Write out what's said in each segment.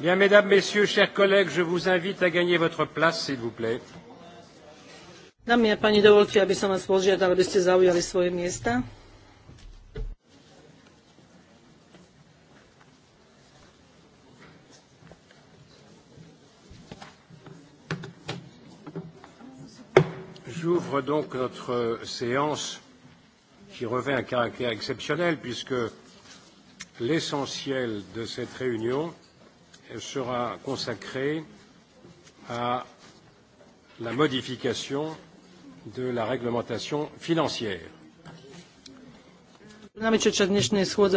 Bien, mesdames, messieurs, chers collègues, je vous invite à gagner votre place, s'il vous plaît. Dámy a páni, dovolte, aby som vás požiadal, aby ste zaujali svoje miesta. J'ouvre donc notre séance qui revêt un caractère exceptionnel puisque l'essentiel de cette réunion sera consacré à la modification de la réglementation financière.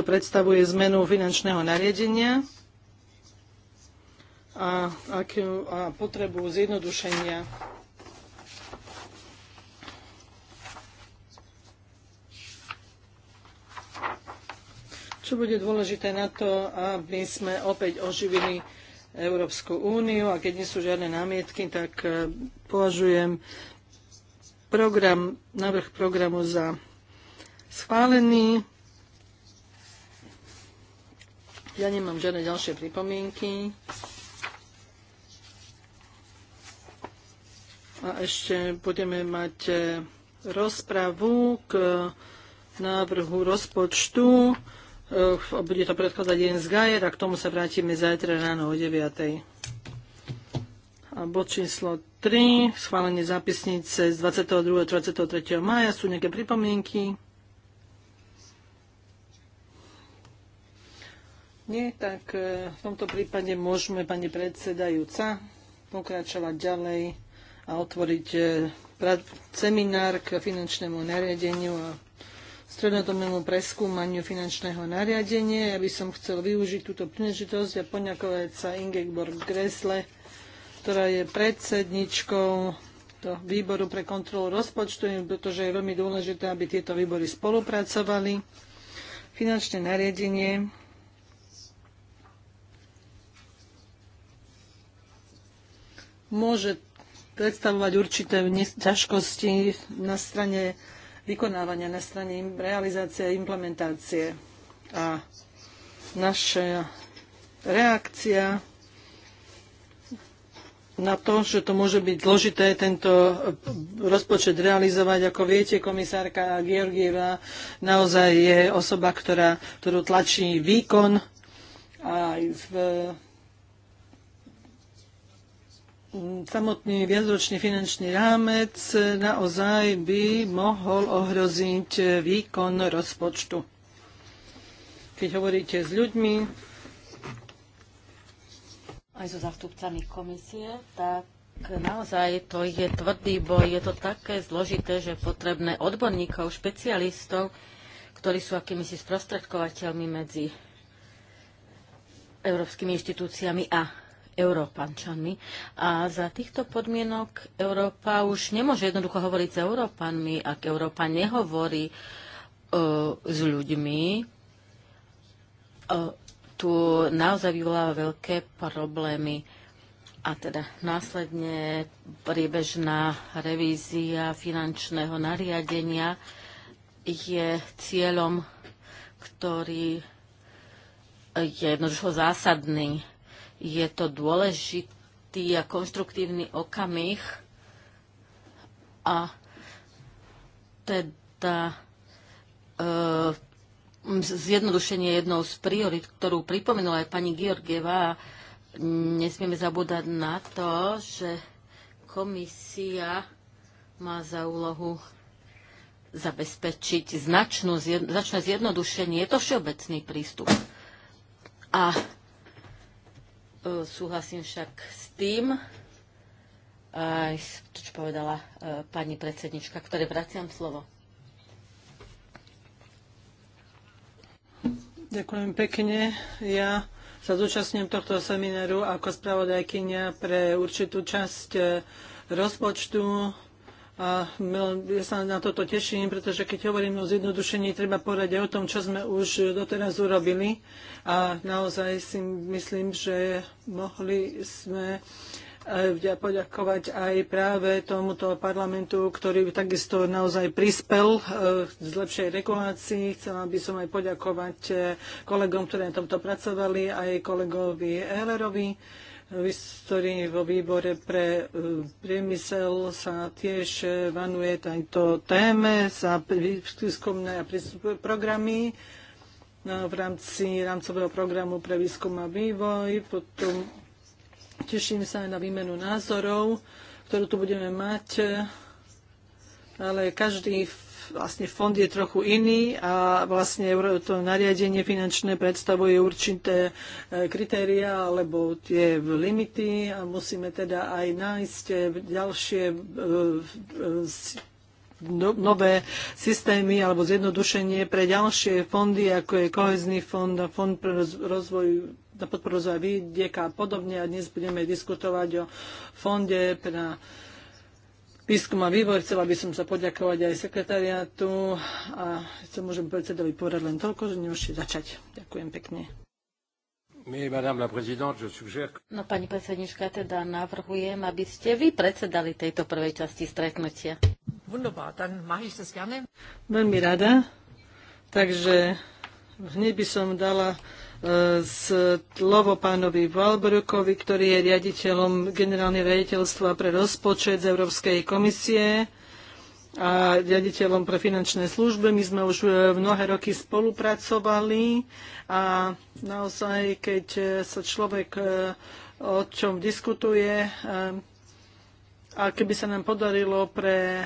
predstavuje zmenu finančného nariadenia a, a potrebu zjednodušenia čo bude dôležité na to, aby sme opäť oživili Európsku úniu a keď nie sú žiadne námietky, tak e, považujem program, návrh programu za schválený. Ja nemám žiadne ďalšie pripomienky. A ešte budeme mať e, rozpravu k návrhu rozpočtu. Eh, bude to predkladať Jens Geier a k tomu sa vrátime zajtra ráno o 9. A bod číslo 3, schválenie zápisnice z 22. a 23. maja. Sú nejaké pripomienky? Nie, tak eh, v tomto prípade môžeme, pani predsedajúca, pokračovať ďalej a otvoriť eh, seminár k finančnému nariadeniu a strednodobnému preskúmaniu finančného nariadenia. Ja by som chcel využiť túto príležitosť a poňakovať sa Ingeborg Gresle, ktorá je predsedničkou to výboru pre kontrolu rozpočtu, pretože je veľmi dôležité, aby tieto výbory spolupracovali. Finančné nariadenie môže predstavovať určité ťažkosti na strane vykonávania na strane realizácie a implementácie. A naša reakcia na to, že to môže byť zložité tento rozpočet realizovať. Ako viete, komisárka Georgieva naozaj je osoba, ktorá, ktorú tlačí výkon a v samotný viacročný finančný rámec naozaj by mohol ohroziť výkon rozpočtu. Keď hovoríte s ľuďmi, aj so zastupcami komisie, tak naozaj to je tvrdý boj. Je to také zložité, že potrebné odborníkov, špecialistov, ktorí sú akýmisi sprostredkovateľmi medzi európskymi inštitúciami a Európančanmi. A za týchto podmienok Európa už nemôže jednoducho hovoriť s Európanmi, ak Európa nehovorí e, s ľuďmi. E, tu naozaj vyvoláva veľké problémy. A teda následne priebežná revízia finančného nariadenia je cieľom, ktorý je jednoducho zásadný je to dôležitý a konštruktívny okamih a teda e, zjednodušenie jednou z priorit, ktorú pripomenula aj pani Georgieva, nesmieme zabúdať na to, že komisia má za úlohu zabezpečiť značnú, značné zjednodušenie. Je to všeobecný prístup. A E, súhlasím však s tým, aj to, čo povedala e, pani predsednička, ktoré vraciam slovo. Ďakujem pekne. Ja sa zúčastním tohto semináru ako spravodajkynia pre určitú časť e, rozpočtu a ja sa na toto teším, pretože keď hovorím o zjednodušení, treba povedať aj o tom, čo sme už doteraz urobili. A naozaj si myslím, že mohli sme e, poďakovať aj práve tomuto parlamentu, ktorý takisto naozaj prispel e, z lepšej regulácii. Chcela by som aj poďakovať e, kolegom, ktorí na tomto pracovali, aj kolegovi Ehlerovi ktorý vo výbore pre e, priemysel sa tiež e, vanuje tejto téme za výskumné programy no, v rámci rámcového programu pre výskum a vývoj. Potom teším sa aj na výmenu názorov, ktorú tu budeme mať, e, ale každý v vlastne fond je trochu iný a vlastne to nariadenie finančné predstavuje určité e, kritéria alebo tie limity a musíme teda aj nájsť e, ďalšie e, no, nové systémy alebo zjednodušenie pre ďalšie fondy, ako je kohezný fond a fond pre rozvoj na podporu rozvoja vidieka a podobne. A dnes budeme diskutovať o fonde pre výskum a vývoj. Chcela by som sa poďakovať aj sekretariátu a chcem môžem predsedovi povedať len toľko, že nemôžete začať. Ďakujem pekne. No pani predsednička, teda navrhujem, aby ste vy predsedali tejto prvej časti stretnutia. Veľmi rada. Takže hneď by som dala slovo pánovi Valbrukovi, ktorý je riaditeľom generálneho riaditeľstva pre rozpočet z Európskej komisie a riaditeľom pre finančné služby. My sme už e, mnohé roky spolupracovali a naozaj, keď e, sa človek e, o čom diskutuje, a keby sa nám podarilo pre e,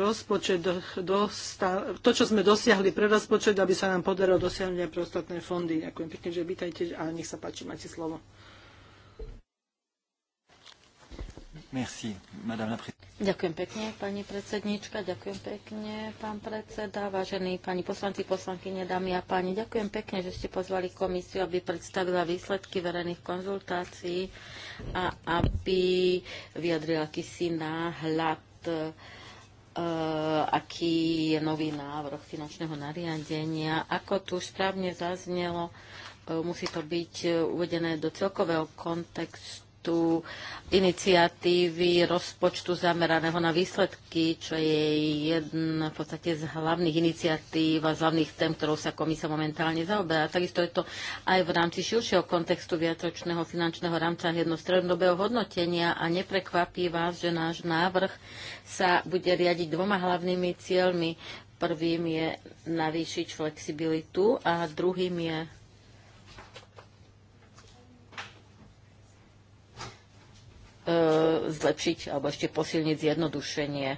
rozpočet dosta, to, čo sme dosiahli pre rozpočet, aby sa nám podarilo dosiahnuť aj pre ostatné fondy. Ďakujem pekne, že vítajte a nech sa páči, máte slovo. Merci, madame la Ďakujem pekne, pani predsednička, ďakujem pekne, pán predseda, vážení pani poslanci, poslankyne, dámy a páni. Ďakujem pekne, že ste pozvali komisiu, aby predstavila výsledky verejných konzultácií a aby vyjadrila akýsi náhľad eh, aký je nový návrh finančného nariadenia. Ako tu správne zaznelo, eh, musí to byť eh, uvedené do celkového kontextu tu iniciatívy rozpočtu zameraného na výsledky, čo je jeden v podstate z hlavných iniciatív a z hlavných tém, ktorou sa komisia momentálne zaoberá. Takisto je to aj v rámci širšieho kontextu viacročného finančného rámca jednostrednodobého hodnotenia a neprekvapí vás, že náš návrh sa bude riadiť dvoma hlavnými cieľmi. Prvým je navýšiť flexibilitu a druhým je E, zlepšiť alebo ešte posilniť zjednodušenie.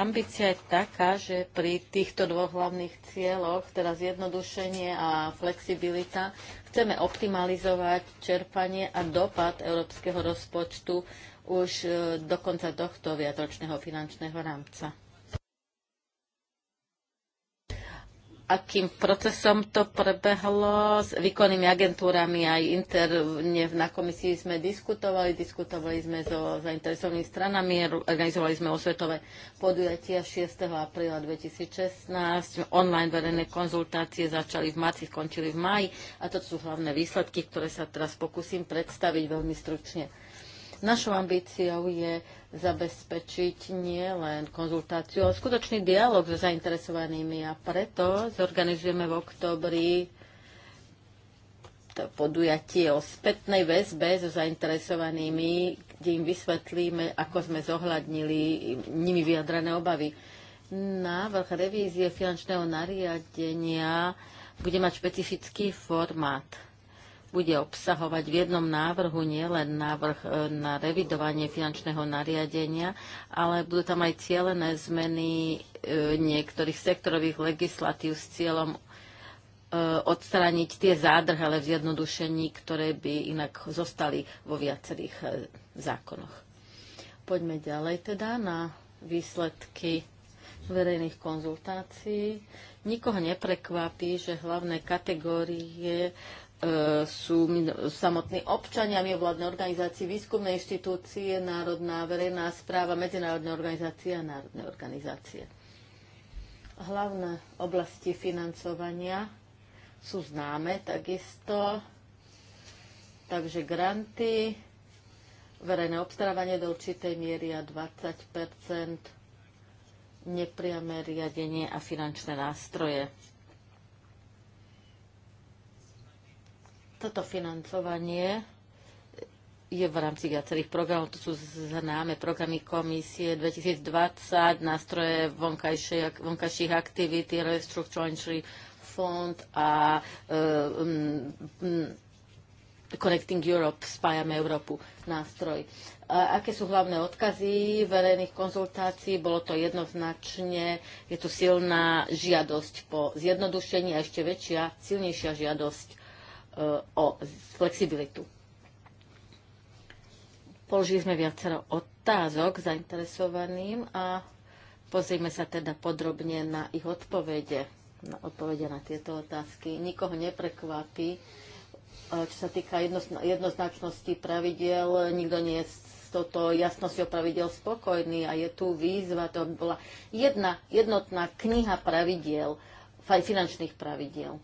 Ambícia je taká, že pri týchto dvoch hlavných cieľoch, teda zjednodušenie a flexibilita, chceme optimalizovať čerpanie a dopad európskeho rozpočtu už e, do konca tohto viatročného finančného rámca. akým procesom to prebehlo s výkonnými agentúrami aj interne na komisii sme diskutovali, diskutovali sme so zainteresovanými stranami, organizovali sme osvetové podujatia 6. apríla 2016, online verejné konzultácie začali v marci, skončili v maji, a to sú hlavné výsledky, ktoré sa teraz pokúsim predstaviť veľmi stručne. Našou ambíciou je zabezpečiť nie len konzultáciu, ale skutočný dialog so zainteresovanými a preto zorganizujeme v oktobri to podujatie o spätnej väzbe so zainteresovanými, kde im vysvetlíme, ako sme zohľadnili nimi vyjadrené obavy. Návrh revízie finančného nariadenia bude mať špecifický formát bude obsahovať v jednom návrhu nielen návrh e, na revidovanie finančného nariadenia, ale budú tam aj cielené zmeny e, niektorých sektorových legislatív s cieľom e, odstrániť tie zádrhele v zjednodušení, ktoré by inak zostali vo viacerých zákonoch. Poďme ďalej teda na výsledky verejných konzultácií. Nikoho neprekvapí, že hlavné kategórie E, sú samotní občania, mimovládne organizácie, výskumné inštitúcie, národná verejná správa, medzinárodné organizácie a národné organizácie. Hlavné oblasti financovania sú známe takisto, takže granty, verejné obstarávanie do určitej miery a 20 nepriame riadenie a finančné nástroje. Toto financovanie je v rámci viacerých programov, to sú známe programy komisie 2020, nástroje vonkajších aktivít, restructuring fond a um, Connecting Europe, spájame Európu, nástroj. A aké sú hlavné odkazy verejných konzultácií? Bolo to jednoznačne, je tu silná žiadosť po zjednodušení a ešte väčšia, silnejšia žiadosť o flexibilitu. Položili sme viacero otázok zainteresovaným a pozrieme sa teda podrobne na ich odpovede, na odpovede na tieto otázky. Nikoho neprekvapí, e, čo sa týka jednoznačnosti pravidiel, nikto nie je touto jasnosťou pravidel spokojný a je tu výzva, to bola jedna jednotná kniha pravidiel, finančných pravidiel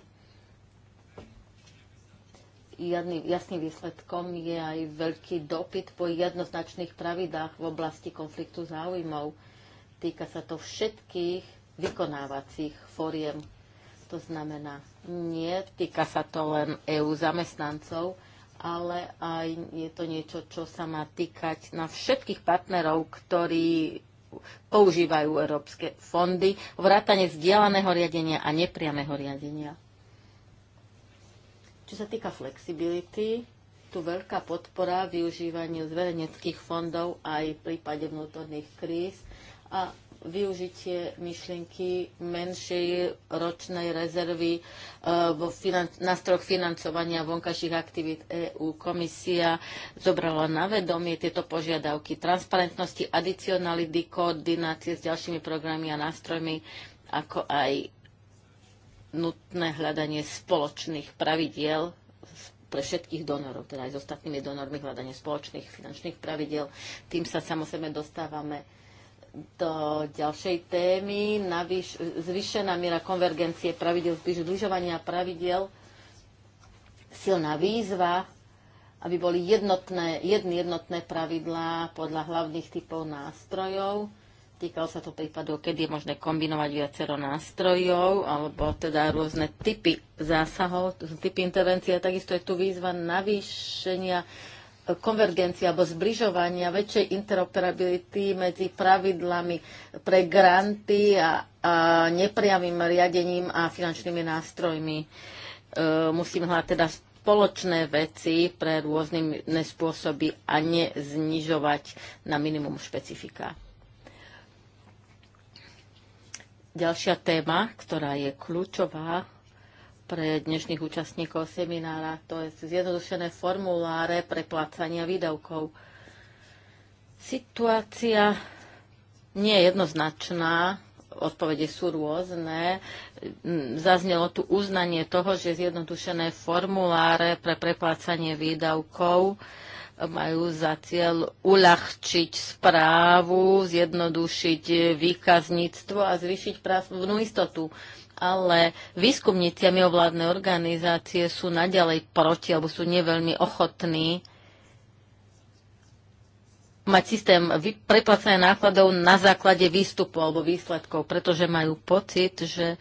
jadný, jasným výsledkom je aj veľký dopyt po jednoznačných pravidách v oblasti konfliktu záujmov. Týka sa to všetkých vykonávacích fóriem. To znamená, nie týka sa to len EU zamestnancov, ale aj je to niečo, čo sa má týkať na všetkých partnerov, ktorí používajú európske fondy, vrátane vzdialeného riadenia a nepriameho riadenia. Čo sa týka flexibility, tu veľká podpora využívaniu zverejneckých fondov aj v prípade vnútorných kríz a využitie myšlienky menšej ročnej rezervy e, vo finan- nástroch financovania vonkajších aktivít EÚ. Komisia zobrala na vedomie tieto požiadavky transparentnosti, adicionality, koordinácie s ďalšími programmi a nástrojmi, ako aj nutné hľadanie spoločných pravidiel pre všetkých donorov, teda aj s ostatnými donormi hľadanie spoločných finančných pravidiel, Tým sa samozrejme dostávame do ďalšej témy, navyš, zvyšená miera konvergencie pravidel, zbližovania pravidel, silná výzva, aby boli jednotné, jedny jednotné pravidlá podľa hlavných typov nástrojov, Týkalo sa to prípadu, kedy je možné kombinovať viacero nástrojov alebo teda rôzne typy zásahov, typy intervencie. Takisto je tu výzva navýšenia konvergencie alebo zbližovania väčšej interoperability medzi pravidlami pre granty a, a nepriamým riadením a finančnými nástrojmi. E, musím hľadať teda spoločné veci pre rôzne spôsoby a neznižovať na minimum špecifika. Ďalšia téma, ktorá je kľúčová pre dnešných účastníkov seminára, to je zjednodušené formuláre preplácania výdavkov. Situácia nie je jednoznačná, odpovede sú rôzne. Zaznelo tu uznanie toho, že zjednodušené formuláre pre preplácanie výdavkov majú za cieľ uľahčiť správu, zjednodušiť výkazníctvo a zvýšiť právnu istotu. Ale výskumníci a mimovládne organizácie sú naďalej proti alebo sú neveľmi ochotní mať systém preplacenia nákladov na základe výstupu alebo výsledkov, pretože majú pocit, že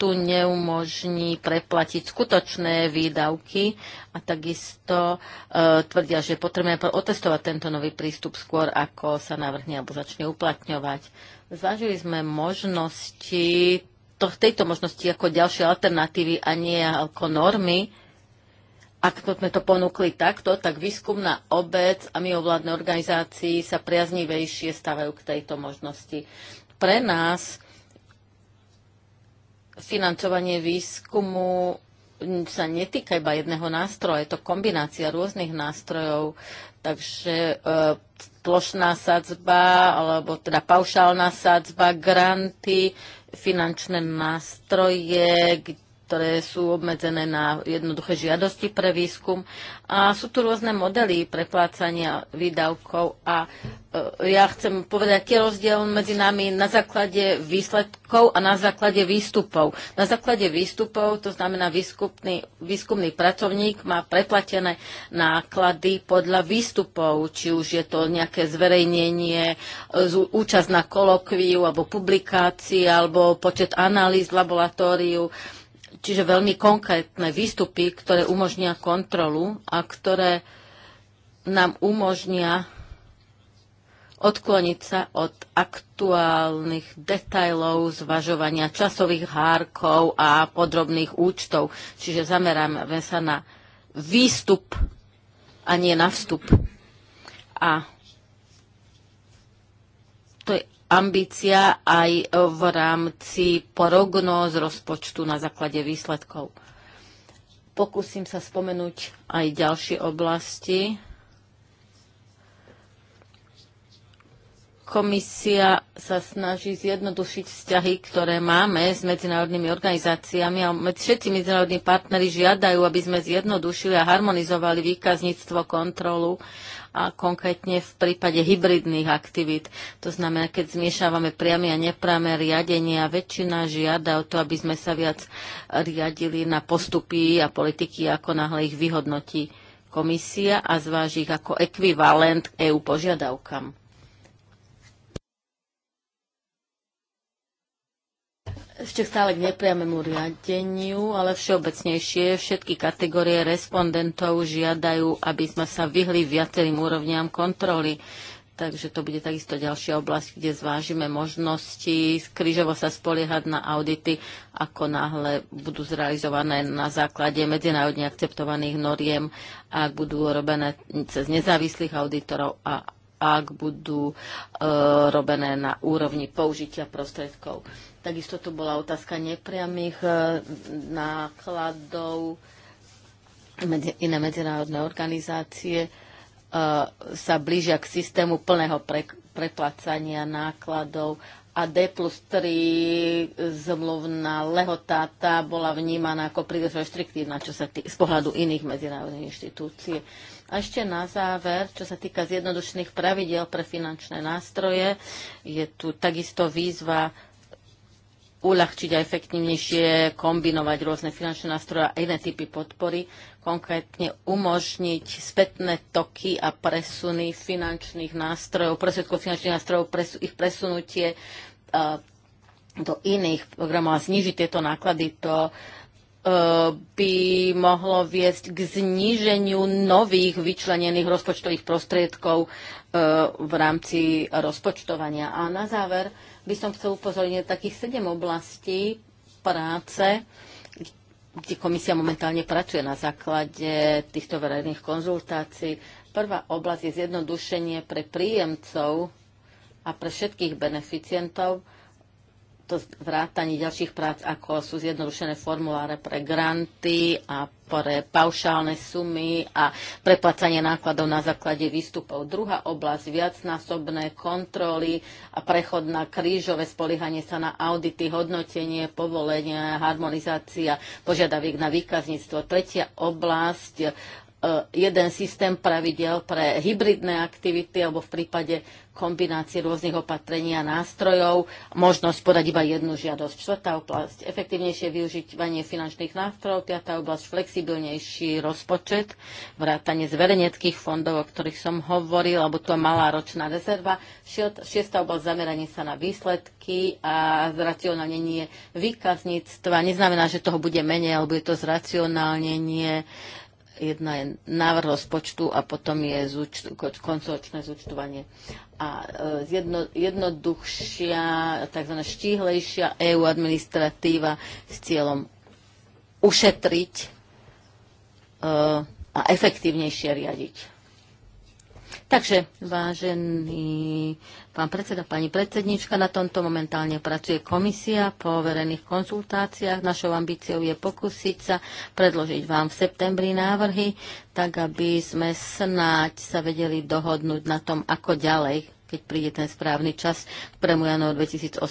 tu neumožní preplatiť skutočné výdavky a takisto e, tvrdia, že potrebujeme otestovať tento nový prístup skôr, ako sa navrhne alebo začne uplatňovať. Zažili sme možnosti to, tejto možnosti ako ďalšie alternatívy a nie ako normy. Ak sme to ponúkli takto, tak výskumná obec a ovládne organizácii sa priaznivejšie stavajú k tejto možnosti. Pre nás financovanie výskumu sa netýka iba jedného nástroja, je to kombinácia rôznych nástrojov, takže e, plošná sadzba alebo teda paušálna sadzba, granty, finančné nástroje, kde ktoré sú obmedzené na jednoduché žiadosti pre výskum. A sú tu rôzne modely preplácania výdavkov a e, ja chcem povedať, aký je rozdiel medzi nami na základe výsledkov a na základe výstupov. Na základe výstupov, to znamená výskumný, výskumný pracovník má preplatené náklady podľa výstupov, či už je to nejaké zverejnenie, e, účasť na kolokviu alebo publikácii alebo počet analýz v laboratóriu čiže veľmi konkrétne výstupy, ktoré umožnia kontrolu a ktoré nám umožnia odkloniť sa od aktuálnych detajlov zvažovania časových hárkov a podrobných účtov. Čiže zameráme sa na výstup a nie na vstup. A ambícia aj v rámci prognóz rozpočtu na základe výsledkov. Pokúsim sa spomenúť aj ďalšie oblasti. Komisia sa snaží zjednodušiť vzťahy, ktoré máme s medzinárodnými organizáciami a všetci medzinárodní partnery žiadajú, aby sme zjednodušili a harmonizovali výkazníctvo, kontrolu a konkrétne v prípade hybridných aktivít. To znamená, keď zmiešávame priame a nepriame riadenie a väčšina žiada o to, aby sme sa viac riadili na postupy a politiky, ako náhle ich vyhodnotí komisia a zváži ich ako ekvivalent EU požiadavkám. ešte stále k nepriamému riadeniu, ale všeobecnejšie všetky kategórie respondentov žiadajú, aby sme sa vyhli viacerým úrovniam kontroly. Takže to bude takisto ďalšia oblasť, kde zvážime možnosti skrižovo sa spoliehať na audity, ako náhle budú zrealizované na základe medzinárodne akceptovaných noriem, ak budú robené cez nezávislých auditorov a ak budú e, robené na úrovni použitia prostriedkov Takisto tu bola otázka nepriamých e, nákladov. Iné medzinárodné organizácie e, sa blížia k systému plného preplacania nákladov a D plus 3 zmluvná lehotá tá bola vnímaná ako príliš reštriktívna čo sa tý, z pohľadu iných medzinárodných inštitúcií. A ešte na záver, čo sa týka zjednodušných pravidel pre finančné nástroje, je tu takisto výzva uľahčiť a efektívnejšie kombinovať rôzne finančné nástroje a iné typy podpory, konkrétne umožniť spätné toky a presuny finančných nástrojov, presvedkov finančných nástrojov, presu, ich presunutie uh, do iných programov a znižiť tieto náklady, to E, by mohlo viesť k zníženiu nových vyčlenených rozpočtových prostriedkov e, v rámci rozpočtovania. A na záver by som chcel upozorniť takých sedem oblastí práce, kde komisia momentálne pracuje na základe týchto verejných konzultácií. Prvá oblasť je zjednodušenie pre príjemcov a pre všetkých beneficientov to vrátanie ďalších prác, ako sú zjednodušené formuláre pre granty a pre paušálne sumy a preplácanie nákladov na základe výstupov. Druhá oblasť, viacnásobné kontroly a prechod na krížové spolíhanie sa na audity, hodnotenie, povolenie, harmonizácia požiadaviek na výkazníctvo. Tretia oblasť, e, jeden systém pravidel pre hybridné aktivity alebo v prípade kombinácie rôznych opatrení a nástrojov, možnosť podať iba jednu žiadosť. Štvrtá oblasť, efektívnejšie využívanie finančných nástrojov. Piatá oblasť, flexibilnejší rozpočet, vrátanie zverejneckých fondov, o ktorých som hovoril, alebo to malá ročná rezerva. Šiesta oblasť, zameranie sa na výsledky a zracionálnenie výkazníctva. Neznamená, že toho bude menej, alebo je to zracionálnenie Jedna je návrh rozpočtu a potom je zúčt, koncočné zúčtovanie. A e, jedno, jednoduchšia, tzv. štíhlejšia EU administratíva s cieľom ušetriť e, a efektívnejšie riadiť. Takže, vážený pán predseda, pani predsednička, na tomto momentálne pracuje komisia po verejných konzultáciách. Našou ambíciou je pokúsiť sa predložiť vám v septembri návrhy, tak aby sme snáď sa vedeli dohodnúť na tom, ako ďalej keď príde ten správny čas k 1. januáru 2018,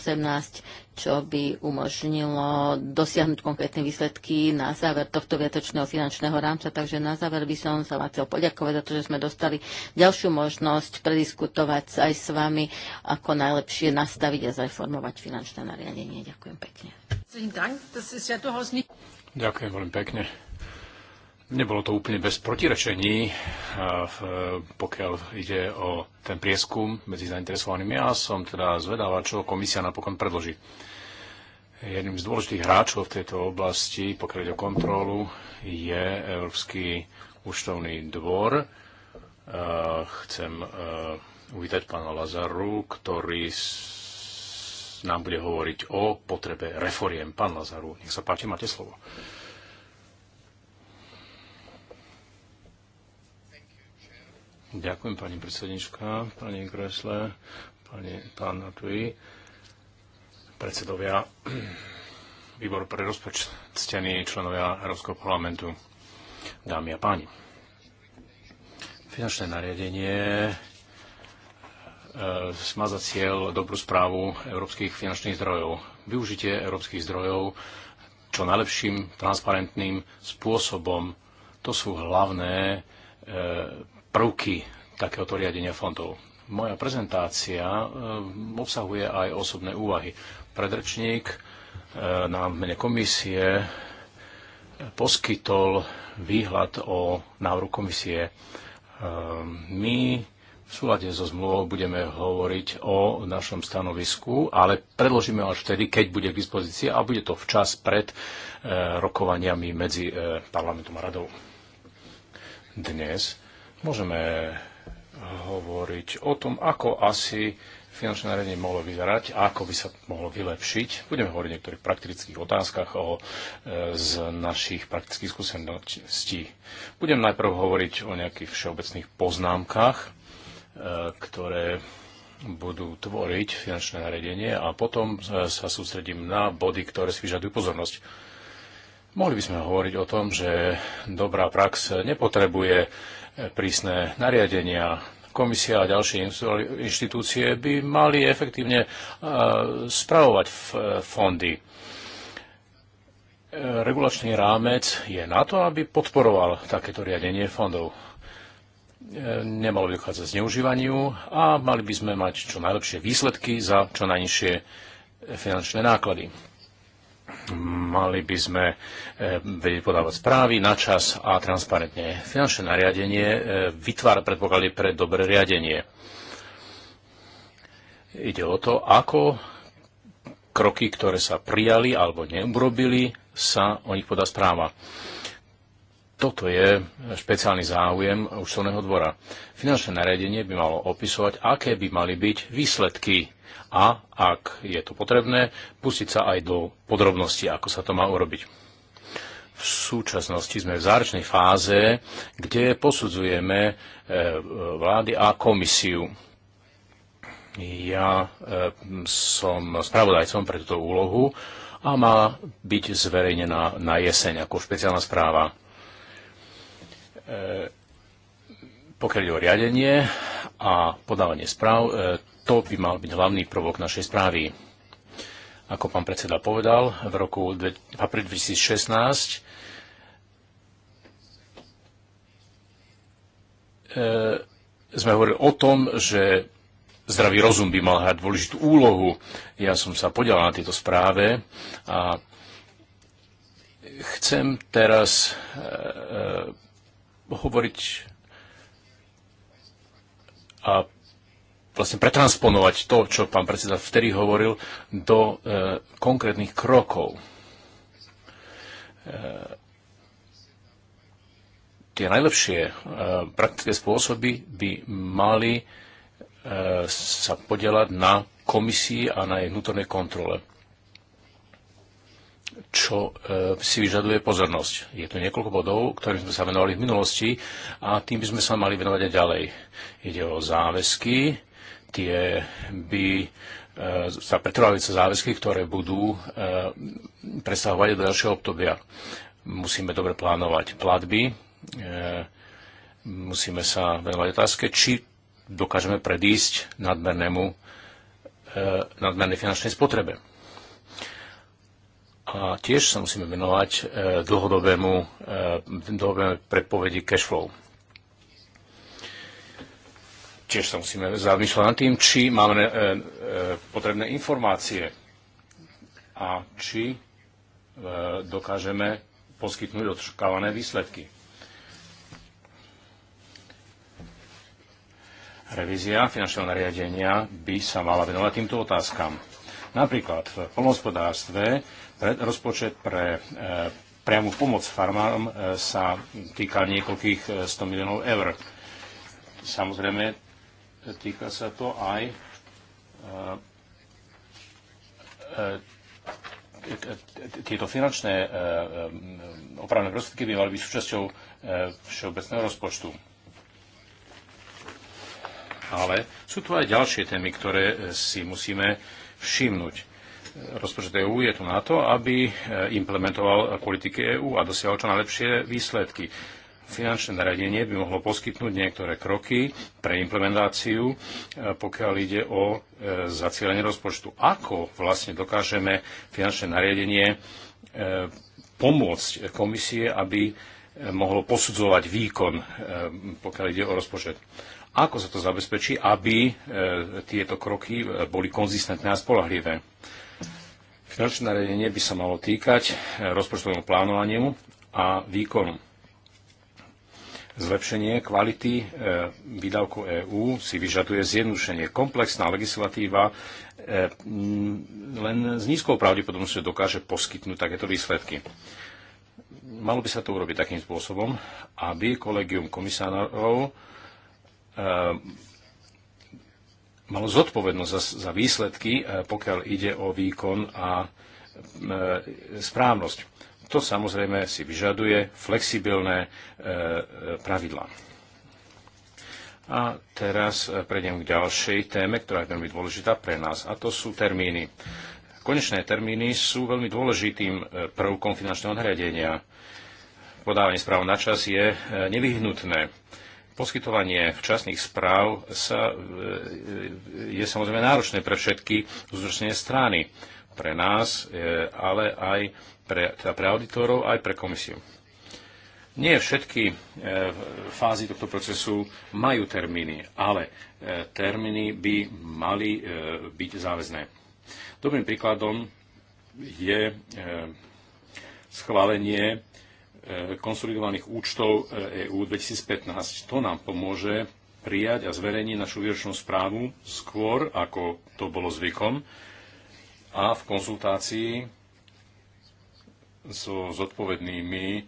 čo by umožnilo dosiahnuť konkrétne výsledky na záver tohto viatočného finančného rámca. Takže na záver by som sa vám chcel poďakovať za to, že sme dostali ďalšiu možnosť prediskutovať aj s vami, ako najlepšie nastaviť a zreformovať finančné nariadenie. Ďakujem pekne. Ďakujem veľmi pekne. Nebolo to úplne bez protirečení, e, pokiaľ ide o ten prieskum medzi zainteresovanými. Ja som teda zvedáva, čo komisia napokon predloží. Jedným z dôležitých hráčov v tejto oblasti, pokiaľ ide o kontrolu, je Európsky účtovný dvor. E, chcem e, uvítať pána Lazaru, ktorý nám bude hovoriť o potrebe reforiem. Pán Lazaru, nech sa páči, máte slovo. Ďakujem pani predsednička, pani Gresle, pani, pán Natui, predsedovia výboru pre rozpočet, ctení členovia Európskeho parlamentu, dámy a páni. Finančné nariadenie e, má za cieľ dobrú správu európskych finančných zdrojov. Využitie európskych zdrojov čo najlepším transparentným spôsobom. To sú hlavné e, prvky takéhoto riadenia fondov. Moja prezentácia eh, obsahuje aj osobné úvahy. Predrečník eh, nám v mene komisie eh, poskytol výhľad o návru komisie. My v súlade so zmluvou budeme hovoriť o našom stanovisku, ale predložíme ho až vtedy, keď bude k dispozícii a bude to včas pred rokovaniami medzi parlamentom a radou. Dnes Môžeme hovoriť o tom, ako asi finančné nariadenie mohlo vyzerať ako by sa mohlo vylepšiť. Budeme hovoriť o niektorých praktických otázkach o, e, z našich praktických skúseností. Budem najprv hovoriť o nejakých všeobecných poznámkach, e, ktoré budú tvoriť finančné nariadenie a potom e, sa sústredím na body, ktoré si vyžadujú pozornosť. Mohli by sme hovoriť o tom, že dobrá prax nepotrebuje prísne nariadenia. Komisia a ďalšie inštitúcie by mali efektívne e, spravovať e, fondy. E, regulačný rámec je na to, aby podporoval takéto riadenie fondov. Nemalo by dochádzať zneužívaniu a mali by sme mať čo najlepšie výsledky za čo najnižšie finančné náklady. Mali by sme e, vedieť podávať správy na čas a transparentne. Finančné nariadenie e, vytvára predpoklady pre dobré riadenie. Ide o to, ako kroky, ktoré sa prijali alebo neurobili, sa o nich podá správa toto je špeciálny záujem účtovného dvora. Finančné nariadenie by malo opisovať, aké by mali byť výsledky a, ak je to potrebné, pustiť sa aj do podrobností, ako sa to má urobiť. V súčasnosti sme v záročnej fáze, kde posudzujeme e, vlády a komisiu. Ja e, som spravodajcom pre túto úlohu a má byť zverejnená na jeseň ako špeciálna správa E, pokiaľ ide o riadenie a podávanie správ, e, to by mal byť hlavný prvok našej správy. Ako pán predseda povedal, v roku v apríli 2016 e, sme hovorili o tom, že zdravý rozum by mal hrať dôležitú úlohu. Ja som sa podielal na tejto správe a chcem teraz hovoriť a vlastne pretransponovať to, čo pán predseda vtedy hovoril, do e, konkrétnych krokov. E, tie najlepšie e, praktické spôsoby by mali e, sa podielať na komisii a na jej vnútornej kontrole čo e, si vyžaduje pozornosť. Je tu niekoľko bodov, ktorým sme sa venovali v minulosti a tým by sme sa mali venovať aj ďalej. Ide o záväzky, tie by e, sa pretrvali sa záväzky, ktoré budú e, presahovať do ďalšieho obdobia. Musíme dobre plánovať platby, musíme sa venovať otázke, či dokážeme predísť nadmernému, nadmernej finančnej spotrebe a tiež sa musíme venovať e, dlhodobému, e, dlhodobému predpovedi cash flow. Tiež sa musíme zamýšľať nad tým, či máme e, potrebné informácie a či dokážeme poskytnúť očakávané výsledky. Revízia finančného nariadenia by sa mala venovať týmto otázkam. Napríklad v polnohospodárstve Rozpočet pre e, priamu pomoc farmárom e, sa týka niekoľkých 100 e, miliónov eur. Samozrejme, týka sa to aj tieto finančné opravné prostriedky by mali byť súčasťou všeobecného rozpočtu. Ale sú tu aj ďalšie témy, ktoré si musíme všimnúť rozpočet EÚ je tu na to, aby e, implementoval politiky EÚ a dosiahol čo najlepšie výsledky. Finančné nariadenie by mohlo poskytnúť niektoré kroky pre implementáciu, e, pokiaľ ide o e, zacielenie rozpočtu. Ako vlastne dokážeme finančné nariadenie pomôcť komisie, aby mohlo posudzovať výkon, pokiaľ ide o rozpočet. Ako sa to zabezpečí, aby tieto kroky boli konzistentné a spolahlivé? Finančné nariadenie by sa malo týkať eh, rozpočtovému plánovaniu a výkonu. Zlepšenie kvality eh, výdavkov EÚ si vyžaduje zjednodušenie. Komplexná legislatíva eh, len s nízkou pravdepodobnosťou dokáže poskytnúť takéto výsledky. Malo by sa to urobiť takým spôsobom, aby kolegium komisárov malo zodpovednosť za, za výsledky, e, pokiaľ ide o výkon a e, správnosť. To samozrejme si vyžaduje flexibilné e, pravidlá. A teraz prejdem k ďalšej téme, ktorá je veľmi dôležitá pre nás, a to sú termíny. Konečné termíny sú veľmi dôležitým prvkom finančného nariadenia. Podávanie správ na čas je nevyhnutné Poskytovanie včasných správ sa, e, e, je samozrejme náročné pre všetky zúčastnené strany. Pre nás, e, ale aj pre, teda pre auditorov, aj pre komisiu. Nie všetky fázy tohto procesu majú termíny, ale termíny by mali byť záväzné. Dobrým príkladom je schválenie E, konsolidovaných účtov EÚ 2015. E to nám pomôže prijať a zverejniť našu výročnú správu skôr, ako to bolo zvykom, a v konzultácii so zodpovednými,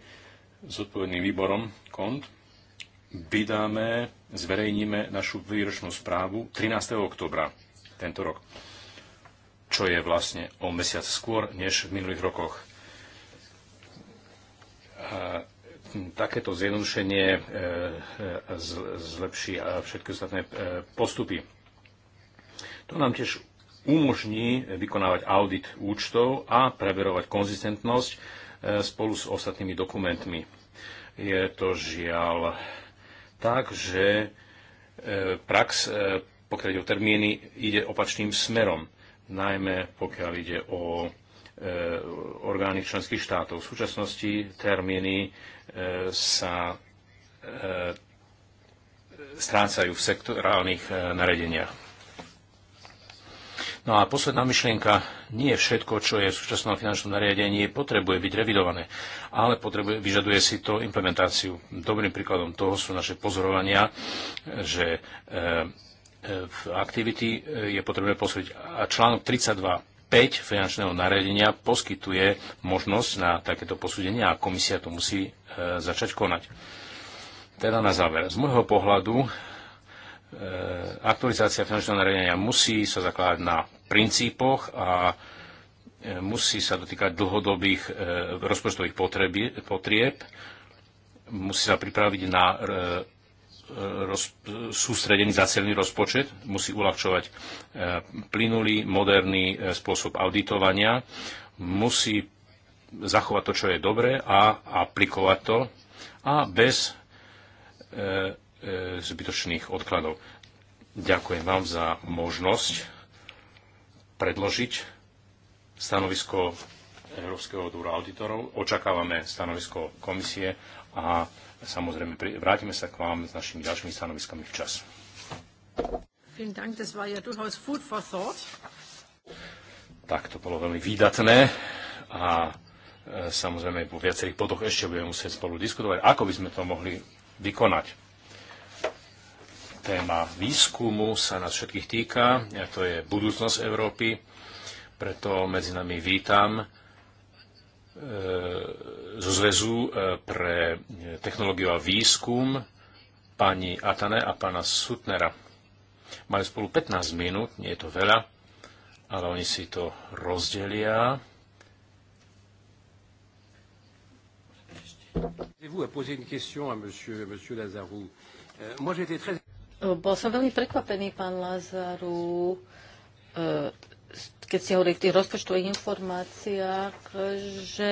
zodpovedným výborom KONT vydáme, zverejníme našu výročnú správu 13. oktobra tento rok, čo je vlastne o mesiac skôr než v minulých rokoch. Hm, takéto zjednodušenie e, e, zlepší a všetky ostatné e, postupy. To nám tiež umožní vykonávať audit účtov a preverovať konzistentnosť spolu s ostatnými dokumentmi. Je to žiaľ tak, že prax, pokiaľ ide o termíny, ide opačným smerom, najmä pokiaľ ide o Eh, orgány členských štátov. V súčasnosti termíny eh, sa eh, strácajú v sektorálnych naredeniach. No a posledná myšlienka, nie všetko, čo je v súčasnom finančnom nariadení, potrebuje byť revidované, ale potrebuje, vyžaduje si to implementáciu. Dobrým príkladom toho sú naše pozorovania, že v aktivity je potrebné posúdiť. A článok 32 5 finančného nariadenia poskytuje možnosť na takéto posúdenie a komisia to musí e, začať konať. Teda na záver, z môjho pohľadu e, aktualizácia finančného nariadenia musí sa zakladať na princípoch a e, musí sa dotýkať dlhodobých rozpočtových potrieb, musí sa pripraviť na roz, sústredený celý rozpočet, musí uľahčovať e, plynulý, moderný e, spôsob auditovania, musí zachovať to, čo je dobré a aplikovať to a bez e, e, zbytočných odkladov. Ďakujem vám za možnosť predložiť stanovisko Európskeho dúra auditorov. Očakávame stanovisko komisie a samozrejme vrátime sa k vám s našimi ďalšími stanoviskami včas. Tak to bolo veľmi výdatné a e, samozrejme po viacerých bodoch ešte budeme musieť spolu diskutovať, ako by sme to mohli vykonať téma výskumu sa nás všetkých týka, a to je budúcnosť Európy. Preto medzi nami vítam E, zo Zväzu e, pre technológiu a výskum pani Atane a pána Sutnera. Majú spolu 15 minút, nie je to veľa, ale oni si to rozdelia. Euh, Bol som veľmi prekvapený, pán Lazaru, e, keď ste hovorili v tých rozpočtových informáciách, že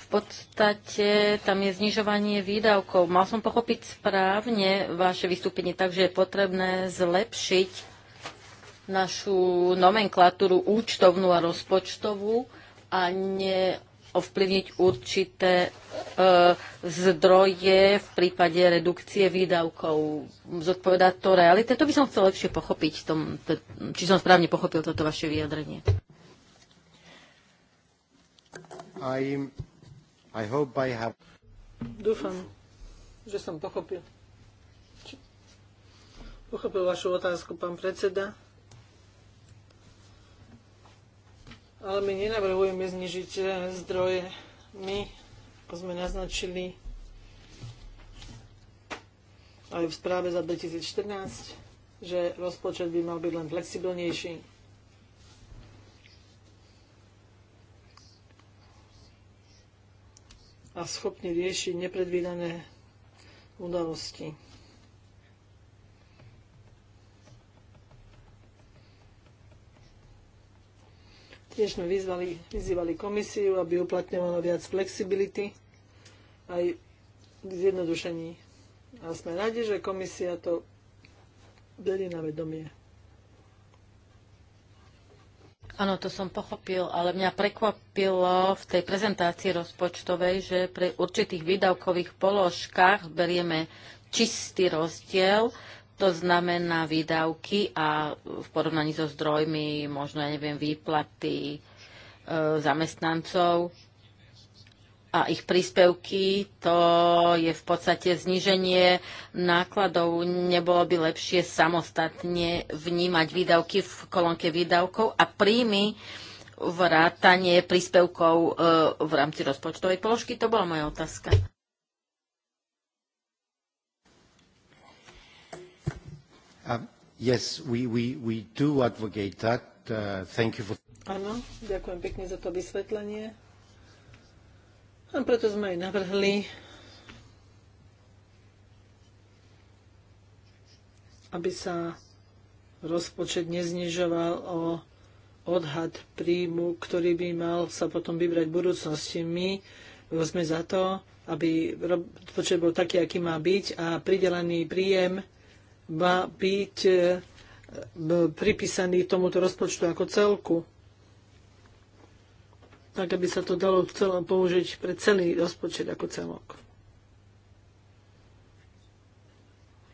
v podstate tam je znižovanie výdavkov. Mal som pochopiť správne vaše vystúpenie, takže je potrebné zlepšiť našu nomenklatúru účtovnú a rozpočtovú a ne ovplyvniť určité e, zdroje v prípade redukcie výdavkov. Zodpovedá to realite? To by som chcel lepšie pochopiť, tom, te, či som správne pochopil toto vaše vyjadrenie. I, I hope I have... Dúfam, že som pochopil. Pochopil vašu otázku, pán predseda. Ale my nenavrhujeme znižiť eh, zdroje. My, ako sme naznačili aj v správe za 2014, že rozpočet by mal byť len flexibilnejší. a schopný riešiť nepredvídané udalosti. Tiež sme vyzvali, vyzývali komisiu, aby uplatňovala viac flexibility aj k zjednodušení. A sme radi, že komisia to berie na vedomie. Áno, to som pochopil, ale mňa prekvapilo v tej prezentácii rozpočtovej, že pre určitých výdavkových položkách berieme čistý rozdiel to znamená výdavky a v porovnaní so zdrojmi, možno, ja neviem, výplaty e, zamestnancov a ich príspevky, to je v podstate zníženie nákladov. Nebolo by lepšie samostatne vnímať výdavky v kolónke výdavkov a príjmy vrátanie príspevkov e, v rámci rozpočtovej položky? To bola moja otázka. Yes, we, we, we do advocate that. Uh, thank you for... Áno, ďakujem pekne za to vysvetlenie. A preto sme aj navrhli, aby sa rozpočet neznižoval o odhad príjmu, ktorý by mal sa potom vybrať v budúcnosti. My sme za to, aby rozpočet bol taký, aký má byť a pridelený príjem má byť e, pripísaný tomuto rozpočtu ako celku tak aby sa to dalo celom použiť pre celý rozpočet ako celok.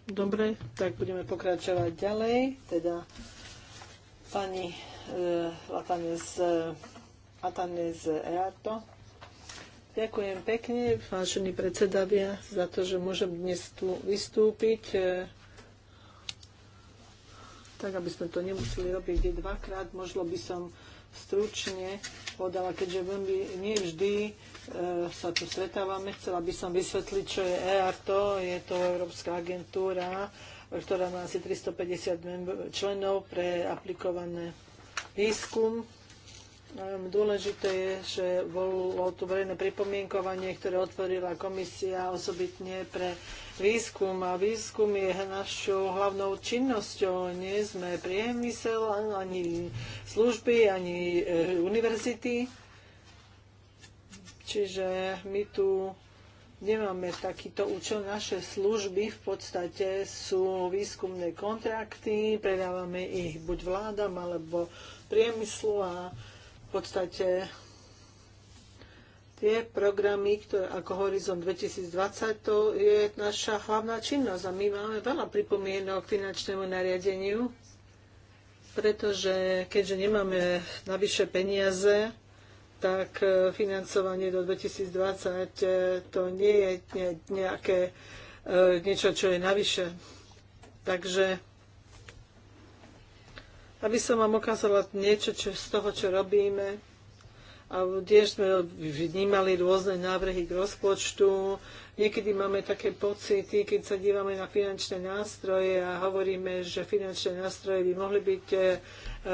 Dobre, tak budeme pokračovať ďalej. Teda pani e, Atanes EATO. Ďakujem pekne, vážení predsedavia, za to, že môžem dnes tu vystúpiť. E, tak aby sme to nemuseli robiť dvakrát. Možno by som stručne podala, keďže veľmi nie vždy e, sa tu stretávame. Chcela by som vysvetliť, čo je EARTO. Je to Európska agentúra, ktorá má asi 350 členov pre aplikované výskum. Dôležité je, že bolo tu verejné pripomienkovanie, ktoré otvorila komisia osobitne pre výskum a výskum je našou hlavnou činnosťou. Nie sme priemysel, ani služby, ani e, univerzity. Čiže my tu nemáme takýto účel. Naše služby v podstate sú výskumné kontrakty, predávame ich buď vládam alebo priemyslu a v podstate tie programy, ktoré ako Horizon 2020, to je naša hlavná činnosť a my máme veľa pripomienok k finančnému nariadeniu, pretože keďže nemáme navyše peniaze, tak e, financovanie do 2020 e, to nie je nejaké e, niečo, čo je navyše. Takže aby som vám ukázala niečo čo, z toho, čo robíme, a tiež sme vnímali rôzne návrhy k rozpočtu. Niekedy máme také pocity, keď sa dívame na finančné nástroje a hovoríme, že finančné nástroje by mohli byť eh,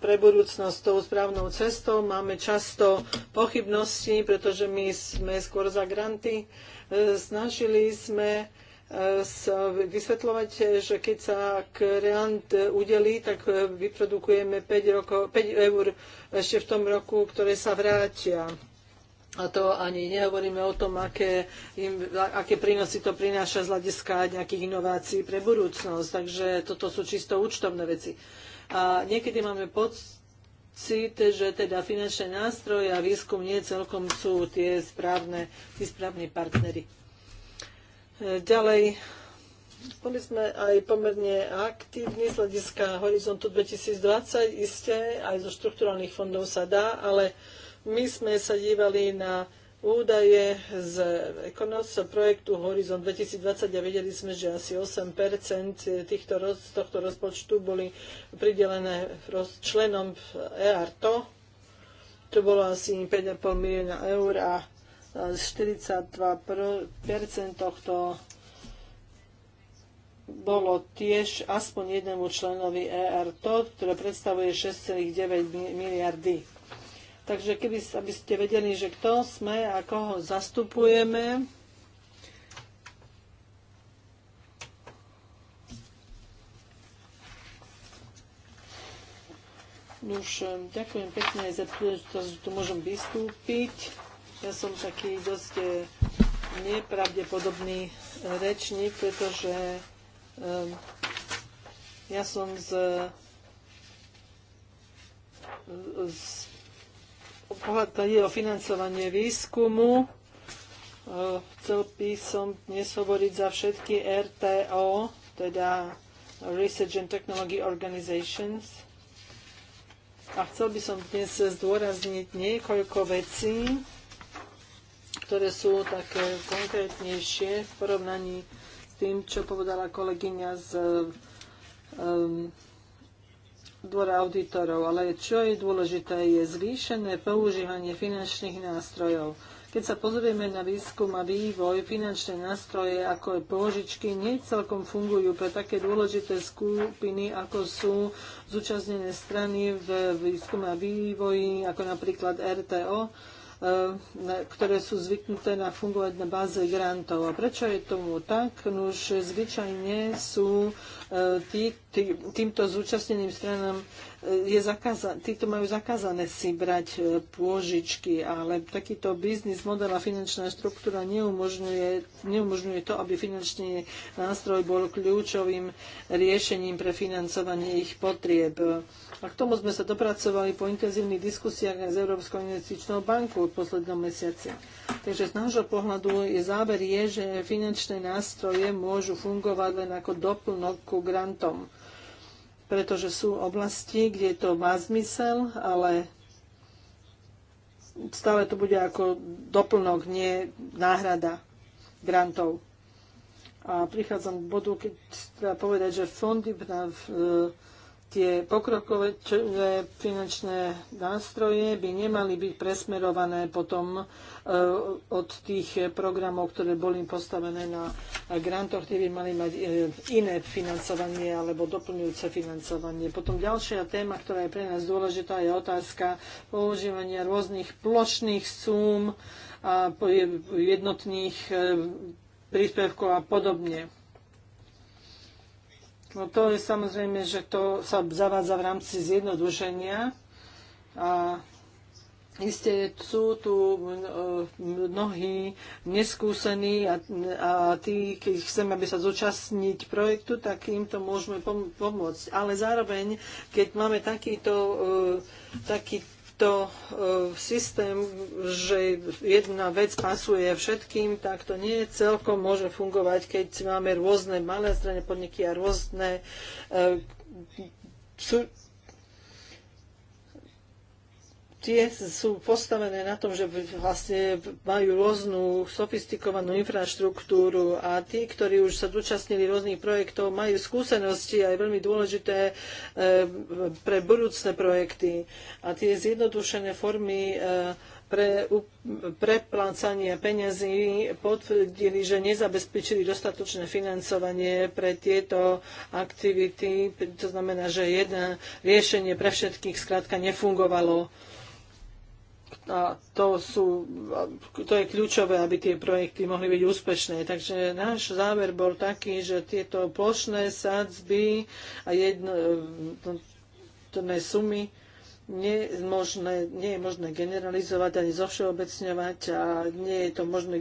pre budúcnosť tou správnou cestou. Máme často pochybnosti, pretože my sme skôr za granty. Eh, snažili sme vysvetľovať, že keď sa grant udelí, tak vyprodukujeme 5, 5 eur ešte v tom roku, ktoré sa vrátia. A to ani nehovoríme o tom, aké, im, aké prínosy to prináša z hľadiska nejakých inovácií pre budúcnosť. Takže toto sú čisto účtovné veci. A niekedy máme pocit, že teda finančné nástroje a výskum nie celkom sú tie správne, tí správni partnery. Ďalej, boli sme aj pomerne aktívni z hľadiska Horizontu 2020, isté, aj zo štruktúrálnych fondov sa dá, ale my sme sa dívali na údaje z ekonomického projektu Horizont 2020 a vedeli sme, že asi 8 týchto roz, tohto rozpočtu boli pridelené roz, členom EARTO. To bolo asi 5,5 milióna eur a 42% tohto bolo tiež aspoň jednému členovi ER to, ktoré predstavuje 6,9 miliardy. Takže keby, aby ste vedeli, že kto sme a koho zastupujeme, Už ďakujem pekne za to, že tu môžem vystúpiť. Ja som taký dosť e, nepravdepodobný rečník, pretože e, ja som z, e, z je o financovanie výskumu. Chcel by som dnes hovoriť za všetky RTO, teda Research and Technology Organizations. A chcel by som dnes zdôrazniť niekoľko vecí, ktoré sú také konkrétnejšie v porovnaní s tým, čo povedala kolegyňa z um, dvora auditorov. Ale čo je dôležité, je zvýšené používanie finančných nástrojov. Keď sa pozrieme na výskum a vývoj, finančné nástroje ako je pôžičky necelkom fungujú pre také dôležité skupiny, ako sú zúčastnené strany v výskume a vývoji, ako napríklad RTO, ktoré sú zvyknuté na fungovať na báze grantov. A prečo je tomu tak? Nož zvyčajne sú tý, tý, týmto zúčastneným stranám e, je zakáza, títo majú zakázané si brať e, pôžičky, ale takýto biznis model a finančná štruktúra neumožňuje, neumožňuje to, aby finančný nástroj bol kľúčovým riešením pre financovanie ich potrieb. A k tomu sme sa dopracovali po intenzívnych diskusiách s Európskou investičnou bankou v poslednom mesiaci. Takže z nášho pohľadu je záber je, že finančné nástroje môžu fungovať len ako doplnok ku grantom. Pretože sú oblasti, kde to má zmysel, ale stále to bude ako doplnok, nie náhrada grantov. A prichádzam k bodu, keď treba povedať, že fondy na v, v, tie pokrokové finančné nástroje by nemali byť presmerované potom e, od tých programov, ktoré boli postavené na grantoch, tie by mali mať e, iné financovanie alebo doplňujúce financovanie. Potom ďalšia téma, ktorá je pre nás dôležitá, je otázka používania rôznych plošných súm a jednotných e, príspevkov a podobne. No to je samozrejme, že to sa zavádza v rámci zjednodušenia a Isté sú tu e, mnohí neskúsení a, a tí, keď chceme, aby sa zúčastniť projektu, tak im to môžeme pomôcť. Ale zároveň, keď máme takýto, e, taký, to e, systém, že jedna vec pasuje všetkým, tak to nie celkom môže fungovať, keď máme rôzne malé a stredné podniky a rôzne e, sú tie sú postavené na tom, že vlastne majú rôznu sofistikovanú infraštruktúru a tí, ktorí už sa zúčastnili rôznych projektov, majú skúsenosti a je veľmi dôležité e, pre budúcne projekty. A tie zjednodušené formy e, pre preplácanie peňazí potvrdili, že nezabezpečili dostatočné financovanie pre tieto aktivity. To znamená, že jedno riešenie pre všetkých skrátka nefungovalo a to, sú, to je kľúčové, aby tie projekty mohli byť úspešné. Takže náš záver bol taký, že tieto plošné sadzby a jednotné eh, no, sumy nie, možné, nie je možné generalizovať ani zovšeobecňovať a nie je to možné,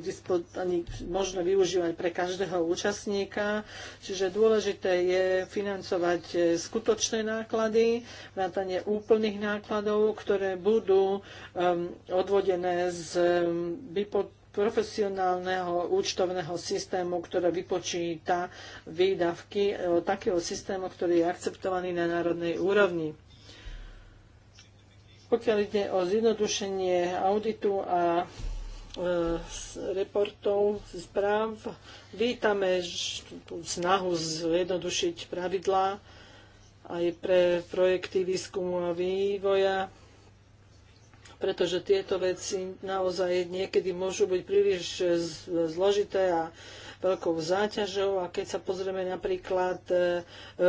ani možné využívať pre každého účastníka. Čiže dôležité je financovať e, skutočné náklady, vrátanie úplných nákladov, ktoré budú um, odvodené z um, profesionálneho účtovného systému, ktoré vypočíta výdavky e, takého systému, ktorý je akceptovaný na národnej úrovni. Pokiaľ ide o zjednodušenie auditu a e, reportov, správ. Vítame tú snahu zjednodušiť pravidlá aj pre projekty výskumu a vývoja, pretože tieto veci naozaj niekedy môžu byť príliš zložité a veľkou záťažou a keď sa pozrieme napríklad e, e,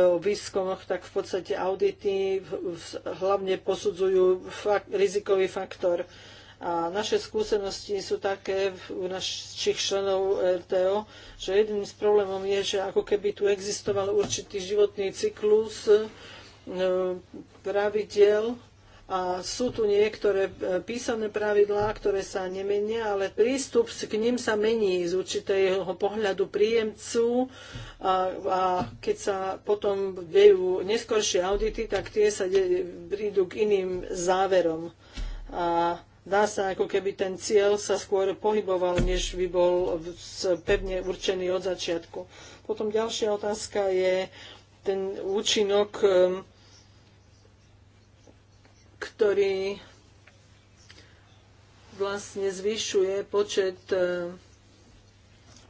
o výskumoch, tak v podstate audity hlavne posudzujú fakt, rizikový faktor. A naše skúsenosti sú také u našich členov RTO, že jedným z problémov je, že ako keby tu existoval určitý životný cyklus e, pravidel, a sú tu niektoré e, písané pravidlá, ktoré sa nemenia, ale prístup k nim sa mení z určitého pohľadu príjemcu a, a keď sa potom dejú neskoršie audity, tak tie sa de- prídu k iným záverom. A dá sa, ako keby ten cieľ sa skôr pohyboval, než by bol pevne určený od začiatku. Potom ďalšia otázka je ten účinok e, ktorý vlastne zvyšuje počet, e,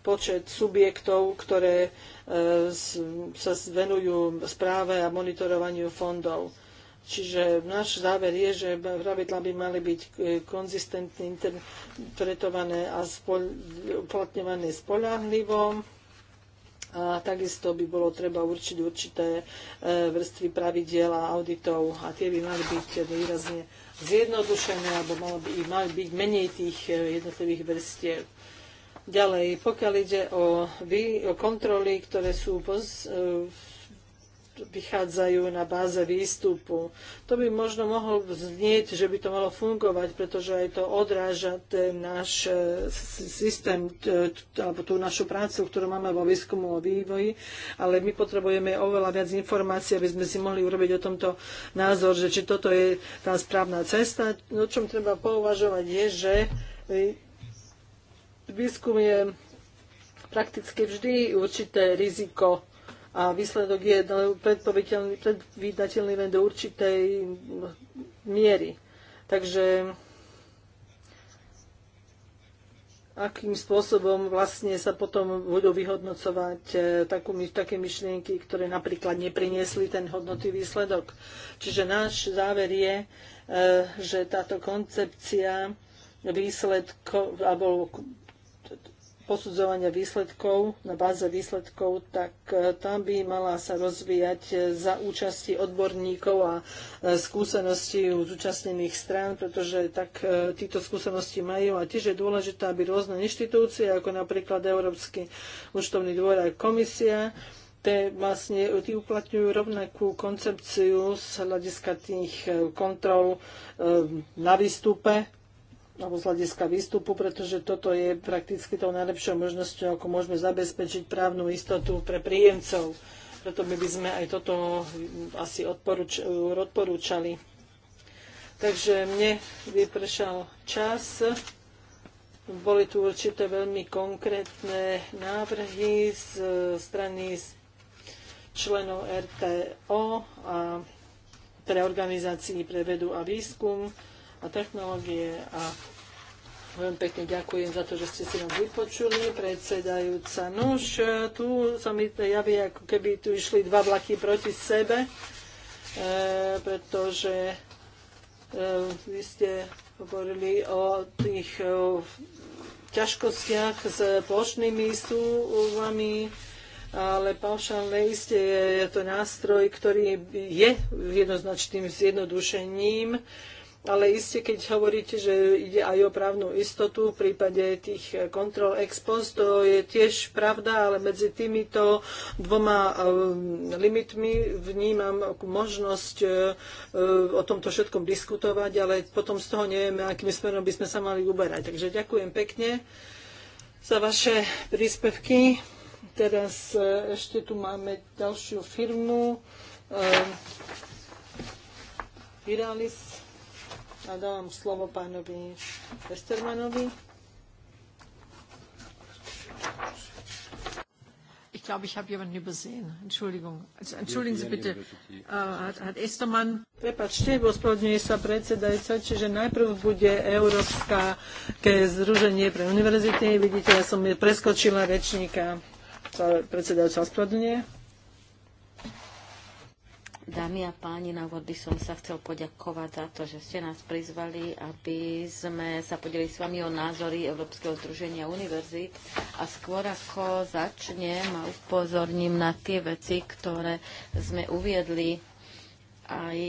počet subjektov, ktoré e, sa venujú správe a monitorovaniu fondov. Čiže náš záver je, že pravidla by mali byť e, konzistentne interpretované a uplatňované spolahlivo. A takisto by bolo treba určiť určité e, vrstvy pravidiel a auditov a tie by mali byť výrazne zjednodušené alebo malo by, mali byť menej tých e, jednotlivých vrstiev. Ďalej, pokiaľ ide o, o kontroly, ktoré sú poz, e, vychádzajú na báze výstupu. To by možno mohol znieť, že by to malo fungovať, pretože aj to odráža ten náš e, systém, alebo tú našu prácu, ktorú máme vo výskumu o vývoji, ale my potrebujeme oveľa viac informácií, aby sme si mohli urobiť o tomto názor, že či toto je tá správna cesta. O no, čom treba pouvažovať je, že e, výskum je prakticky vždy určité riziko a výsledok je predvídateľný len do určitej miery. Takže akým spôsobom vlastne sa potom budú vyhodnocovať e, takú, také myšlienky, ktoré napríklad nepriniesli ten hodnotý výsledok. Čiže náš záver je, e, že táto koncepcia výsledkov alebo posudzovania výsledkov, na báze výsledkov, tak e, tam by mala sa rozvíjať e, za účasti odborníkov a e, skúseností zúčastnených strán, pretože tak títo skúsenosti majú a tiež je dôležité, aby rôzne inštitúcie, ako napríklad Európsky účtovný dvor a komisia, Té vlastne tí uplatňujú rovnakú koncepciu z hľadiska tých kontrol na výstupe alebo z hľadiska výstupu, pretože toto je prakticky tou najlepšou možnosťou, ako môžeme zabezpečiť právnu istotu pre príjemcov. Preto my by sme aj toto asi odporúč- odporúčali. Takže mne vypršal čas. Boli tu určité veľmi konkrétne návrhy z strany členov RTO a teda organizácií pre vedu a výskum a technológie a Veľmi pekne ďakujem za to, že ste si nám vypočuli, predsedajúca. Nož, tu sa mi javí, ako keby tu išli dva vlaky proti sebe, e, pretože e, vy ste hovorili o tých e, ťažkostiach s plošnými súvami, ale paušálne isté je to nástroj, ktorý je jednoznačným zjednodušením. E, ale iste, keď hovoríte, že ide aj o právnu istotu v prípade tých eh, kontrol ex post, to je tiež pravda, ale medzi týmito dvoma eh, limitmi vnímam možnosť eh, o tomto všetkom diskutovať, ale potom z toho nevieme, akým smerom by sme sa mali uberať. Takže ďakujem pekne za vaše príspevky. Teraz ešte tu máme ďalšiu firmu. Viralis a dávam slovo pánovi Westermanovi. Ich glaube, ich habe jemanden übersehen. Entschuldigung. Also, entschuldigen Sie bitte. Uh, hat, hat Estermann. Prepačte, gospodine sa predsedajca, čiže najprv bude Európska ke zruženie pre univerzity. Vidíte, ja som preskočila rečníka. Predsedajúca ospravedlňuje. Dámy a páni, na úvod by som sa chcel poďakovať za to, že ste nás prizvali, aby sme sa podeli s vami o názory Európskeho združenia univerzít. A skôr ako začnem a upozorním na tie veci, ktoré sme uviedli aj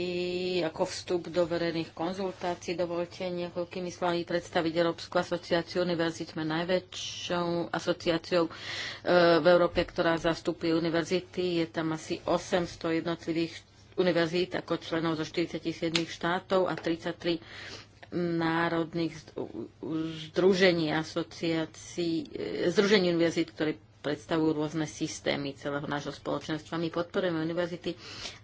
ako vstup do verejných konzultácií. Dovolte niekoľkými slovami predstaviť Európsku asociáciu univerzít. Sme najväčšou asociáciou eh, v Európe, ktorá zastupuje univerzity. Je tam asi 800 jednotlivých univerzít ako členov zo 47 štátov a 33 národných združení asociácií, e, združení univerzít, ktoré predstavujú rôzne systémy celého nášho spoločenstva. My podporujeme univerzity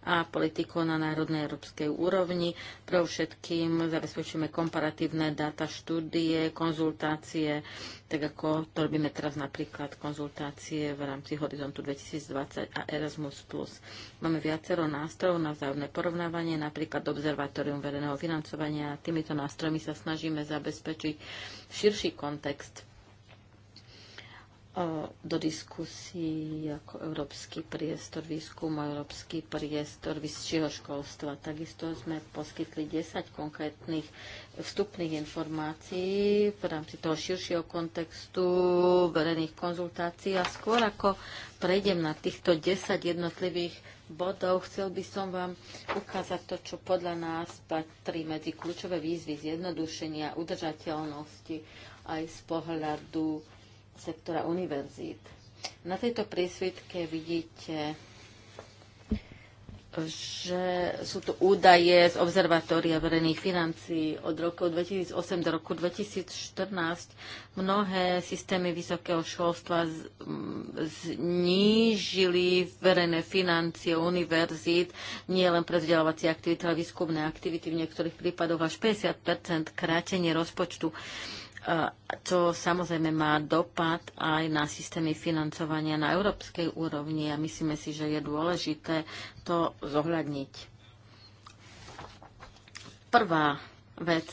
a politiku na národnej európskej úrovni. Pre všetkým zabezpečujeme komparatívne dáta, štúdie, konzultácie, tak ako to robíme teraz napríklad konzultácie v rámci Horizontu 2020 a Erasmus+. Máme viacero nástrojov na vzájomné porovnávanie, napríklad Observatórium verejného financovania. Týmito nástrojmi sa snažíme zabezpečiť širší kontext do diskusí ako Európsky priestor výskum, Európsky priestor vyššieho školstva. Takisto sme poskytli 10 konkrétnych vstupných informácií v rámci toho širšieho kontextu verejných konzultácií a skôr ako prejdem na týchto 10 jednotlivých bodov, chcel by som vám ukázať to, čo podľa nás patrí medzi kľúčové výzvy zjednodušenia, udržateľnosti aj z pohľadu sektora univerzít. Na tejto prísvitke vidíte, že sú to údaje z Obzervatória verejných financií od roku 2008 do roku 2014. Mnohé systémy vysokého školstva mm, znížili verejné financie univerzít nielen pre vzdelávacie aktivity, ale výskumné aktivity, v niektorých prípadoch až 50 krátenie rozpočtu to samozrejme má dopad aj na systémy financovania na európskej úrovni a myslíme si, že je dôležité to zohľadniť. Prvá vec,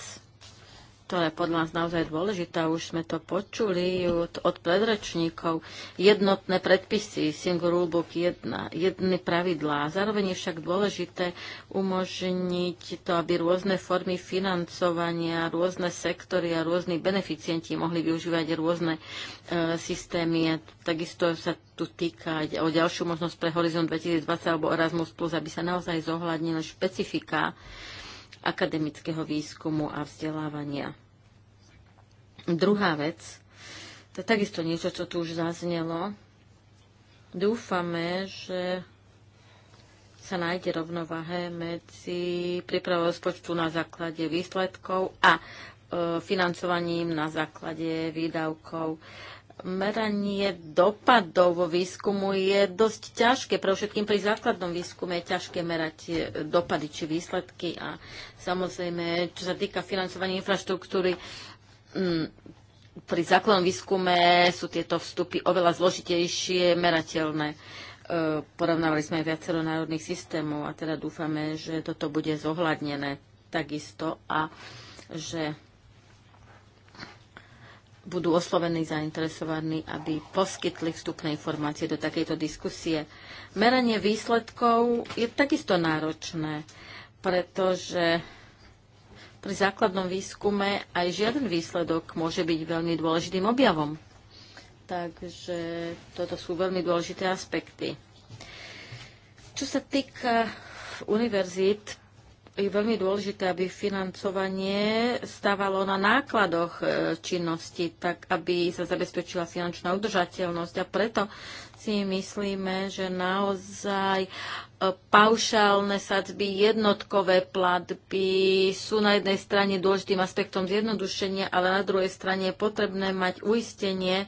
to je podľa nás naozaj dôležité, už sme to počuli od, od predrečníkov, jednotné predpisy, Single Rulebook 1, jedny pravidlá. Zároveň je však dôležité umožniť to, aby rôzne formy financovania, rôzne sektory a rôzni beneficienti mohli využívať rôzne e, systémy. A takisto sa tu týka o ďalšiu možnosť pre Horizon 2020 alebo Erasmus+, aby sa naozaj zohľadnili špecifika akademického výskumu a vzdelávania. Druhá vec, to je takisto niečo, čo tu už zaznelo. Dúfame, že sa nájde rovnováha medzi prípravou rozpočtu na základe výsledkov a e, financovaním na základe výdavkov meranie dopadov vo výskumu je dosť ťažké. Pre všetkým pri základnom výskume je ťažké merať eh, dopady či výsledky a samozrejme, čo sa týka financovania infraštruktúry, mm, pri základnom výskume sú tieto vstupy oveľa zložitejšie, merateľné. Eh, porovnávali sme aj viacero národných systémov a teda dúfame, že toto bude zohľadnené takisto a že budú oslovení zainteresovaní, aby poskytli vstupné informácie do takejto diskusie. Meranie výsledkov je takisto náročné, pretože pri základnom výskume aj žiaden výsledok môže byť veľmi dôležitým objavom. Takže toto sú veľmi dôležité aspekty. Čo sa týka univerzít, je veľmi dôležité, aby financovanie stávalo na nákladoch e, činnosti, tak aby sa zabezpečila finančná udržateľnosť. A preto si myslíme, že naozaj e, paušálne sadzby, jednotkové platby sú na jednej strane dôležitým aspektom zjednodušenia, ale na druhej strane je potrebné mať uistenie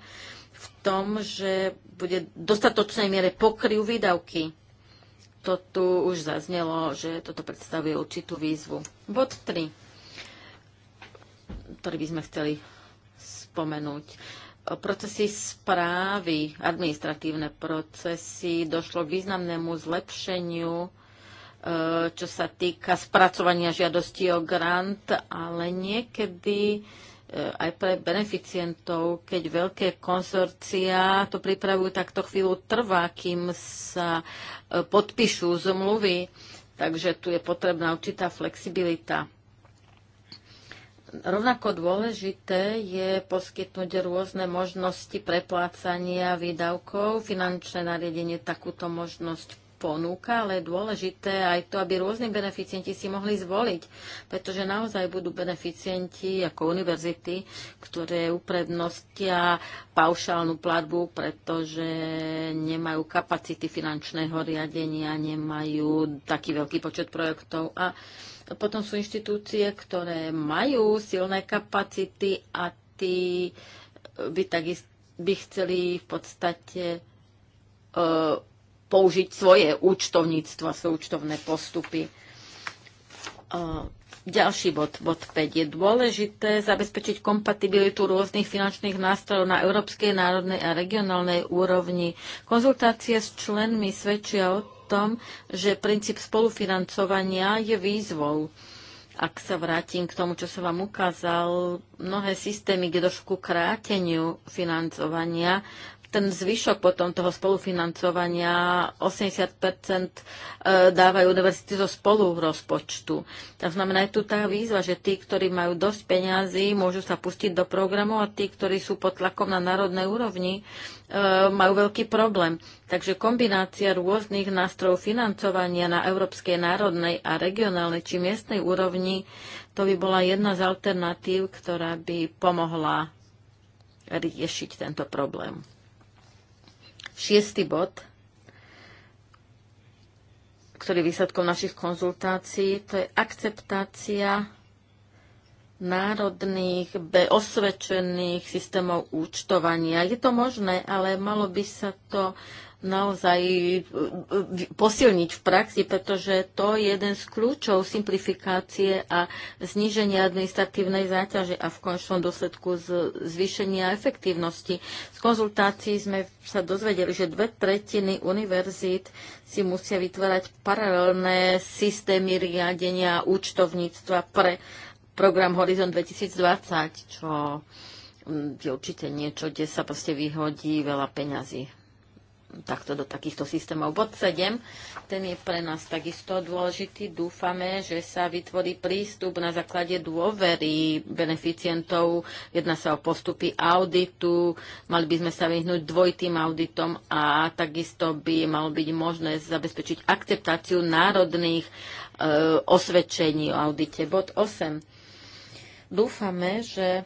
v tom, že bude v dostatočnej miere pokryv výdavky to tu už zaznelo, že toto predstavuje určitú výzvu. Bod 3, ktorý by sme chceli spomenúť. Procesy správy, administratívne procesy, došlo k významnému zlepšeniu, e, čo sa týka spracovania žiadosti o grant, ale niekedy Eh, aj pre beneficientov, keď veľké konzorcia to pripravujú, tak to chvíľu trvá, kým sa eh, podpíšu zmluvy. Takže tu je potrebná určitá flexibilita. Rovnako dôležité je poskytnúť rôzne možnosti preplácania výdavkov. Finančné nariadenie takúto možnosť ponúka, ale je dôležité aj to, aby rôzni beneficienti si mohli zvoliť, pretože naozaj budú beneficienti ako univerzity, ktoré uprednostia paušálnu platbu, pretože nemajú kapacity finančného riadenia, nemajú taký veľký počet projektov a potom sú inštitúcie, ktoré majú silné kapacity a tí eh, by takisto by chceli v podstate eh, použiť svoje účtovníctvo, svoje účtovné postupy. Ďalší bod, bod 5. Je dôležité zabezpečiť kompatibilitu rôznych finančných nástrojov na európskej, národnej a regionálnej úrovni. Konzultácie s členmi svedčia o tom, že princíp spolufinancovania je výzvou. Ak sa vrátim k tomu, čo som vám ukázal, mnohé systémy, kde došlo ku kráteniu financovania, ten zvyšok potom toho spolufinancovania, 80% eh, dávajú univerzity zo spolu rozpočtu. To znamená, je tu tá výzva, že tí, ktorí majú dosť peňazí, môžu sa pustiť do programu a tí, ktorí sú pod tlakom na národnej úrovni, eh, majú veľký problém. Takže kombinácia rôznych nástrojov financovania na európskej, národnej a regionálnej či miestnej úrovni, to by bola jedna z alternatív, ktorá by pomohla riešiť tento problém. Šiestý bod, ktorý je výsledkom našich konzultácií, to je akceptácia národných, osvedčených systémov účtovania. Je to možné, ale malo by sa to naozaj e, e, posilniť v praxi, pretože to je jeden z kľúčov simplifikácie a zníženia administratívnej záťaže a v končnom dôsledku zvýšenia efektívnosti. Z konzultácií sme sa dozvedeli, že dve tretiny univerzít si musia vytvárať paralelné systémy riadenia účtovníctva pre program Horizon 2020, čo mm, je určite niečo, kde sa proste vyhodí veľa peňazí takto do takýchto systémov. Bod 7, ten je pre nás takisto dôležitý. Dúfame, že sa vytvorí prístup na základe dôvery beneficientov. Jedná sa o postupy auditu, mali by sme sa vyhnúť dvojitým auditom a takisto by malo byť možné zabezpečiť akceptáciu národných e, osvedčení o audite. Bod 8. Dúfame, že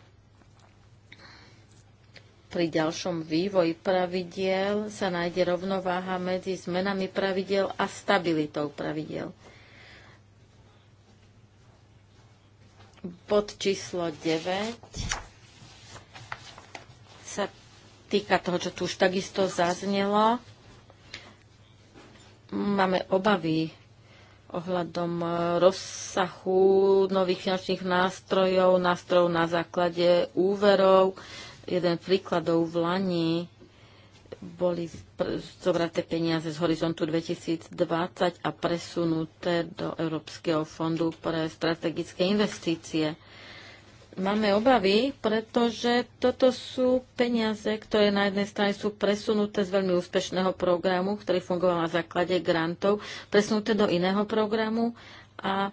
pri ďalšom vývoji pravidiel sa nájde rovnováha medzi zmenami pravidiel a stabilitou pravidiel. Pod číslo 9 sa týka toho, čo tu už takisto zaznelo. Máme obavy ohľadom rozsahu nových finančných nástrojov, nástrojov na základe úverov, jeden príkladov v Lani boli zobraté peniaze z horizontu 2020 a presunuté do Európskeho fondu pre strategické investície. Máme obavy, pretože toto sú peniaze, ktoré na jednej strane sú presunuté z veľmi úspešného programu, ktorý fungoval na základe grantov, presunuté do iného programu a e,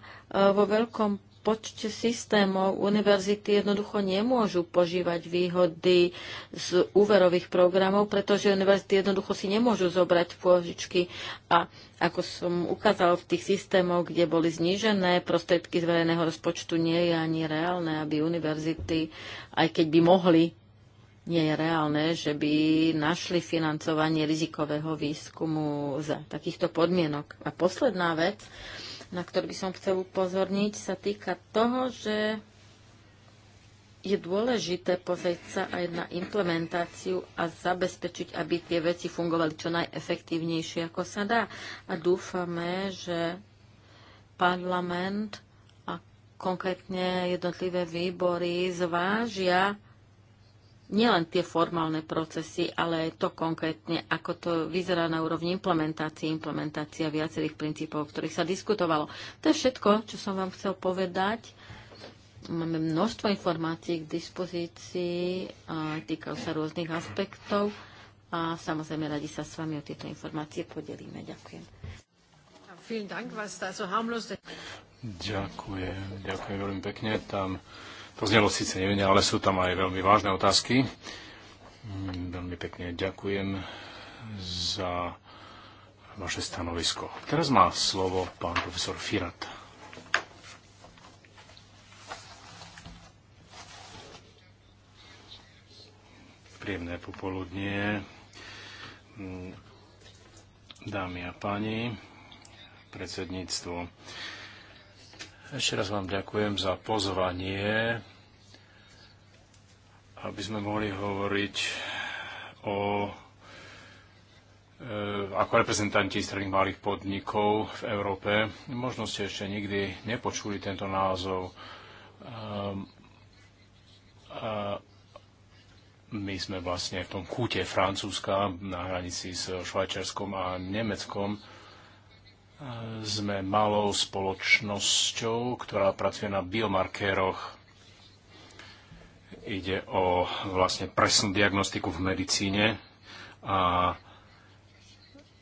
vo veľkom počte systémov univerzity jednoducho nemôžu požívať výhody z úverových programov, pretože univerzity jednoducho si nemôžu zobrať pôžičky a ako som ukázal v tých systémoch, kde boli znížené, prostriedky z verejného rozpočtu nie je ani reálne, aby univerzity, aj keď by mohli, nie je reálne, že by našli financovanie rizikového výskumu za takýchto podmienok. A posledná vec, na ktorý by som chcel upozorniť, sa týka toho, že je dôležité pozrieť sa aj na implementáciu a zabezpečiť, aby tie veci fungovali čo najefektívnejšie, ako sa dá. A dúfame, že parlament a konkrétne jednotlivé výbory zvážia nielen tie formálne procesy, ale aj to konkrétne, ako to vyzerá na úrovni implementácie, implementácia viacerých princípov, o ktorých sa diskutovalo. To je všetko, čo som vám chcel povedať. Máme množstvo informácií k dispozícii, týkajú sa rôznych aspektov a samozrejme radi sa s vami o tieto informácie podelíme. Ďakujem. Ďakujem, ďakujem veľmi pekne. Tam to znelo síce nevinne, ale sú tam aj veľmi vážne otázky. Mm, veľmi pekne ďakujem za vaše stanovisko. Teraz má slovo pán profesor Firat. Príjemné popoludnie, mm, dámy a páni, predsedníctvo. Ešte raz vám ďakujem za pozvanie, aby sme mohli hovoriť o e, ako reprezentanti stredných malých podnikov v Európe. Možno ste ešte nikdy nepočuli tento názov. A ehm, e, e, my sme vlastne v tom kúte Francúzska na hranici s Švajčiarskom a Nemeckom sme malou spoločnosťou, ktorá pracuje na biomarkéroch. Ide o vlastne presnú diagnostiku v medicíne a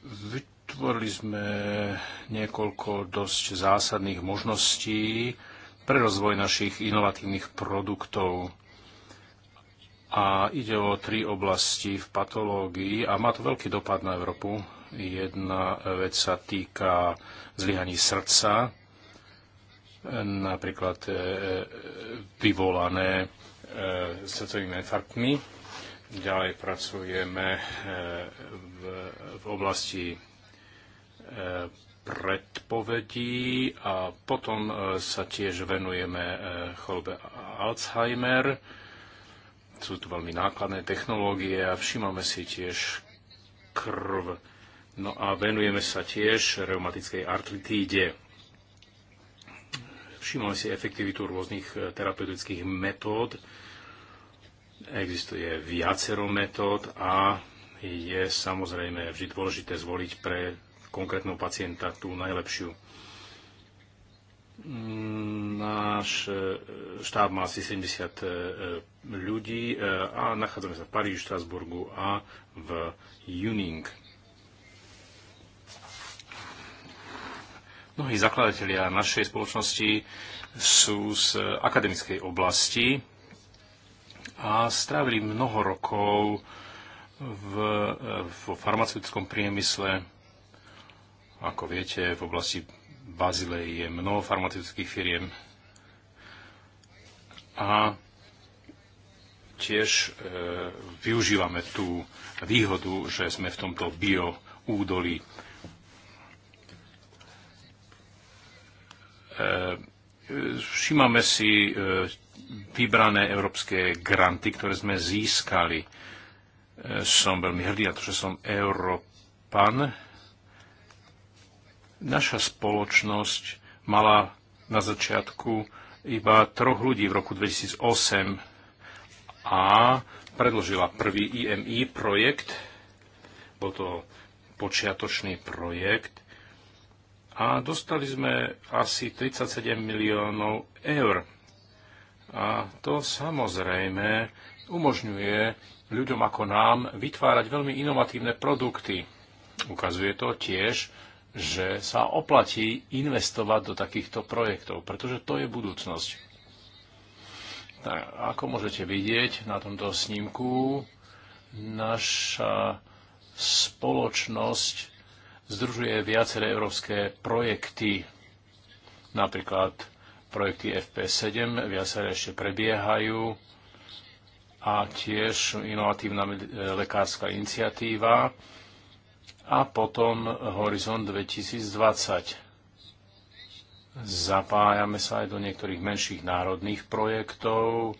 vytvorili sme niekoľko dosť zásadných možností pre rozvoj našich inovatívnych produktov. A ide o tri oblasti v patológii a má to veľký dopad na Európu Jedna vec sa týka zlyhaní srdca, napríklad e, e, vyvolané e, srdcovými infarktmi. Ďalej pracujeme v, v oblasti predpovedí a potom sa tiež venujeme chorobe Alzheimer. Sú tu veľmi nákladné technológie a všímame si tiež krv No a venujeme sa tiež reumatickej artritíde. Všimame si efektivitu rôznych eh, terapeutických metód. Existuje viacero metód a je samozrejme vždy dôležité zvoliť pre konkrétneho pacienta tú najlepšiu. Mm, náš eh, štáb má asi 70 eh, ľudí a nachádzame sa v Paríži, Štrasburgu a v Juning. Mnohí zakladatelia našej spoločnosti sú z akademickej oblasti a strávili mnoho rokov v, v farmaceutickom priemysle. Ako viete, v oblasti Bazilej je mnoho farmaceutických firiem a tiež e, využívame tú výhodu, že sme v tomto bio údolí E, všímame si e, vybrané európske granty, ktoré sme získali. E, som veľmi hrdý na to, že som Európan. Naša spoločnosť mala na začiatku iba troch ľudí v roku 2008 a predložila prvý IMI projekt. Bol to počiatočný projekt a dostali sme asi 37 miliónov eur. A to samozrejme umožňuje ľuďom ako nám vytvárať veľmi inovatívne produkty. Ukazuje to tiež, že sa oplatí investovať do takýchto projektov, pretože to je budúcnosť. Tak, ako môžete vidieť na tomto snímku, naša spoločnosť združuje viaceré európske projekty, napríklad projekty FP7, viaceré ešte prebiehajú a tiež inovatívna lekárska iniciatíva a potom Horizon 2020. Zapájame sa aj do niektorých menších národných projektov,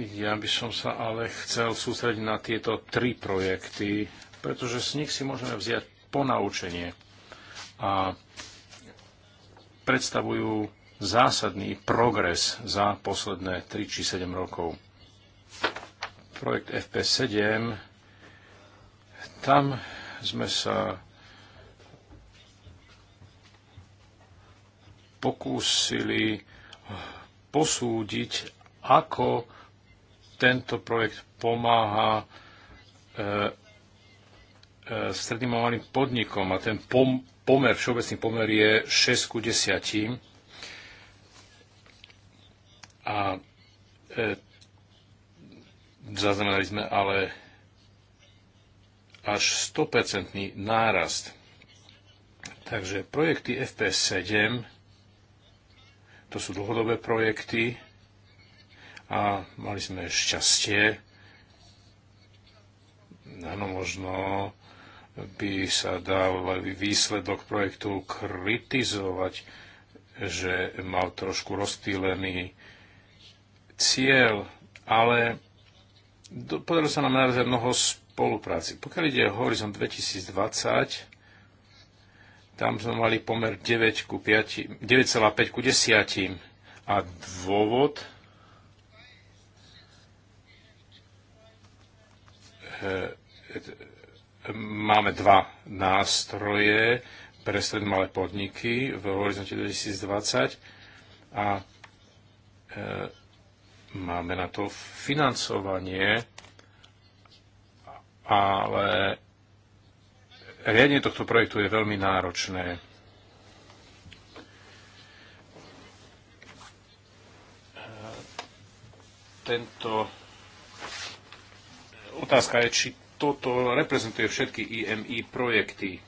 Ja by som sa ale chcel sústrediť na tieto tri projekty, pretože z nich si môžeme vziať ponaučenie a predstavujú zásadný progres za posledné 3 či 7 rokov. Projekt FP7, tam sme sa pokúsili posúdiť, ako tento projekt pomáha e, e, stredným a malým podnikom a ten pom, pomer, všeobecný pomer je 6 ku 10. A e, zaznamenali sme ale až 100% nárast. Takže projekty FP7, to sú dlhodobé projekty, a mali sme šťastie. Áno, možno by sa dal výsledok projektu kritizovať, že mal trošku rozptýlený cieľ, ale podarilo sa nám narazať mnoho spolupráci. Pokiaľ ide o Horizon 2020, tam sme mali pomer 9,5 ku, 5, ku 10. A dôvod E, e, máme dva nástroje pre stredné malé podniky v horizonte 2020 a e, máme na to financovanie, ale riadenie tohto projektu je veľmi náročné. Tento Otázka je, či toto reprezentuje všetky IMI projekty. E,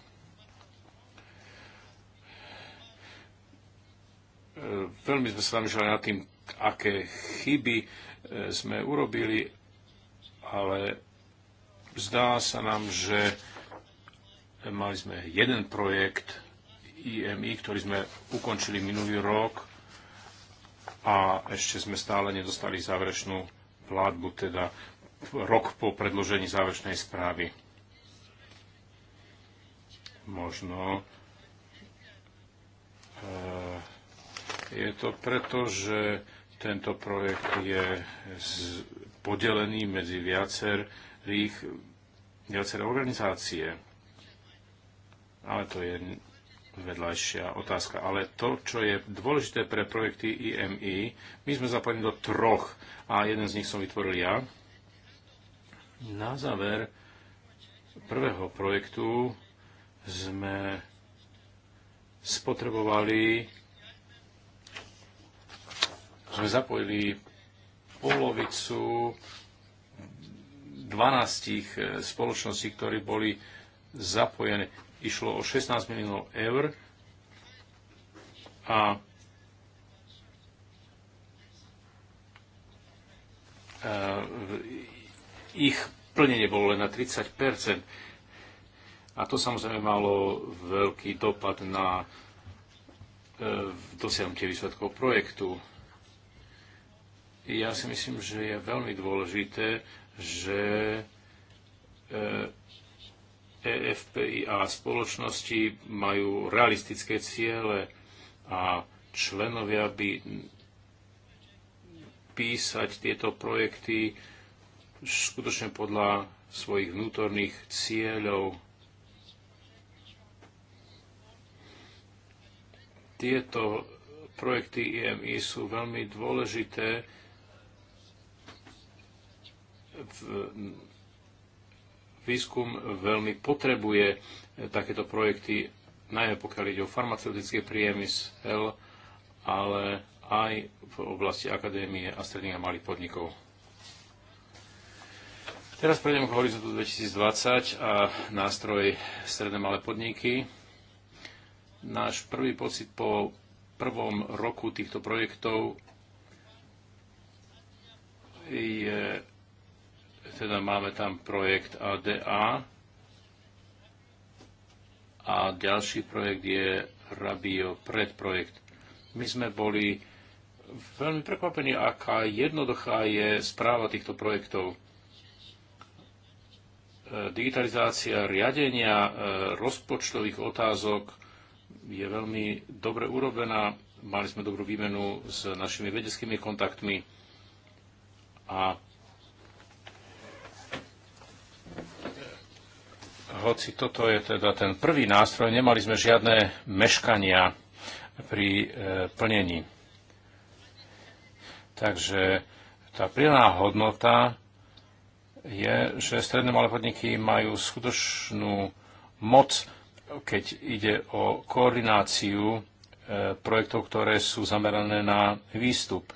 veľmi sme sa zamýšľali nad tým, aké chyby e, sme urobili, ale zdá sa nám, že mali sme jeden projekt IMI, ktorý sme ukončili minulý rok a ešte sme stále nedostali záverečnú platbu, teda rok po predložení záverečnej správy. Možno eh, je to preto, že tento projekt je podelený medzi viacerých, viaceré organizácie. Ale to je vedľajšia otázka. Ale to, čo je dôležité pre projekty IMI, my sme zapojení do troch a jeden z nich som vytvoril ja. Na záver prvého projektu sme spotrebovali, sme zapojili polovicu 12 spoločností, ktorí boli zapojené. Išlo o 16 miliónov eur a ich plnenie bolo len na 30 A to samozrejme malo veľký dopad na e, dosiahnutie výsledkov projektu. Ja si myslím, že je veľmi dôležité, že EFPI e a spoločnosti majú realistické ciele a členovia by písať tieto projekty skutočne podľa svojich vnútorných cieľov. Tieto projekty IMI sú veľmi dôležité v výskum veľmi potrebuje takéto projekty, najmä pokiaľ ide o farmaceutický priemysel, ale aj v oblasti akadémie a stredných a malých podnikov. Teraz prejdem k horizontu 2020 a nástroj stredné malé podniky. Náš prvý pocit po prvom roku týchto projektov je, teda máme tam projekt ADA a ďalší projekt je Rabio predprojekt. My sme boli veľmi prekvapení, aká jednoduchá je správa týchto projektov digitalizácia riadenia e, rozpočtových otázok je veľmi dobre urobená. Mali sme dobrú výmenu s našimi vedeckými kontaktmi a hoci toto je teda ten prvý nástroj, nemali sme žiadne meškania pri e, plnení. Takže tá pridaná hodnota je, že stredné malé podniky majú skutočnú moc, keď ide o koordináciu e, projektov, ktoré sú zamerané na výstup.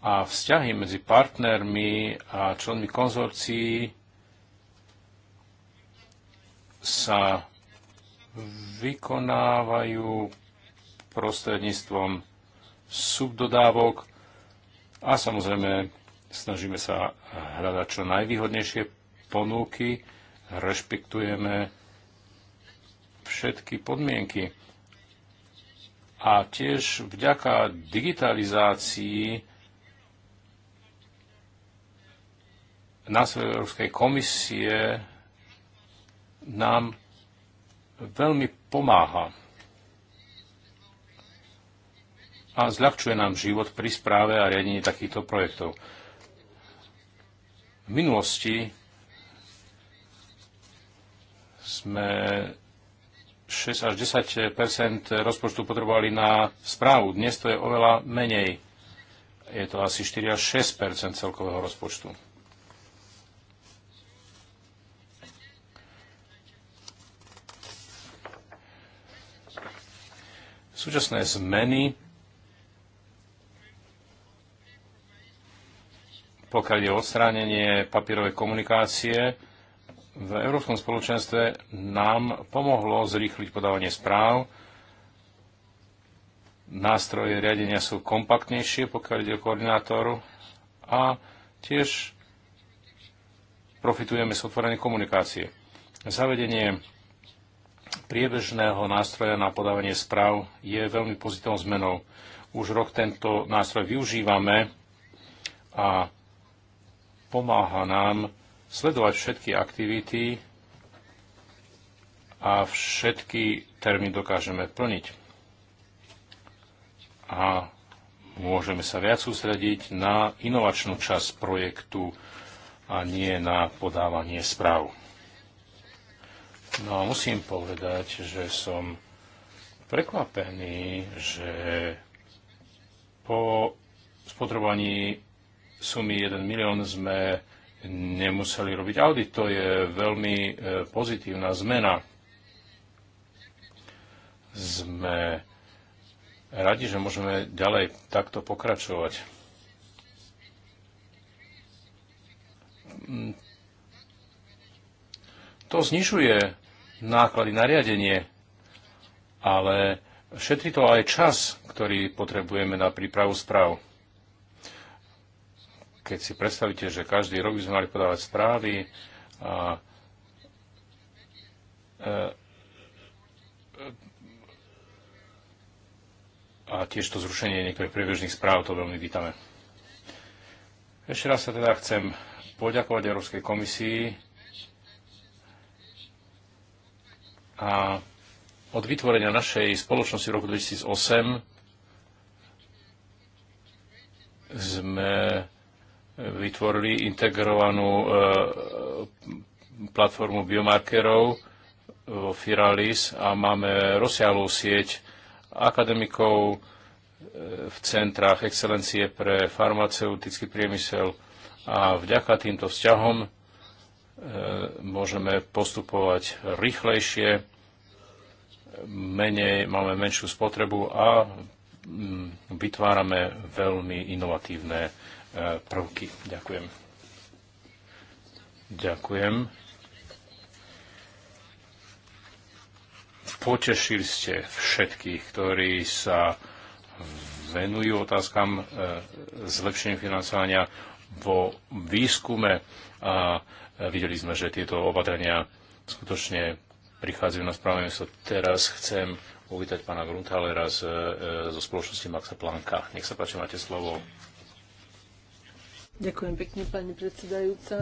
A vzťahy medzi partnermi a členmi konzorcií sa vykonávajú prostredníctvom subdodávok a samozrejme Snažíme sa hľadať čo najvýhodnejšie ponúky, rešpektujeme všetky podmienky. A tiež vďaka digitalizácii nás Európskej komisie nám veľmi pomáha a zľahčuje nám život pri správe a riadení takýchto projektov. V minulosti sme 6 až 10 rozpočtu potrebovali na správu. Dnes to je oveľa menej. Je to asi 4 až 6 celkového rozpočtu. Súčasné zmeny pokiaľ ide o odstránenie papierovej komunikácie, v Európskom spoločenstve nám pomohlo zrýchliť podávanie správ. Nástroje riadenia sú kompaktnejšie, pokiaľ ide o koordinátoru a tiež profitujeme z otvorenej komunikácie. Zavedenie priebežného nástroja na podávanie správ je veľmi pozitívnou zmenou. Už rok tento nástroj využívame a pomáha nám sledovať všetky aktivity a všetky termíny dokážeme plniť. A môžeme sa viac sústrediť na inovačnú časť projektu a nie na podávanie správ. No a musím povedať, že som prekvapený, že po spotrebovaní sumy 1 milión sme nemuseli robiť audit. To je veľmi e, pozitívna zmena. Sme radi, že môžeme ďalej takto pokračovať. Mm. To znižuje náklady na riadenie, ale šetri to aj čas, ktorý potrebujeme na prípravu správ keď si predstavíte, že každý rok by sme mali podávať správy a e, a tiež to zrušenie niektorých priebežných správ to veľmi vítame. Ešte raz sa teda chcem poďakovať Európskej komisii a od vytvorenia našej spoločnosti v roku 2008 sme vytvorili integrovanú e, platformu biomarkerov vo e, Firalis a máme rozsiahlú sieť akademikov e, v centrách excelencie pre farmaceutický priemysel a vďaka týmto vzťahom môžeme postupovať rýchlejšie, menej, máme menšiu spotrebu a mm, vytvárame veľmi inovatívne E, prvky. Ďakujem. Ďakujem. Potešili ste všetkých, ktorí sa venujú otázkam e, zlepšenia financovania vo výskume a e, videli sme, že tieto opatrenia skutočne prichádzajú na správne miesto. Teraz chcem uvítať pána Gruntalera zo spoločnosti Maxa Planka. Nech sa páči, máte slovo. Ďakujem pekne, pani predsedajúca.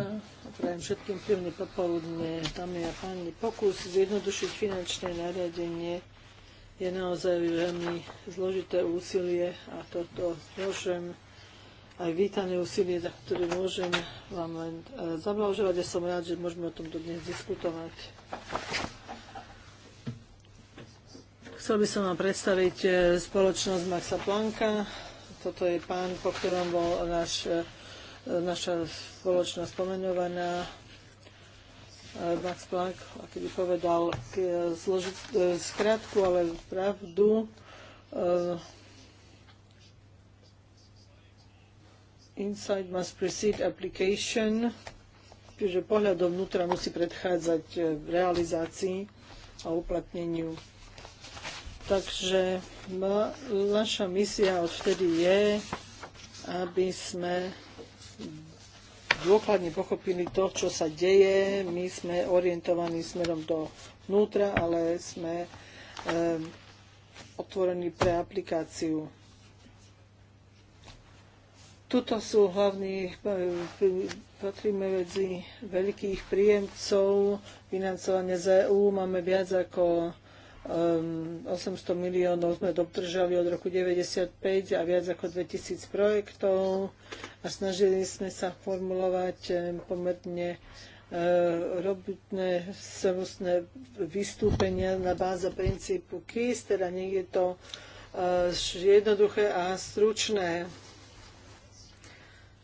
Prajem všetkým príjemné popoludne. Dámy a páni, pokus zjednodušiť finančné nariadenie je naozaj veľmi zložité úsilie a toto môžem aj vítané úsilie, za ktoré môžem vám len e, zablahoželať. Ja som rád, že môžeme o tomto dnes diskutovať. Chcel by som vám predstaviť e, spoločnosť Maxa Planka. Toto je pán, po ktorom bol náš e, naša spoločnosť pomenovaná eh, Max Planck, aký by povedal eh, zložiť eh, skrátku, ale pravdu, uh, insight must precede application, čiže pohľad dovnútra musí predchádzať realizácii a uplatneniu. Takže ma, naša misia odvtedy je, aby sme dôkladne pochopili to, čo sa deje. My sme orientovaní smerom do vnútra, ale sme e, otvorení pre aplikáciu. Tuto sú hlavní, patríme medzi veľkých príjemcov financovania z EU. Máme viac ako 800 ehm, miliónov sme dodržali od roku 1995 a viac ako 2000 projektov a snažili sme sa formulovať ehm, pomerne ehm, robotné samostné vystúpenia na báze princípu KIS, teda nie je to jednoduché a stručné.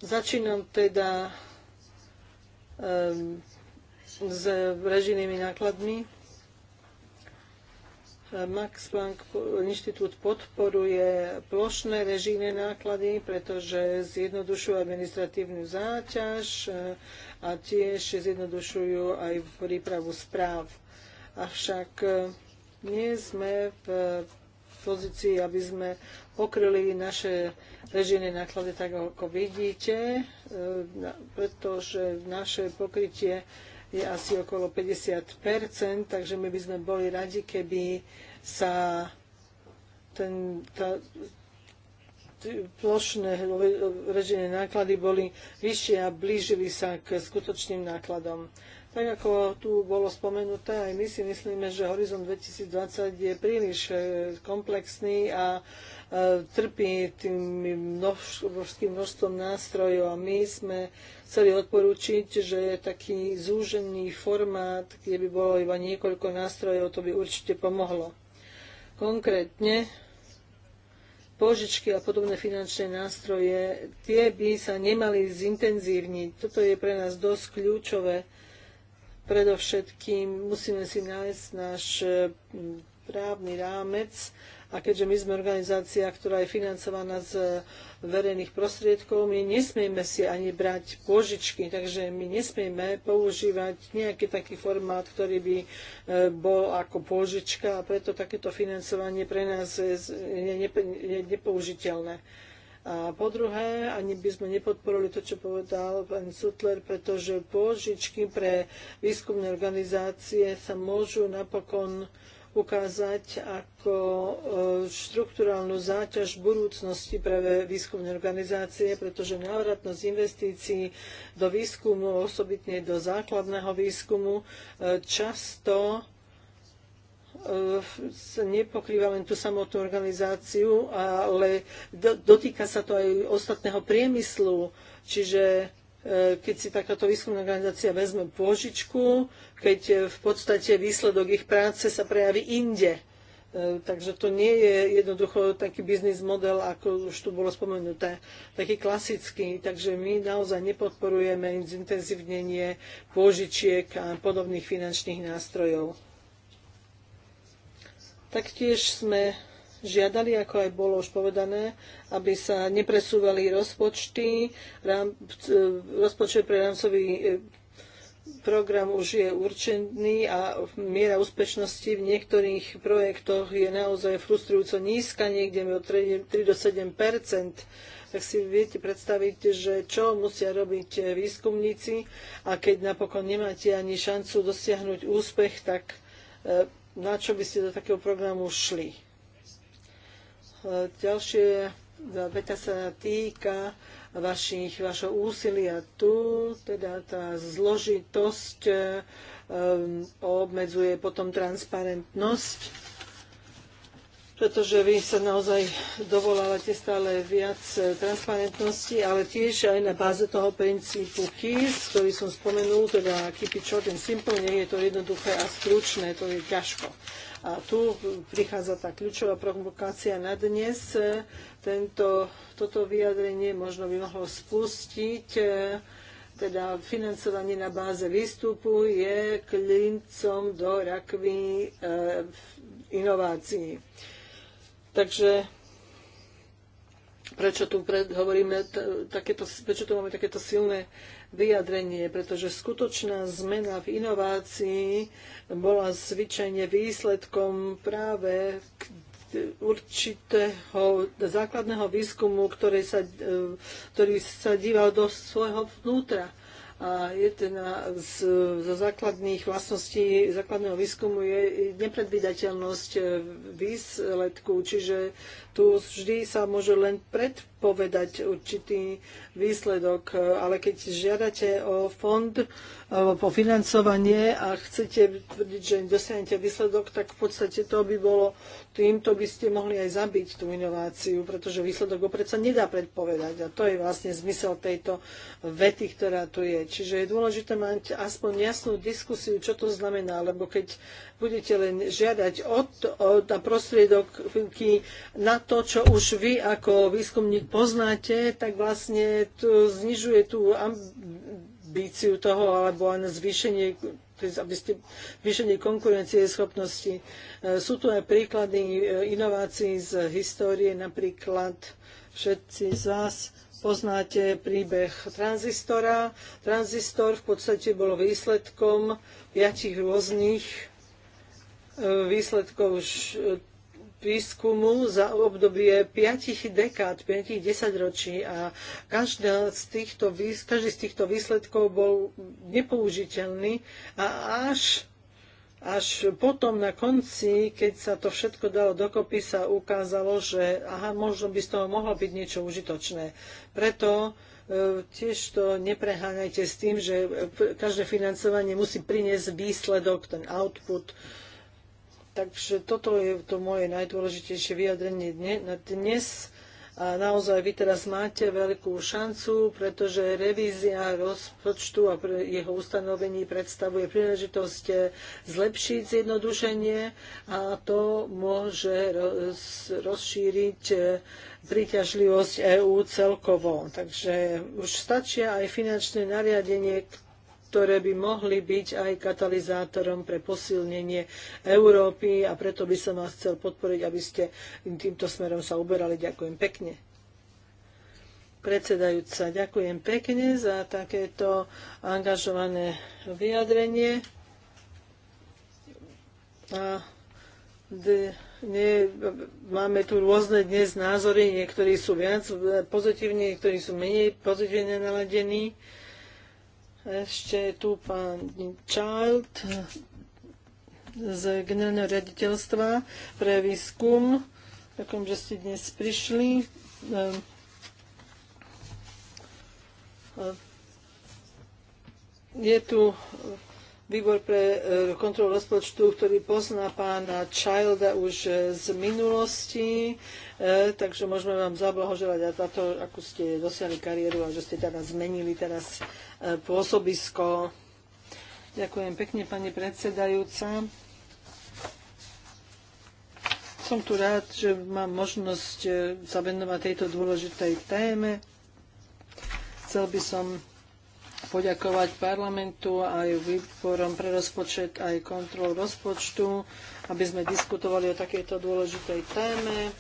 Začínam teda s režijnými nákladmi Max Planck inštitút podporuje plošné režijné náklady, pretože zjednodušujú administratívnu záťaž eh, a tiež zjednodušujú aj prípravu správ. Avšak eh, nie sme v eh, pozícii, aby sme pokryli naše režijné náklady tak, ako vidíte, pretože naše pokrytie je asi okolo 50 takže my by sme boli radi, keby sa ten, tá, plošné režené náklady boli vyššie a blížili sa k skutočným nákladom. Tak ako tu bolo spomenuté, aj my si myslíme, že Horizon 2020 je príliš e, komplexný a e, trpí tým množským množstvom nástrojov a my sme chceli odporúčiť, že taký zúžený formát, kde by bolo iba niekoľko nástrojov, to by určite pomohlo. Konkrétne požičky a podobné finančné nástroje, tie by sa nemali zintenzívniť. Toto je pre nás dosť kľúčové Predovšetkým musíme si nájsť náš e, právny rámec a keďže my sme organizácia, ktorá je financovaná z e, verejných prostriedkov, my nesmieme si ani brať pôžičky, takže my nesmieme používať nejaký taký formát, ktorý by e, bol ako pôžička a preto takéto financovanie pre nás je nepoužiteľné. A po druhé, ani by sme nepodporili to, čo povedal pán Sutler, pretože pôžičky pre výskumné organizácie sa môžu napokon ukázať ako e, štruktúrálnu záťaž budúcnosti pre výskumné organizácie, pretože návratnosť investícií do výskumu, osobitne do základného výskumu, e, často nepokrýva len tú samotnú organizáciu, ale dotýka sa to aj ostatného priemyslu. Čiže e, keď si takáto výskumná organizácia vezme pôžičku, keď e, v podstate výsledok ich práce sa prejaví inde. E, takže to nie je jednoducho taký biznis model, ako už tu bolo spomenuté, taký klasický. Takže my naozaj nepodporujeme zintenzívnenie pôžičiek a podobných finančných nástrojov. Taktiež sme žiadali, ako aj bolo už povedané, aby sa nepresúvali rozpočty. E, rozpočet pre rámcový e, program už je určený a miera úspešnosti v niektorých projektoch je naozaj frustrujúco nízka, niekde od 3 do 7 tak si viete predstaviť, že čo musia robiť e, výskumníci a keď napokon nemáte ani šancu dosiahnuť úspech, tak na čo by ste do takého programu šli. Ďalšie e, veta sa týka vašich, vašho úsilia tu, teda tá zložitosť um, obmedzuje potom transparentnosť pretože vy sa naozaj dovolávate stále viac eh, transparentnosti, ale tiež aj na báze toho princípu KIS, ktorý som spomenul, teda keep it short and simple, nie je to jednoduché a stručné, to je ťažko. A tu prichádza tá kľúčová provokácia na dnes. Tento, toto vyjadrenie možno by mohlo spustiť eh, teda financovanie na báze výstupu je klincom do rakvy e, inovácií. Takže prečo tu pred, hovoríme takéto, prečo tu máme takéto silné vyjadrenie, pretože skutočná zmena v inovácii bola zvyčajne výsledkom práve určitého základného výskumu, ktorý sa, e, ktorý sa díval do svojho vnútra. A jedna z, zo základných vlastností základného výskumu je nepredvydateľnosť výsledku, čiže tu vždy sa môže len predpokladať povedať určitý výsledok, ale keď žiadate o fond, po financovanie a chcete tvrdiť, že dosiahnete výsledok, tak v podstate to by bolo, týmto by ste mohli aj zabiť tú inováciu, pretože výsledok ho predsa nedá predpovedať. A to je vlastne zmysel tejto vety, ktorá tu je. Čiže je dôležité mať aspoň jasnú diskusiu, čo to znamená, lebo keď budete len žiadať od, od na prostriedky na to, čo už vy ako výskumník poznáte, tak vlastne to znižuje tú ambíciu toho alebo na zvýšenie aby ste zvýšenie konkurencie schopnosti. E, sú tu aj príklady e, inovácií z histórie, napríklad všetci z vás poznáte príbeh tranzistora. Tranzistor v podstate bol výsledkom piatich rôznych výsledkov výskumu za obdobie 5 dekád, 5 desaťročí a každá z týchto, každý z týchto výsledkov bol nepoužiteľný a až až potom na konci, keď sa to všetko dalo dokopy, sa ukázalo, že aha, možno by z toho mohlo byť niečo užitočné. Preto e, tiež to nepreháňajte s tým, že každé financovanie musí priniesť výsledok, ten output, Takže toto je to moje najdôležitejšie vyjadrenie dnes. A naozaj vy teraz máte veľkú šancu, pretože revízia rozpočtu a jeho ustanovení predstavuje príležitosť zlepšiť zjednodušenie a to môže rozšíriť príťažlivosť EÚ celkovo. Takže už stačia aj finančné nariadenie, ktoré by mohli byť aj katalizátorom pre posilnenie Európy a preto by som vás chcel podporiť, aby ste týmto smerom sa uberali. Ďakujem pekne. Predsedajúca, ďakujem pekne za takéto angažované vyjadrenie. A máme tu rôzne dnes názory, niektorí sú viac e, pozitívni, niektorí sú menej pozitívne naladení. Ešte tu pán Child z generálneho riaditeľstva pre výskum. Ďakujem, že ste dnes prišli. Ehm, e, je tu výbor pre e, kontrolu rozpočtu, ktorý pozná pána Childa už e, z minulosti, takže môžeme vám zablahoželať za to, akú ste dosiahli kariéru a že ste teda zmenili teraz E, pôsobisko. Ďakujem pekne, pani predsedajúca. Som tu rád, že mám možnosť e, sa venovať tejto dôležitej téme. Chcel by som poďakovať parlamentu aj výborom pre rozpočet, aj kontrol rozpočtu, aby sme diskutovali o takejto dôležitej téme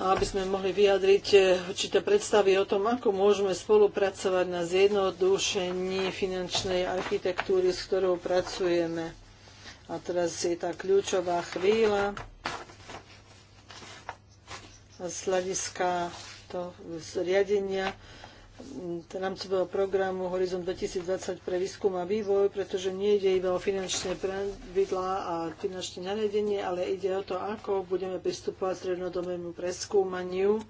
aby sme mohli vyjadriť eh, určité predstavy o tom, ako môžeme spolupracovať na zjednodušení finančnej architektúry, s ktorou pracujeme. A teraz je tá kľúčová chvíľa z hľadiska to riadenia rámcového programu Horizon 2020 pre výskum a vývoj, pretože nie ide iba o finančné pravidlá a finančné nariadenie, ale ide o to, ako budeme pristupovať strednodobému preskúmaniu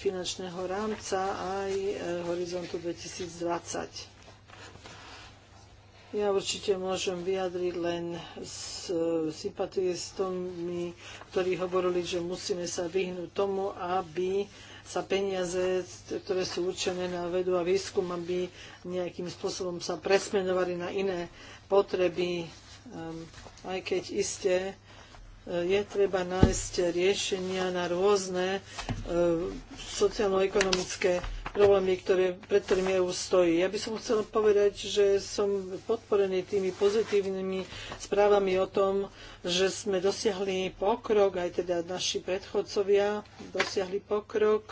finančného rámca aj e, Horizontu 2020. Ja určite môžem vyjadriť len s e, sympatie s tými, ktorí hovorili, že musíme sa vyhnúť tomu, aby sa peniaze, ktoré sú určené na vedu a výskum, aby nejakým spôsobom sa presmenovali na iné potreby, ehm, aj keď iste e, je treba nájsť riešenia na rôzne e, sociálno-ekonomické problémy, ktoré, pred ktorými EU stojí. Ja by som chcela povedať, že som podporený tými pozitívnymi správami o tom, že sme dosiahli pokrok, aj teda naši predchodcovia dosiahli pokrok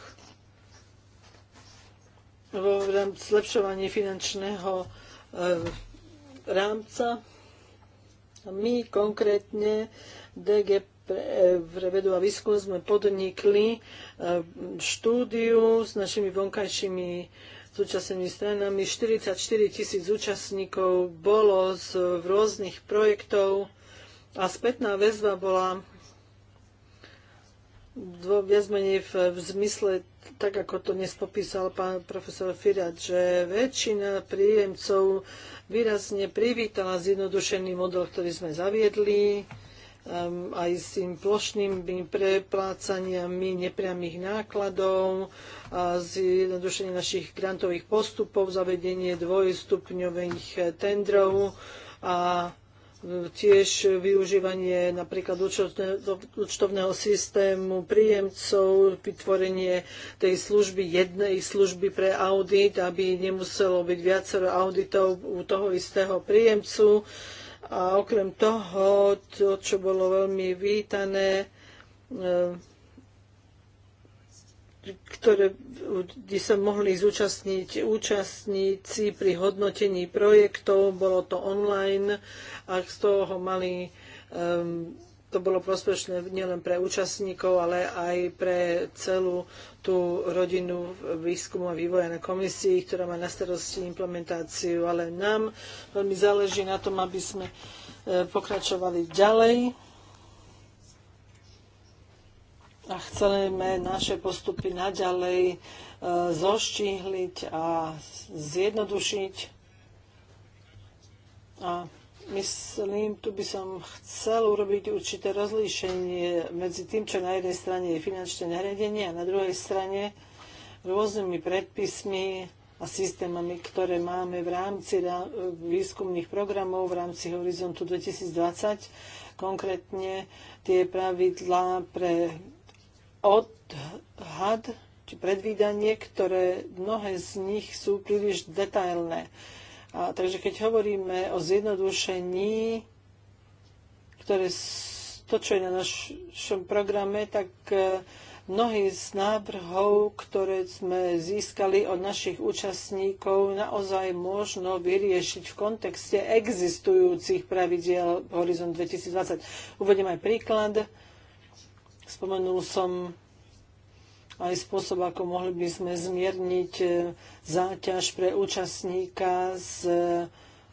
vo zlepšovaní finančného e, rámca. My konkrétne DGP pre e, vedu a výskum sme podnikli e, štúdiu s našimi vonkajšími súčasnými stranami. 44 tisíc účastníkov bolo z rôznych projektov a spätná väzba bola viac menej v, v zmysle, tak ako to dnes popísal pán profesor Firat, že väčšina príjemcov výrazne privítala zjednodušený model, ktorý sme zaviedli aj s tým plošnými preplácaniami nepriamých nákladov, zjednodušenie našich grantových postupov, zavedenie dvojstupňových tendrov a e, tiež využívanie napríklad účtovného systému príjemcov, vytvorenie tej služby, jednej služby pre audit, aby nemuselo byť viacero auditov u toho istého príjemcu a okrem toho, to, čo bolo veľmi vítané, e, ktoré, kde sa mohli zúčastniť účastníci pri hodnotení projektov, bolo to online a z toho mali um, to bolo prospešné nielen pre účastníkov, ale aj pre celú tú rodinu výskumu a vývoja na komisii, ktorá má na starosti implementáciu, ale nám veľmi záleží na tom, aby sme e, pokračovali ďalej a chceme naše postupy naďalej e, zoštíhliť a zjednodušiť. A myslím, tu by som chcel urobiť určité rozlíšenie medzi tým, čo na jednej strane je finančné nariadenie a na druhej strane rôznymi predpismi a systémami, ktoré máme v rámci výskumných programov v rámci Horizontu 2020, konkrétne tie pravidlá pre odhad či predvídanie, ktoré mnohé z nich sú príliš detailné. A, takže keď hovoríme o zjednodušení, ktoré to, čo je na našom programe, tak e, mnohí z návrhov, ktoré sme získali od našich účastníkov, naozaj možno vyriešiť v kontexte existujúcich pravidiel Horizon 2020. Uvediem aj príklad. Spomenul som aj spôsob, ako mohli by sme zmierniť e, záťaž pre účastníka z e,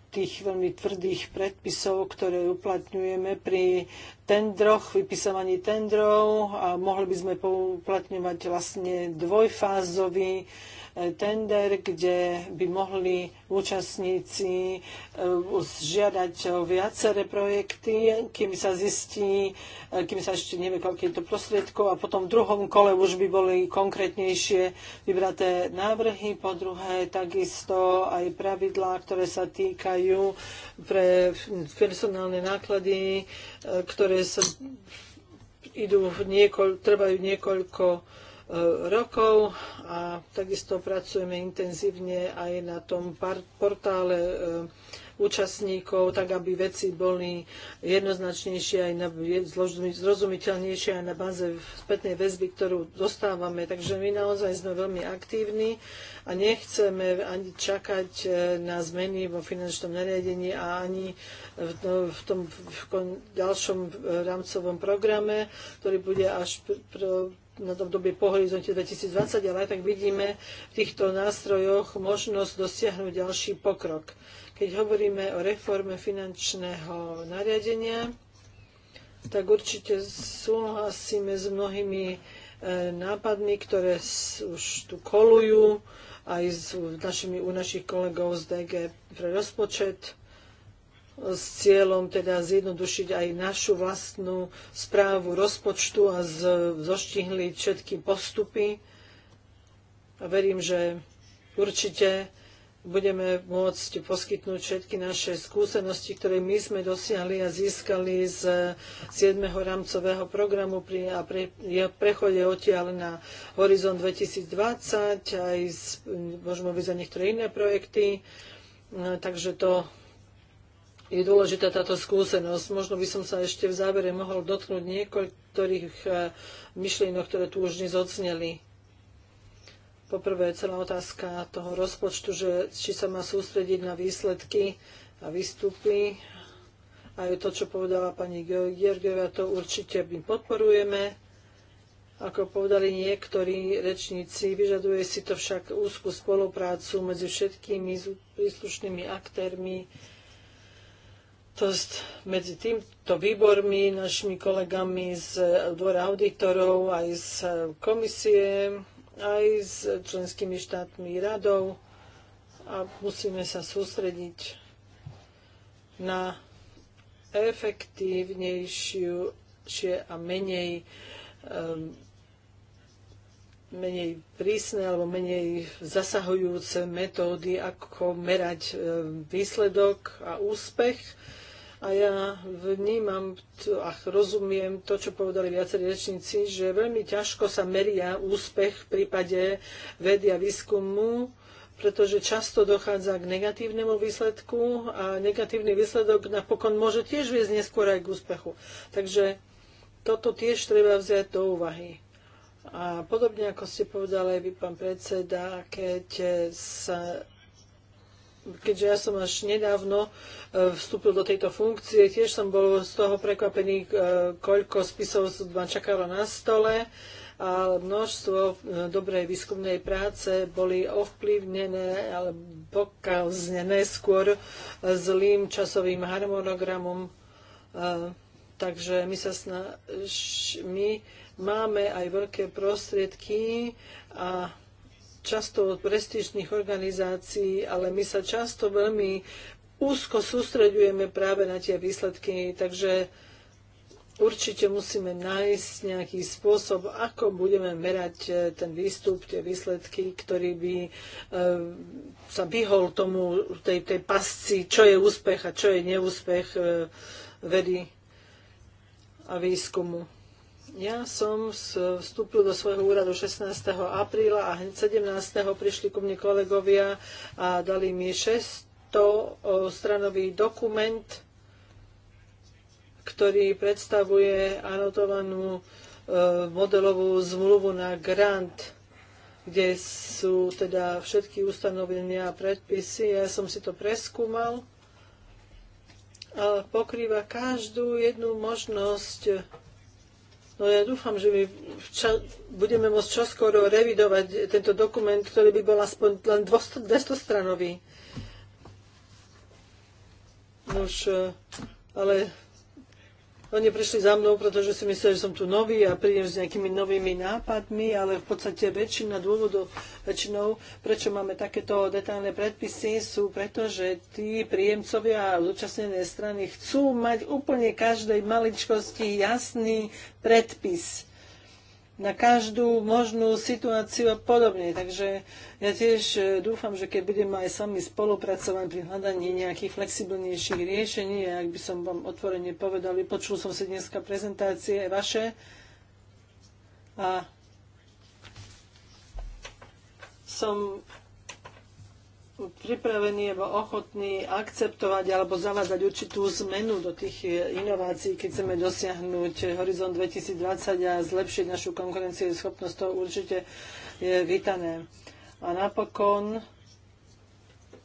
tých veľmi tvrdých predpisov, ktoré uplatňujeme pri tendroch, vypisovaní tendrov a mohli by sme uplatňovať vlastne dvojfázový E, tender, kde by mohli účastníci e, žiadať o viaceré projekty, kým sa zistí, e, kým sa ešte nevie, koľko je to prostriedkov a potom v druhom kole už by boli konkrétnejšie vybraté návrhy, po druhé takisto aj pravidlá, ktoré sa týkajú pre personálne náklady, ktoré sa idú niekoľ, trvajú niekoľko E, rokov a takisto pracujeme intenzívne aj na tom portále e, účastníkov, tak aby veci boli jednoznačnejšie aj na, zrozumiteľnejšie aj na báze spätnej väzby, ktorú dostávame. Takže my naozaj sme veľmi aktívni a nechceme ani čakať e, na zmeny vo finančnom nariadení a ani v, no, v tom v ďalšom rámcovom programe, ktorý bude až pro, na obdobie po horizonte 2020, ale aj tak vidíme v týchto nástrojoch možnosť dosiahnuť ďalší pokrok. Keď hovoríme o reforme finančného nariadenia, tak určite súhlasíme s mnohými e, nápadmi, ktoré už tu kolujú aj s našimi, u našich kolegov z DG pre rozpočet s cieľom teda zjednodušiť aj našu vlastnú správu rozpočtu a zoštihliť všetky postupy. A verím, že určite budeme môcť poskytnúť všetky naše skúsenosti, ktoré my sme dosiahli a získali z 7. rámcového programu pri, a pre, prechode odtiaľ na Horizon 2020, aj z, môžeme byť za niektoré iné projekty. No, takže to je dôležitá táto skúsenosť. Možno by som sa ešte v závere mohol dotknúť niektorých eh, myšlienok, ktoré tu už nezocneli. Poprvé celá otázka toho rozpočtu, že či sa má sústrediť na výsledky a výstupy. Aj to, čo povedala pani Georgieva, to určite my podporujeme. Ako povedali niektorí rečníci, vyžaduje si to však úzku spoluprácu medzi všetkými príslušnými aktérmi, to medzi týmto výbormi, našimi kolegami z dvora auditorov, aj z komisie, aj s členskými štátmi radov a musíme sa sústrediť na efektívnejšie a menej um, menej prísne alebo menej zasahujúce metódy, ako merať ehm, výsledok a úspech a ja vnímam a rozumiem to, čo povedali viacerí rečníci, že veľmi ťažko sa meria úspech v prípade vedy a výskumu, pretože často dochádza k negatívnemu výsledku a negatívny výsledok napokon môže tiež viesť neskôr aj k úspechu. Takže toto tiež treba vziať do úvahy. A podobne ako ste povedali aj vy, pán predseda, keď sa keďže ja som až nedávno e, vstúpil do tejto funkcie, tiež som bol z toho prekvapený, e, koľko spisov ma čakalo na stole a množstvo e, dobrej výskumnej práce boli ovplyvnené alebo pokaznené skôr zlým časovým harmonogramom. Takže my sa snaž, my máme aj veľké prostriedky a často od prestížnych organizácií, ale my sa často veľmi úzko sústreďujeme práve na tie výsledky, takže určite musíme nájsť nejaký spôsob, ako budeme merať e, ten výstup, tie výsledky, ktorý by e, sa vyhol tomu, tej, tej pasci, čo je úspech a čo je neúspech e, vedy a výskumu. Ja som vstúpil do svojho úradu 16. apríla a 17. prišli ku mne kolegovia a dali mi 600 stranový dokument, ktorý predstavuje anotovanú e, modelovú zmluvu na grant, kde sú teda všetky ustanovenia a predpisy. Ja som si to preskúmal. A pokrýva každú jednu možnosť No ja dúfam, že my ča- budeme môcť čoskoro revidovať tento dokument, ktorý by bol aspoň len 200, stranový. Nož, eh, ale oni no, prišli za mnou, pretože si mysleli, že som tu nový a prídem s nejakými novými nápadmi, ale v podstate väčšina dôvodov, väčšinou, prečo máme takéto detailné predpisy, sú preto, že tí príjemcovia a zúčastnené strany chcú mať úplne každej maličkosti jasný predpis na každú možnú situáciu a podobne. Takže ja tiež e, dúfam, že keď budeme aj s vami spolupracovať pri hľadaní nejakých flexibilnejších riešení, a ak by som vám otvorene povedal, počul som si dneska prezentácie vaše a som pripravený alebo ochotný akceptovať alebo zavádzať určitú zmenu do tých inovácií, keď chceme dosiahnuť horizont 2020 a zlepšiť našu konkurencieschopnosť, to určite je vítané. A napokon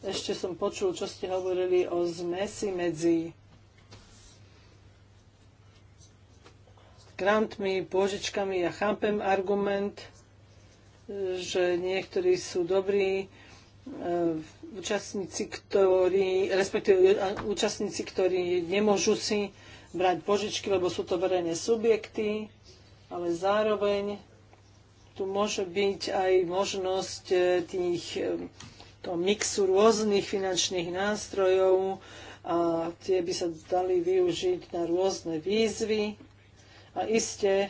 ešte som počul, čo ste hovorili o zmesi medzi grantmi, pôžičkami. Ja chápem argument, že niektorí sú dobrí, Eh, účastníci, ktorí, respektíve eh, účastníci, ktorí nemôžu si brať požičky, lebo sú to verejné subjekty, ale zároveň tu môže byť aj možnosť eh, tých, toho mixu rôznych finančných nástrojov a tie by sa dali využiť na rôzne výzvy. A iste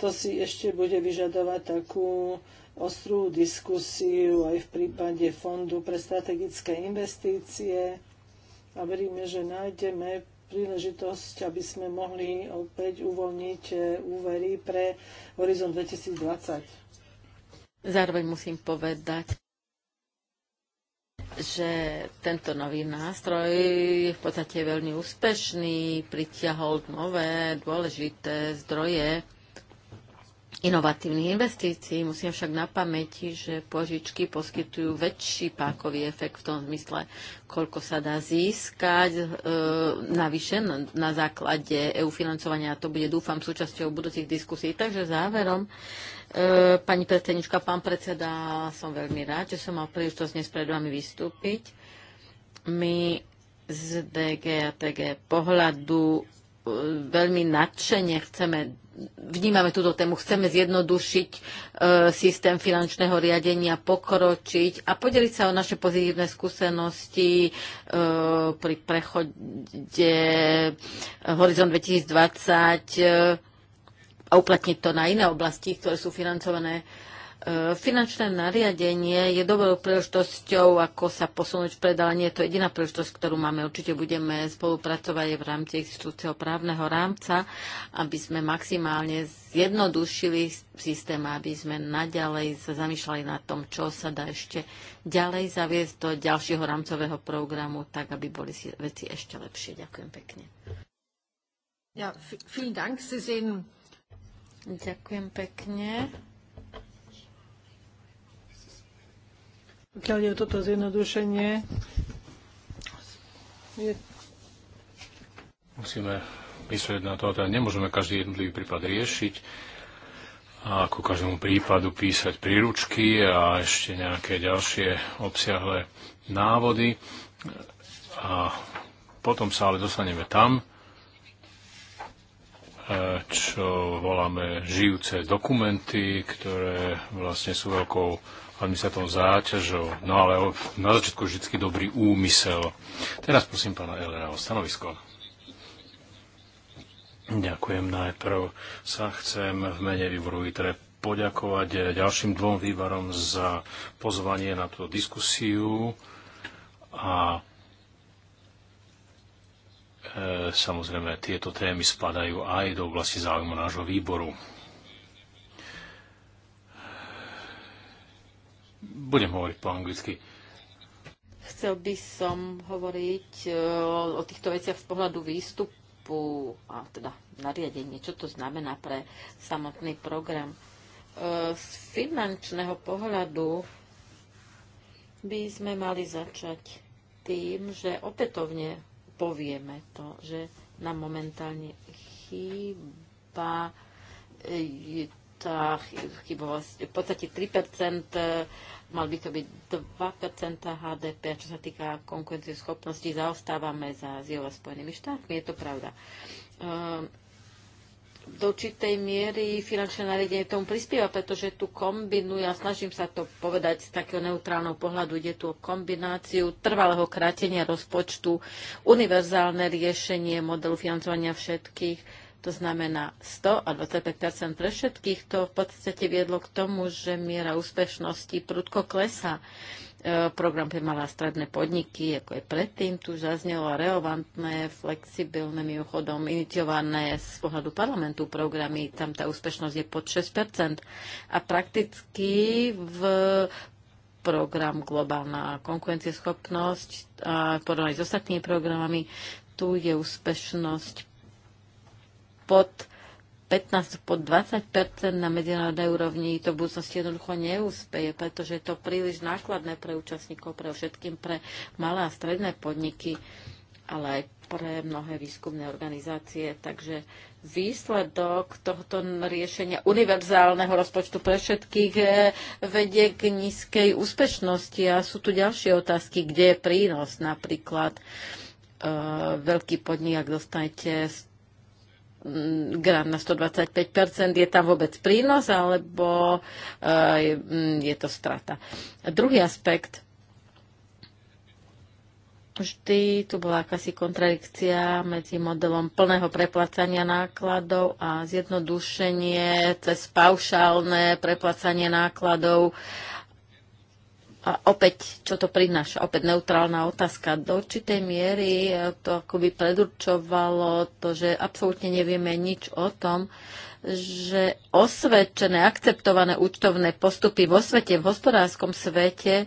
to si ešte bude vyžadovať takú ostrú diskusiu aj v prípade Fondu pre strategické investície a veríme, že nájdeme príležitosť, aby sme mohli opäť uvoľniť e, úvery pre Horizon 2020. Zároveň musím povedať, že tento nový nástroj je v podstate veľmi úspešný, pritiahol nové dôležité zdroje inovatívnych investícií. Musím však na pamäti, že požičky poskytujú väčší pákový efekt v tom zmysle, koľko sa dá získať e, navyše na, na základe EU financovania. A to bude, dúfam, súčasťou budúcich diskusí. Takže záverom, e, pani predsednička, pán predseda, som veľmi rád, že som mal príležitosť dnes pred vami vystúpiť. My z DG a TG pohľadu e, veľmi nadšene chceme vnímame túto tému, chceme zjednodušiť e, systém finančného riadenia, pokročiť a podeliť sa o naše pozitívne skúsenosti e, pri prechode e, Horizon 2020 e, a uplatniť to na iné oblasti, ktoré sú financované e, E, finančné nariadenie je dobrou príležitosťou, ako sa posunúť vpred, ale nie je to jediná príležitosť, ktorú máme. Určite budeme spolupracovať v rámci existujúceho právneho rámca, aby sme maximálne zjednodušili systém, aby sme naďalej sa zamýšľali na tom, čo sa dá ešte ďalej zaviesť do ďalšieho rámcového programu, tak aby boli veci ešte lepšie. Ďakujem pekne. Ja, vielen Dank. Sie sehen... Ďakujem pekne. pokiaľ je toto zjednodušenie, je... Musíme myslieť na to, teda nemôžeme každý jednotlivý prípad riešiť a ku každému prípadu písať príručky a ešte nejaké ďalšie obsiahle návody. A potom sa ale dostaneme tam, e, čo voláme žijúce dokumenty, ktoré vlastne sú veľkou administratívnou záťažou. No ale na začiatku vždy dobrý úmysel. Teraz prosím pána Elera o stanovisko. Ďakujem najprv. Sa chcem v mene výboru ITRE poďakovať ďalším dvom výborom za pozvanie na túto diskusiu a e, samozrejme tieto témy spadajú aj do oblasti záujmu nášho výboru. Budem hovoriť po anglicky. Chcel by som hovoriť e, o, týchto veciach z pohľadu výstupu a teda nariadenie, čo to znamená pre samotný program. E, z finančného pohľadu by sme mali začať tým, že opätovne povieme to, že nám momentálne chýba e, tá chybovosť v podstate 3%, e, mal by to byť 2% HDP, a čo sa týka konkurencieschopnosti, zaostávame za zjova Spojenými štátmi, je to pravda. E, do určitej miery finančné nariadenie tomu prispieva, pretože tu kombinuje, a snažím sa to povedať z takého neutrálneho pohľadu, ide tu o kombináciu trvalého krátenia rozpočtu, univerzálne riešenie modelu financovania všetkých, to znamená 100 a 25 pre všetkých, to v podstate viedlo k tomu, že miera úspešnosti prudko klesá. E, program pre malé a stredné podniky, ako je predtým, tu zaznelo relevantné, flexibilné, mimochodom iniciované z pohľadu parlamentu programy, tam tá úspešnosť je pod 6 A prakticky v program Globálna konkurencieschopnosť a porovnaní s ostatnými programami, tu je úspešnosť pod 15, pod 20 na medzinárodnej úrovni to v budúcnosti jednoducho neúspeje, pretože je to príliš nákladné pre účastníkov, pre všetkým pre malé a stredné podniky, ale aj pre mnohé výskumné organizácie. Takže výsledok tohoto riešenia univerzálneho rozpočtu pre všetkých eh, vedie k nízkej úspešnosti. A sú tu ďalšie otázky, kde je prínos napríklad. E, veľký podnik, ak dostanete Mm, gram na 125%, je tam vôbec prínos alebo e, je, mm, je to strata. A druhý aspekt, vždy tu bola akási kontradikcia medzi modelom plného preplácania nákladov a zjednodušenie cez paušálne preplácanie nákladov a opäť, čo to prináša? Opäť neutrálna otázka. Do určitej miery e, to akoby predurčovalo to, že absolútne nevieme nič o tom, že osvedčené, akceptované účtovné postupy vo svete, v hospodárskom svete, e,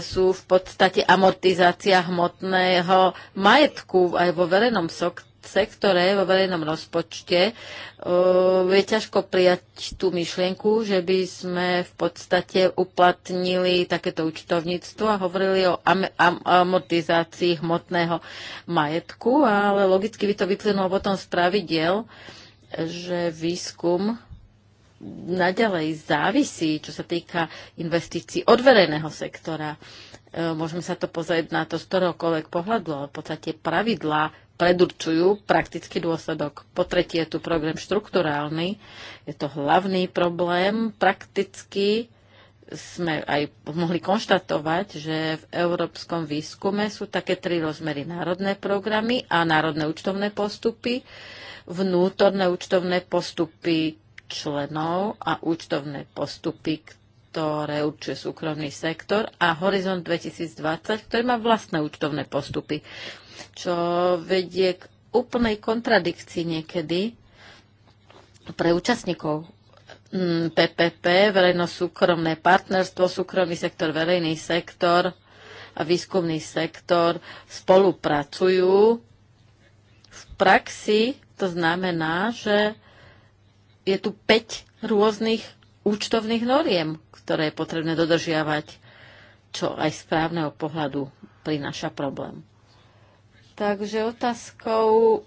sú v podstate amortizácia hmotného majetku aj vo verejnom sektore, vo verejnom rozpočte, e, je ťažko prijať tú myšlienku, že by sme v podstate uplatnili takéto účtovníctvo a hovorili o amortizácii hmotného majetku, ale logicky by to vyplynulo potom z pravidiel, že výskum naďalej závisí, čo sa týka investícií od verejného sektora. E, môžeme sa to pozrieť na to z ktoréhokoľvek pohľadu, ale v podstate pravidlá predurčujú praktický dôsledok. Po tretie je tu problém štrukturálny. Je to hlavný problém. Prakticky sme aj mohli konštatovať, že v európskom výskume sú také tri rozmery národné programy a národné účtovné postupy, vnútorné účtovné postupy členov a účtovné postupy, ktoré určuje súkromný sektor a Horizont 2020, ktorý má vlastné účtovné postupy, čo vedie k úplnej kontradikcii niekedy pre účastníkov PPP, mm, verejno-súkromné partnerstvo, súkromný sektor, verejný sektor a výskumný sektor spolupracujú. V praxi to znamená, že je tu 5 rôznych účtovných noriem, ktoré je potrebné dodržiavať, čo aj z právneho pohľadu prináša problém. Takže otázkou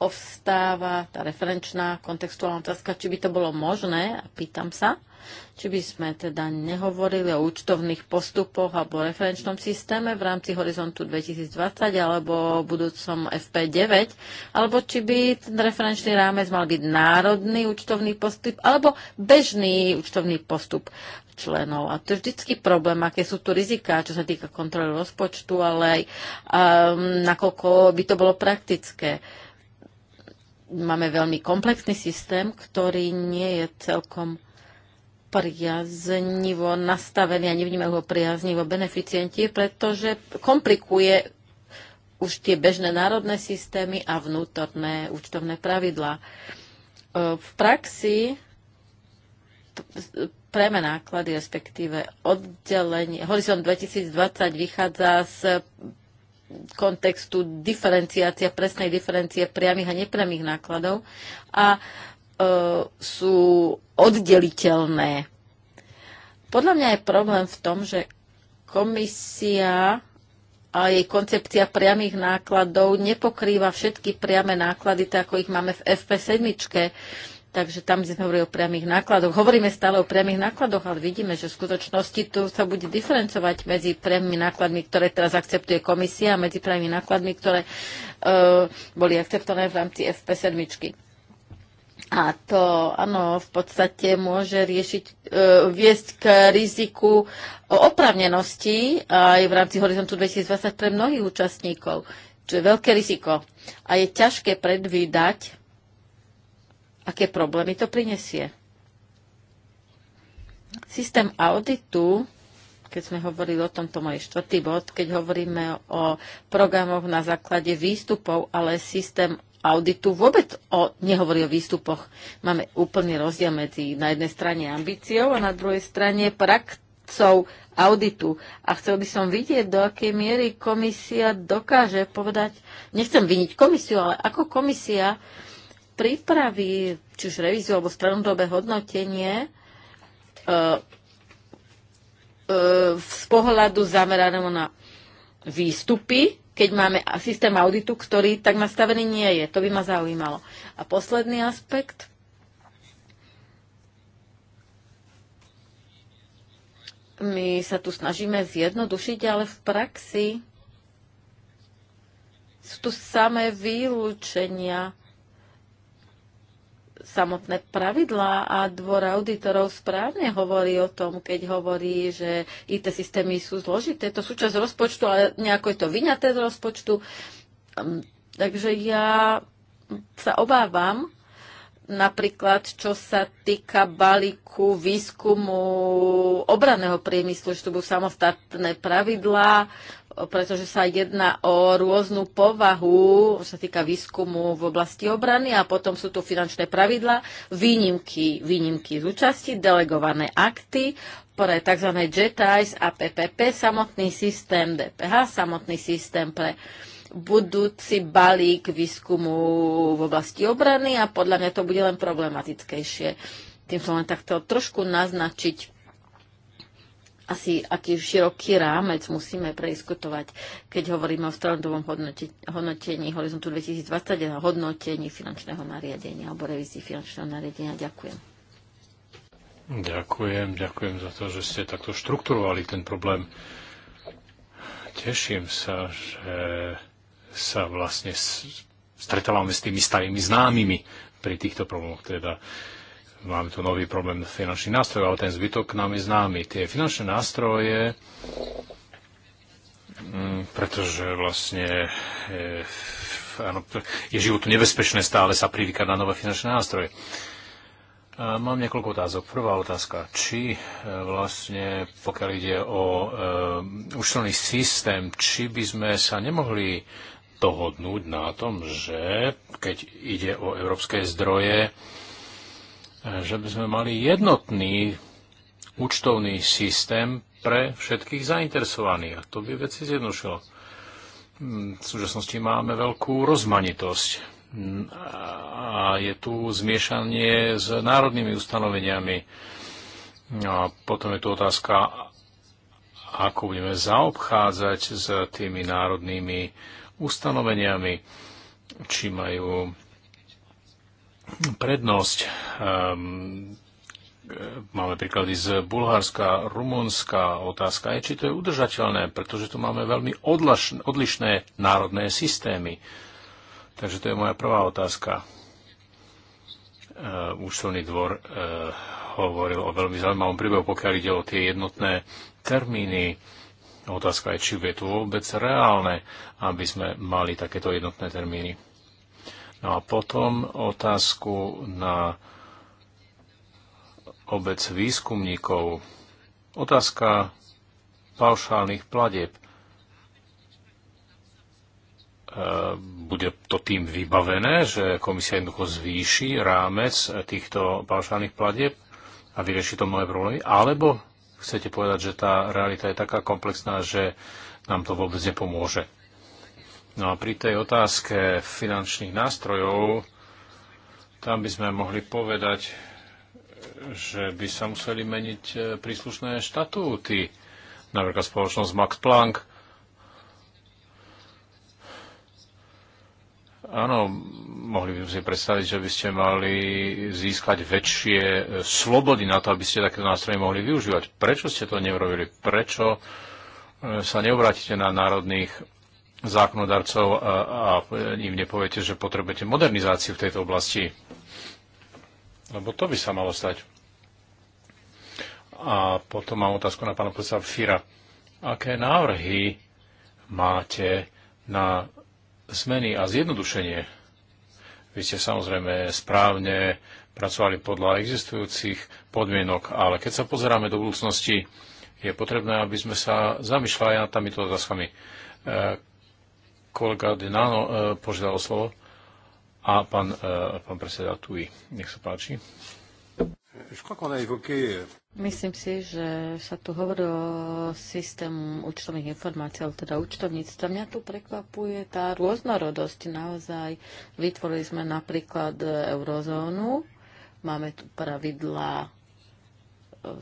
ovstáva tá referenčná kontextuálna otázka, či by to bolo možné, a pýtam sa, či by sme teda nehovorili o účtovných postupoch alebo referenčnom systéme v rámci Horizontu 2020 alebo budúcom FP9, alebo či by ten referenčný rámec mal byť národný účtovný postup alebo bežný účtovný postup členov. A to je vždycky problém, aké sú tu riziká, čo sa týka kontroly rozpočtu, ale aj um, nakoľko by to bolo praktické. Máme veľmi komplexný systém, ktorý nie je celkom priaznivo nastavený a nevnímajú ho priaznivo beneficienti, pretože komplikuje už tie bežné národné systémy a vnútorné účtovné pravidlá. E, v praxi preme náklady, respektíve oddelenie. Horizont 2020 vychádza z kontextu diferenciácia, presnej diferencie priamých a nepriamých nákladov a E, sú oddeliteľné. Podľa mňa je problém v tom, že komisia a jej koncepcia priamých nákladov nepokrýva všetky priame náklady, tak ako ich máme v FP7. Takže tam sme hovorili o priamých nákladoch. Hovoríme stále o priamých nákladoch, ale vidíme, že v skutočnosti tu sa bude diferencovať medzi priamými nákladmi, ktoré teraz akceptuje komisia a medzi priamými nákladmi, ktoré uh, boli akceptované v rámci FP7. A to, áno, v podstate môže riešiť, e, viesť k riziku opravnenosti aj v rámci Horizontu 2020 pre mnohých účastníkov, čo je veľké riziko. A je ťažké predvídať, aké problémy to prinesie. Systém auditu, keď sme hovorili o tomto môj štvrtý bod, keď hovoríme o programoch na základe výstupov, ale systém auditu vôbec o, nehovorí o výstupoch. Máme úplný rozdiel medzi na jednej strane ambíciou a na druhej strane praxou auditu. A chcel by som vidieť, do akej miery komisia dokáže povedať, nechcem vyniť komisiu, ale ako komisia pripraví či už revíziu alebo stranodobé hodnotenie e, e, z pohľadu zameraného na výstupy keď máme systém auditu, ktorý tak nastavený nie je. To by ma zaujímalo. A posledný aspekt. My sa tu snažíme zjednodušiť, ale v praxi sú tu samé výlučenia samotné pravidlá a dvor auditorov správne hovorí o tom, keď hovorí, že IT systémy sú zložité. To súčasť rozpočtu, ale nejako je to vyňaté z rozpočtu. Takže ja sa obávam, napríklad čo sa týka balíku výskumu obranného priemyslu, že tu budú samostatné pravidlá, pretože sa jedná o rôznu povahu, čo sa týka výskumu v oblasti obrany a potom sú tu finančné pravidlá, výnimky, výnimky z účasti, delegované akty pre tzv. JETIs a PPP, samotný systém DPH, samotný systém pre uh, budúci balík výskumu v oblasti obrany a podľa mňa to bude len problematickejšie. Tým som len takto trošku naznačiť asi aký široký rámec musíme preiskutovať, keď hovoríme o strandovom hodnotení Horizontu 2020 a hodnotení finančného nariadenia alebo revízii finančného nariadenia. Ďakujem. Ďakujem, ďakujem za to, že ste takto štrukturovali ten problém. Teším sa, že sa vlastne stretávame s tými starými známymi pri týchto problémoch. Teda máme tu nový problém finančný nástrojom, ale ten zbytok nám je známy. Tie finančné nástroje, mm, pretože vlastne e, je, je životu nebezpečné stále sa privykať na nové finančné nástroje. Mám niekoľko otázok. Prvá otázka, či e, vlastne, pokiaľ ide o e, účtovný systém, či by sme sa nemohli dohodnúť na tom, že keď ide o európske zdroje, že by sme mali jednotný účtovný systém pre všetkých zainteresovaných. A to by veci zjednodušilo. V súčasnosti máme veľkú rozmanitosť a je tu zmiešanie s národnými ustanoveniami. No a potom je tu otázka, ako budeme zaobchádzať s tými národnými ustanoveniami, či majú prednosť. Ehm, máme príklady z Bulharska, Rumunska. Otázka je, či to je udržateľné, pretože tu máme veľmi odlišné národné systémy. Takže to je moja prvá otázka. Ehm, účtovný dvor ehm, hovoril o veľmi zaujímavom príbehu, pokiaľ ide o tie jednotné termíny Otázka je, či je to vôbec reálne, aby sme mali takéto jednotné termíny. No a potom otázku na obec výskumníkov. Otázka paušálnych pladeb. E, bude to tým vybavené, že komisia jednoducho zvýši rámec týchto paušálnych pladeb a vyrieši to mnohé problémy, alebo chcete povedať, že tá realita je taká komplexná, že nám to vôbec nepomôže. No a pri tej otázke finančných nástrojov, tam by sme mohli povedať, že by sa museli meniť e, príslušné štatúty. Napríklad spoločnosť Max Planck. Áno, mohli by sme si predstaviť, že by ste mali získať väčšie e, slobody na to, aby ste takéto nástroje mohli využívať. Prečo ste to neurobili? Prečo e, sa neobratíte na národných zákonodarcov a, a e, im nepoviete, že potrebujete modernizáciu v tejto oblasti? Lebo to by sa malo stať. A potom mám otázku na pána predseda Fira. Aké návrhy máte na zmeny a zjednodušenie vy ste samozrejme správne pracovali podľa existujúcich podmienok, ale keď sa pozeráme do budúcnosti, je potrebné, aby sme sa zamýšľali nad týmito otázkami. E, kolega Denano e, požiadal slovo a pán, e, pán predseda Tui. Nech sa páči. Myslím si, že sa tu hovorí o systému účtovných informácií, ale teda účtovníctva. Mňa tu prekvapuje tá rôznorodosť naozaj. Vytvorili sme napríklad eurozónu, máme tu pravidlá,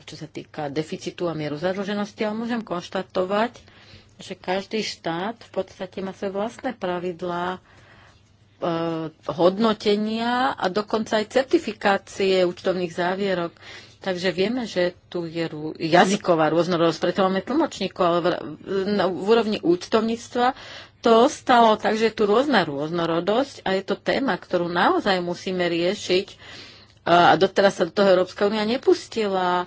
čo sa týka deficitu a mieru zadlženosti, ale môžem konštatovať, že každý štát v podstate má svoje vlastné pravidlá, Eh, hodnotenia a dokonca aj certifikácie účtovných závierok. Takže vieme, že tu je jazyková rôznorodosť, preto máme tlmočníkov, ale v, na, v úrovni účtovníctva to stalo tak, že je tu rôzna rôznorodosť a je to téma, ktorú naozaj musíme riešiť. Eh, a doteraz sa do toho Európska únia nepustila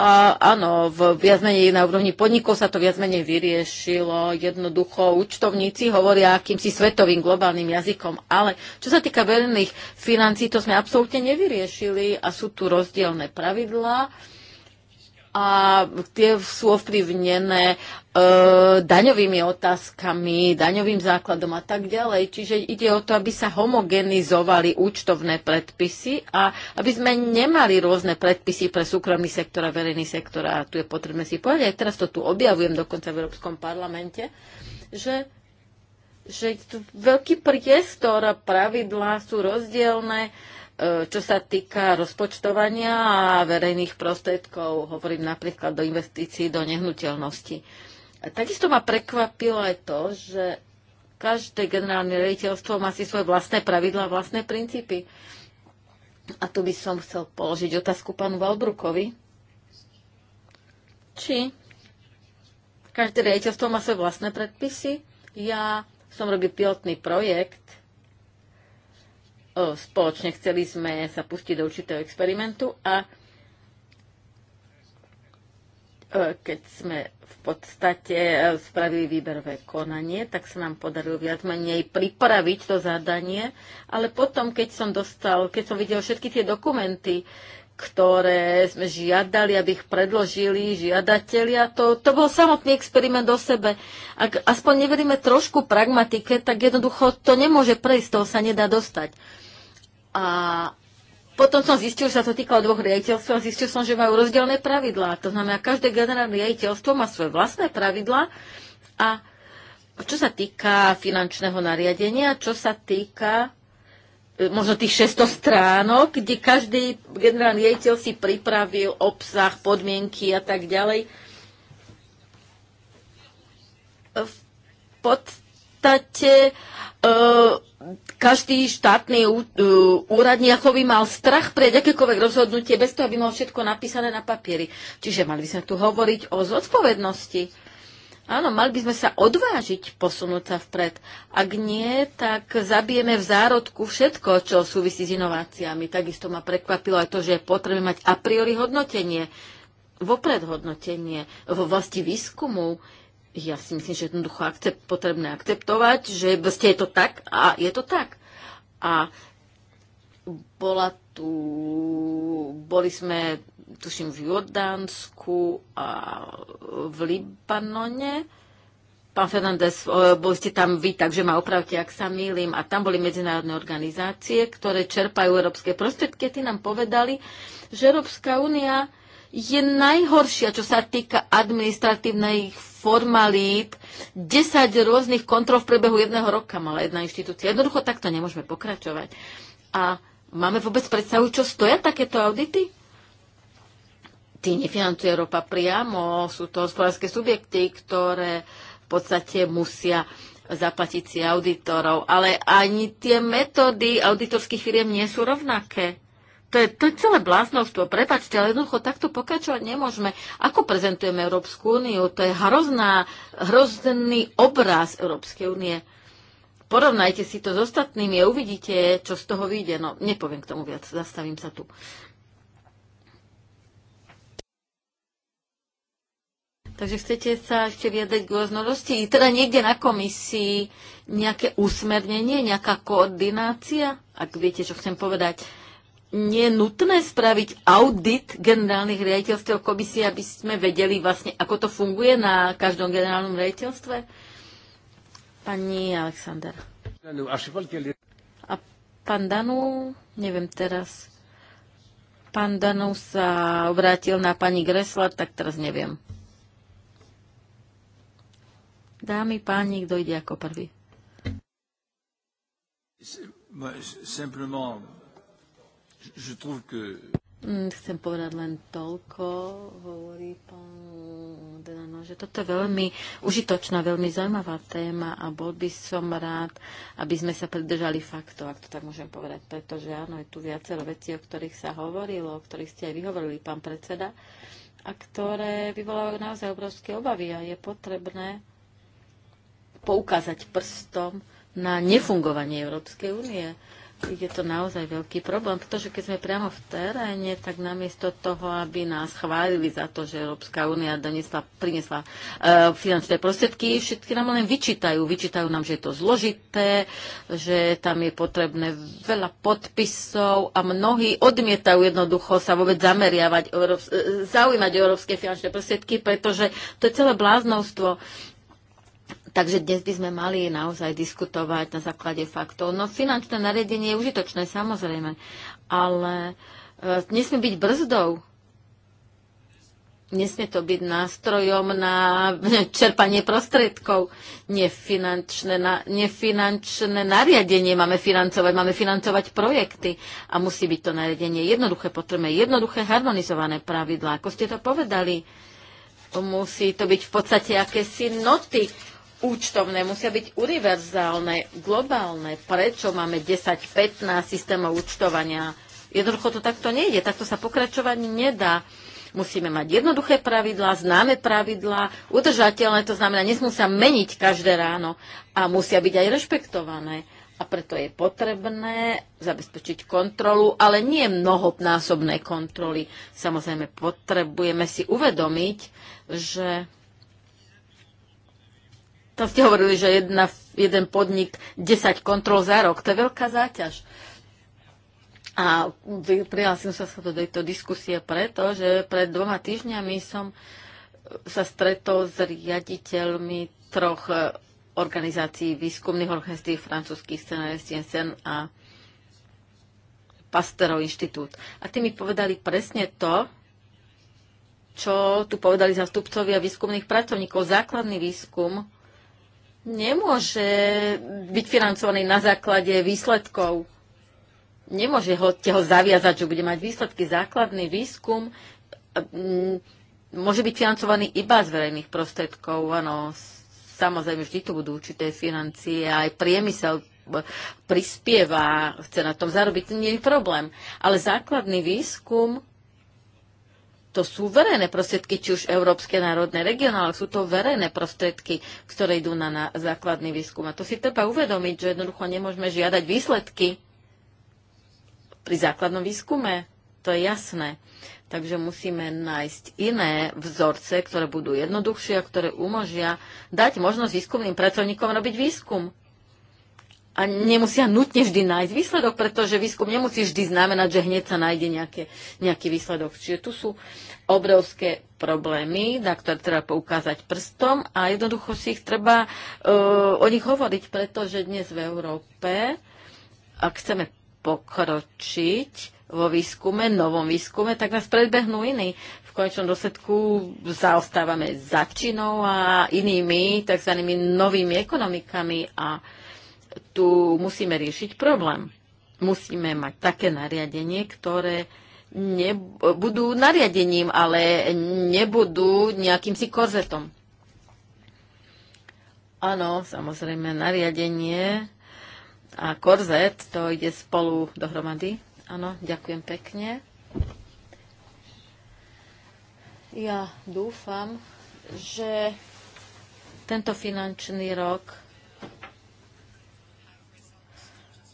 a áno, v viac menej na úrovni podnikov sa to viac menej vyriešilo. Jednoducho účtovníci hovoria akýmsi svetovým globálnym jazykom. Ale čo sa týka verejných financí, to sme absolútne nevyriešili a sú tu rozdielne pravidlá a tie sú ovplyvnené e, daňovými otázkami, daňovým základom a tak ďalej. Čiže ide o to, aby sa homogenizovali účtovné predpisy a aby sme nemali rôzne predpisy pre súkromný sektor a verejný sektor. A tu je potrebné si povedať, aj teraz to tu objavujem dokonca v Európskom parlamente, že že tu veľký priestor a pravidlá sú rozdielne E, čo sa týka rozpočtovania a verejných prostriedkov, hovorím napríklad do investícií do nehnuteľnosti. Takisto ma prekvapilo aj to, že každé generálne riaditeľstvo má si svoje vlastné pravidlá, vlastné princípy. A tu by som chcel položiť otázku panu Valbrukovi. Či každé riaditeľstvo má svoje vlastné predpisy? Ja som robil pilotný projekt E, spoločne chceli sme sa pustiť do určitého experimentu a e, keď sme v podstate e, spravili výberové konanie, tak sa nám podarilo viac menej pripraviť to zadanie, ale potom, keď som dostal, keď som videl všetky tie dokumenty, ktoré sme žiadali, aby ich predložili žiadatelia. To, to bol samotný experiment o sebe. Ak aspoň neveríme trošku pragmatike, tak jednoducho to nemôže prejsť, toho sa nedá dostať. A potom som zistil, že sa to týkalo dvoch riaditeľstv a zistil som, že majú rozdielne pravidlá. To znamená, každé generálne riaditeľstvo má svoje vlastné pravidlá a čo sa týka finančného nariadenia, čo sa týka e, možno tých 600 stránok, kde každý generálny riaditeľ si pripravil obsah, podmienky a tak ďalej. V podstate e, každý štátny úradník by mal strach pred akékoľvek rozhodnutie, bez toho, aby mal všetko napísané na papieri. Čiže mali by sme tu hovoriť o zodpovednosti. Áno, mali by sme sa odvážiť posunúť sa vpred. Ak nie, tak zabijeme v zárodku všetko, čo súvisí s inováciami. Takisto ma prekvapilo aj to, že je potrebné mať a priori hodnotenie, vopred hodnotenie v oblasti výskumu ja si myslím, že jednoducho akcept, potrebné akceptovať, že ste je to tak a je to tak. A bola tu, boli sme, tuším, v Jordánsku a v Libanone. Pán Fernández, eh, boli ste tam vy, takže ma opravte, ak sa mýlim. A tam boli medzinárodné organizácie, ktoré čerpajú európske prostriedky. Ty nám povedali, že Európska únia je najhoršia, čo sa týka administratívnych formalít. 10 rôznych kontrol v priebehu jedného roka mala jedna inštitúcia. Jednoducho takto nemôžeme pokračovať. A máme vôbec predstavu, čo stoja takéto audity? Tí nefinancuje Európa priamo, sú to hospodárske subjekty, ktoré v podstate musia zaplatiť si auditorov, ale ani tie metódy auditorských firiem nie sú rovnaké to je, to je celé bláznostvo, prepačte, ale jednoducho takto pokračovať nemôžeme. Ako prezentujeme Európsku úniu? To je hrozná, hrozný obraz Európskej únie. Porovnajte si to s ostatnými a uvidíte, čo z toho vyjde. No, nepoviem k tomu viac, zastavím sa tu. Takže chcete sa ešte viedať k rôznorodosti? Teda niekde na komisii nejaké usmernenie, nejaká koordinácia? Ak viete, čo chcem povedať nie je nutné spraviť audit generálnych riaditeľstiev komisie, aby sme vedeli vlastne, ako to funguje na každom generálnom riaditeľstve? Pani Aleksandr. A pán Danu, neviem teraz, pán Danu sa obrátil na pani Gresla, tak teraz neviem. Dámy, páni, kto ide ako prvý? Simplement, je trouve que... Mm, chcem povedať len toľko, hovorí pán Denano, že toto je veľmi užitočná, veľmi zaujímavá téma a bol by som rád, aby sme sa pridržali faktov, ak to tak môžem povedať, pretože áno, je tu viacero vecí, o ktorých sa hovorilo, o ktorých ste aj vyhovorili, pán predseda, a ktoré vyvolávajú naozaj obrovské obavy a je potrebné poukázať prstom na nefungovanie Európskej únie je to naozaj veľký problém, pretože keď sme priamo v teréne, tak namiesto toho, aby nás chválili za to, že Európska únia donesla, priniesla uh, finančné prostriedky, všetky nám len vyčítajú. Vyčítajú nám, že je to zložité, že tam je potrebné veľa podpisov a mnohí odmietajú jednoducho sa vôbec zameriavať, európs- eh, zaujímať európske finančné prostriedky, pretože to je celé bláznostvo. Takže dnes by sme mali naozaj diskutovať na základe faktov. No finančné nariadenie je užitočné, samozrejme, ale e, nesmie byť brzdou. Nesmie to byť nástrojom na čerpanie prostriedkov. Nefinančné, na, nefinančné nariadenie máme financovať, máme financovať projekty a musí byť to nariadenie jednoduché. Potrebujeme jednoduché harmonizované pravidlá. Ako ste to povedali, musí to byť v podstate akési noty účtovné musia byť univerzálne, globálne. Prečo máme 10-15 systémov účtovania? Jednoducho to takto nejde, takto sa pokračovať nedá. Musíme mať jednoduché pravidlá, známe pravidlá, udržateľné, to znamená, nesmú sa meniť každé ráno a musia byť aj rešpektované. A preto je potrebné zabezpečiť kontrolu, ale nie mnohopnásobné kontroly. Samozrejme, potrebujeme si uvedomiť, že tam ste hovorili, že jedna, jeden podnik 10 kontrol za rok. To je veľká záťaž. A prihlásil som sa do tejto diskusie preto, že pred dvoma týždňami som sa stretol s riaditeľmi troch e, organizácií výskumných orchestrí francúzských scenaristí SN a Pasterov inštitút. A tí mi povedali presne to, čo tu povedali zastupcovia výskumných pracovníkov. Základný výskum nemôže byť financovaný na základe výsledkov. Nemôže ho, ho zaviazať, že bude mať výsledky. Základný výskum mm, môže byť financovaný iba z verejných prostriedkov. Áno, samozrejme, vždy tu budú určité financie. Aj priemysel prispieva, chce na tom zarobiť, to nie je problém. Ale základný výskum to sú verejné prostriedky, či už európske, národné, regionálne, sú to verejné prostriedky, ktoré idú na, na základný výskum. A to si treba uvedomiť, že jednoducho nemôžeme žiadať výsledky pri základnom výskume. To je jasné. Takže musíme nájsť iné vzorce, ktoré budú jednoduchšie a ktoré umožia dať možnosť výskumným pracovníkom robiť výskum a nemusia nutne vždy nájsť výsledok, pretože výskum nemusí vždy znamenať, že hneď sa nájde nejaké, nejaký výsledok. Čiže tu sú obrovské problémy, na ktoré treba poukázať prstom a jednoducho si ich treba uh, o nich hovoriť, pretože dnes v Európe, ak chceme pokročiť vo výskume, novom výskume, tak nás predbehnú iní. V konečnom dôsledku zaostávame za Čínou a inými tzv. novými ekonomikami a tu musíme riešiť problém. Musíme mať také nariadenie, ktoré ne, budú nariadením, ale nebudú nejakým si korzetom. Áno, samozrejme, nariadenie a korzet, to ide spolu dohromady. Áno, ďakujem pekne. Ja dúfam, že tento finančný rok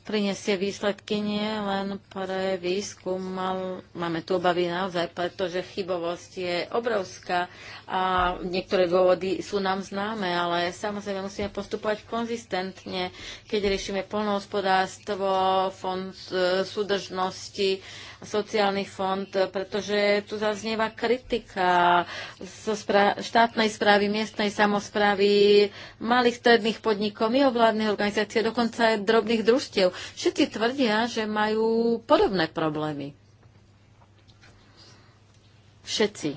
prinesie výsledky nie len pre výskum. Mal, máme tu obavy naozaj, pretože chybovosť je obrovská a niektoré dôvody sú nám známe, ale samozrejme musíme postupovať konzistentne, keď riešime polnohospodárstvo, fond e, súdržnosti, sociálny fond, pretože tu zaznieva kritika zo spra- štátnej správy, miestnej samozprávy, malých stredných podnikov, mimovládnych organizácií, dokonca aj drobných družstiev. Všetci tvrdia, že majú podobné problémy. Všetci.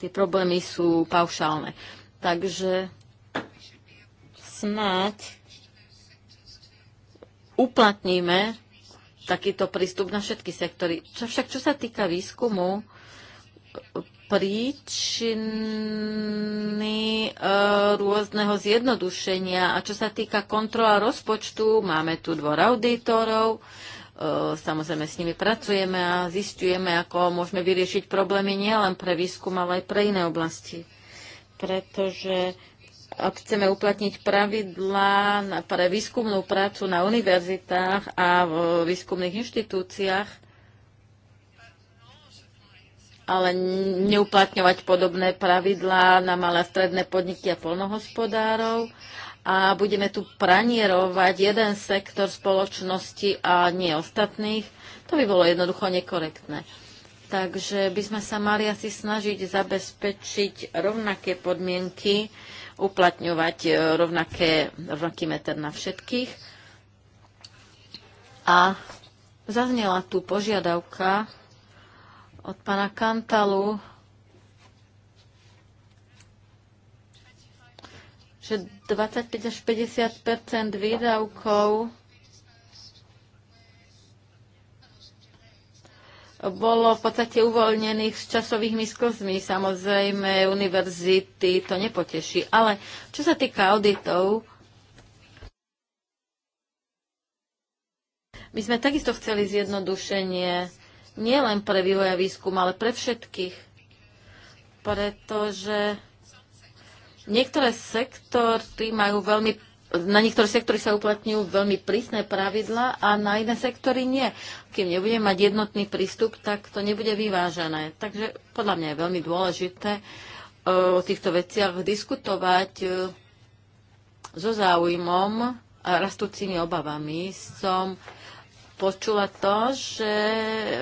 Tie problémy sú paušálne. Takže snáď uplatníme takýto prístup na všetky sektory. Čo však čo sa týka výskumu, príčiny e, rôzneho zjednodušenia a čo sa týka kontrola rozpočtu, máme tu dvor auditorov, e, samozrejme s nimi pracujeme a zistujeme, ako môžeme vyriešiť problémy nielen pre výskum, ale aj pre iné oblasti. Pretože chceme uplatniť pravidlá pre výskumnú prácu na univerzitách a v výskumných inštitúciách, ale neuplatňovať podobné pravidlá na malé a stredné podniky a polnohospodárov a budeme tu pranierovať jeden sektor spoločnosti a nie ostatných, to by bolo jednoducho nekorektné. Takže by sme sa mali asi snažiť zabezpečiť rovnaké podmienky uplatňovať e, rovnaké, rovnaký meter na všetkých. A zaznela tu požiadavka od pana Kantalu, že 25 až 50 výdavkov bolo v podstate uvoľnených s časovými sklzmi. Samozrejme, univerzity to nepoteší. Ale čo sa týka auditov, my sme takisto chceli zjednodušenie nielen pre vývoj a výskum, ale pre všetkých. Pretože niektoré sektory majú veľmi na niektoré sektory sa uplatňujú veľmi prísne pravidla a na iné sektory nie. Kým nebude mať jednotný prístup, tak to nebude vyvážené. Takže podľa mňa je veľmi dôležité e, o týchto veciach diskutovať e, so záujmom a rastúcimi obavami. Som počula to, že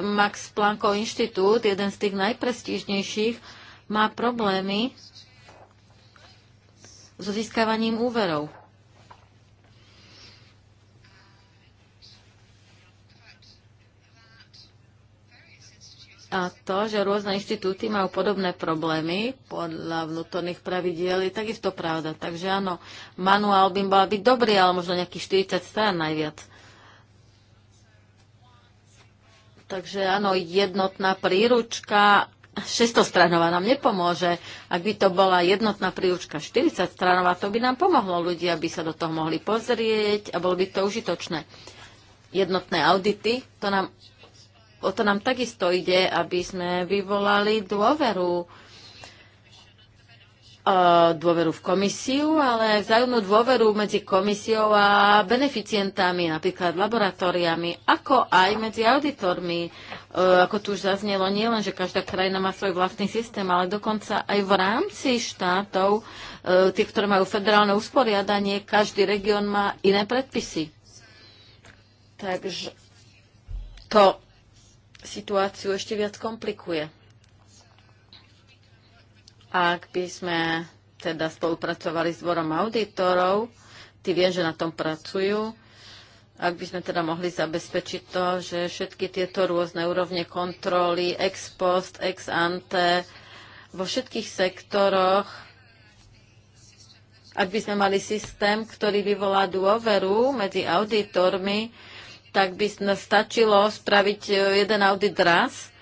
Max Planckov inštitút, jeden z tých najprestížnejších, má problémy so získavaním úverov a to, že rôzne inštitúty majú podobné problémy podľa vnútorných pravidiel, je takisto pravda. Takže áno, manuál by mal byť dobrý, ale možno nejakých 40 strán najviac. Takže áno, jednotná príručka 600 stranová nám nepomôže. Ak by to bola jednotná príručka 40 stranová, to by nám pomohlo. Ľudia aby sa do toho mohli pozrieť a bolo by to užitočné. Jednotné audity, to nám o to nám takisto ide, aby sme vyvolali dôveru e, dôveru v komisiu, ale vzájomnú dôveru medzi komisiou a beneficientami, napríklad laboratóriami, ako aj medzi auditormi. E, ako tu už zaznelo, nie len, že každá krajina má svoj vlastný systém, ale dokonca aj v rámci štátov, e, tie, ktoré majú federálne usporiadanie, každý región má iné predpisy. Takže to situáciu ešte viac komplikuje. Ak by sme teda spolupracovali s dvorom auditorov, ty vie, že na tom pracujú, ak by sme teda mohli zabezpečiť to, že všetky tieto rôzne úrovne kontroly, ex post, ex ante, vo všetkých sektoroch, ak by sme mali systém, ktorý vyvolá dôveru medzi auditormi, tak by stačilo spraviť e, jeden audit raz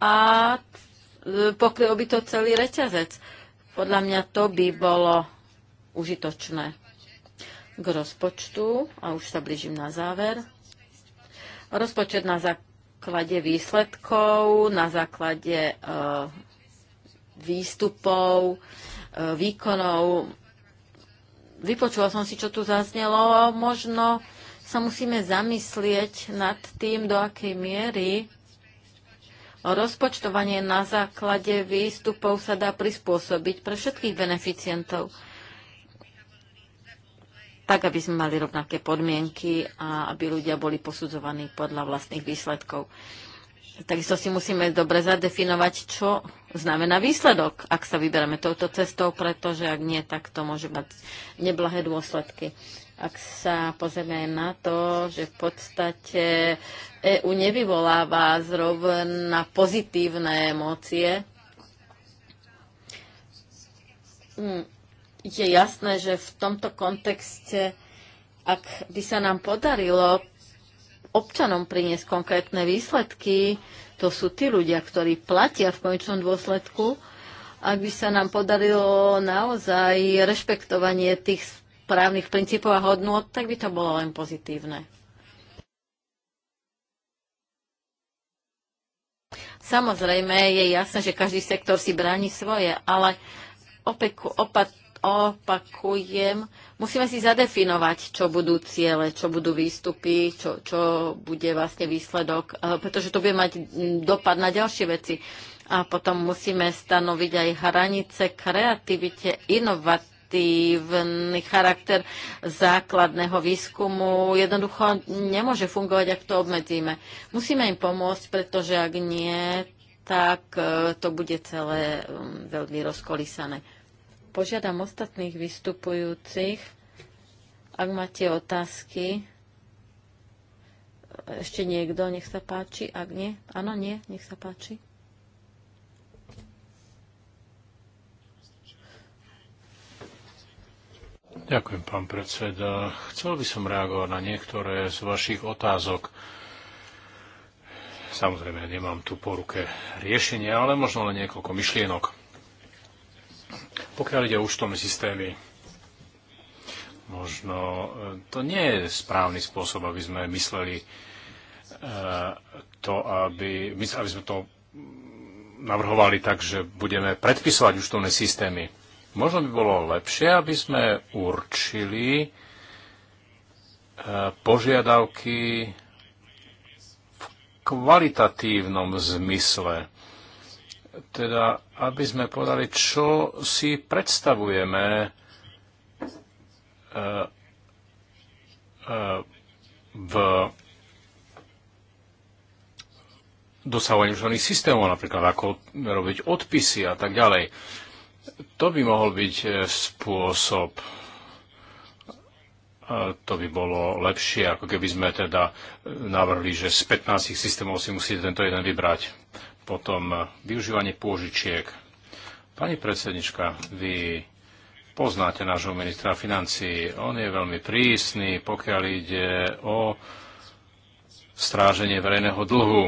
a e, pokrylo by to celý reťazec. Podľa mňa to by bolo užitočné k rozpočtu a už sa blížim na záver. Rozpočet na základe výsledkov, na základe e, výstupov, e, výkonov. Vypočula som si, čo tu zaznelo. Možno sa musíme zamyslieť nad tým, do akej miery rozpočtovanie na základe výstupov sa dá prispôsobiť pre všetkých beneficientov tak, aby sme mali rovnaké podmienky a aby ľudia boli posudzovaní podľa vlastných výsledkov. Takisto si musíme dobre zadefinovať, čo znamená výsledok, ak sa vybereme touto cestou, pretože ak nie, tak to môže mať neblahé dôsledky ak sa pozrieme na to, že v podstate EU nevyvoláva zrovna pozitívne emócie, hm, je jasné, že v tomto kontexte, ak by sa nám podarilo občanom priniesť konkrétne výsledky, to sú tí ľudia, ktorí platia v konečnom dôsledku, ak by sa nám podarilo naozaj rešpektovanie tých právnych princípov a hodnôt, tak by to bolo len pozitívne. Samozrejme, je jasné, že každý sektor si bráni svoje, ale opeku, opat, opakujem, musíme si zadefinovať, čo budú ciele, čo budú výstupy, čo, čo bude vlastne výsledok, eh, pretože to bude mať mm, dopad na ďalšie veci. A potom musíme stanoviť aj hranice kreativite, inovat kvalitatívny charakter základného výskumu jednoducho nemôže fungovať, ak to obmedzíme. Musíme im pomôcť, pretože ak nie, tak e, to bude celé um, veľmi rozkolísané. Požiadam ostatných vystupujúcich, ak máte otázky. Ešte niekto, nech sa páči. Ak nie, áno, nie, nech sa páči. Ďakujem, pán predseda. Chcel by som reagovať na niektoré z vašich otázok. Samozrejme, nemám tu po ruke riešenie, ale možno len niekoľko myšlienok. Pokiaľ ide o účtovné systémy, možno e, to nie je správny spôsob, aby sme mysleli e, to, aby, aby sme to navrhovali tak, že budeme predpisovať účtovné systémy Možno by bolo lepšie, aby sme určili e, požiadavky v kvalitatívnom zmysle. Teda, aby sme povedali, čo si predstavujeme e, e, v dosahovaní systémov, napríklad ako robiť odpisy a tak ďalej. To by mohol byť e, spôsob. E, to by bolo lepšie, ako keby sme teda e, navrhli, že z 15 systémov si musíte tento jeden vybrať. Potom využívanie pôžičiek. Pani predsednička, vy poznáte nášho ministra financí. On je veľmi prísny, pokiaľ ide o stráženie verejného dlhu.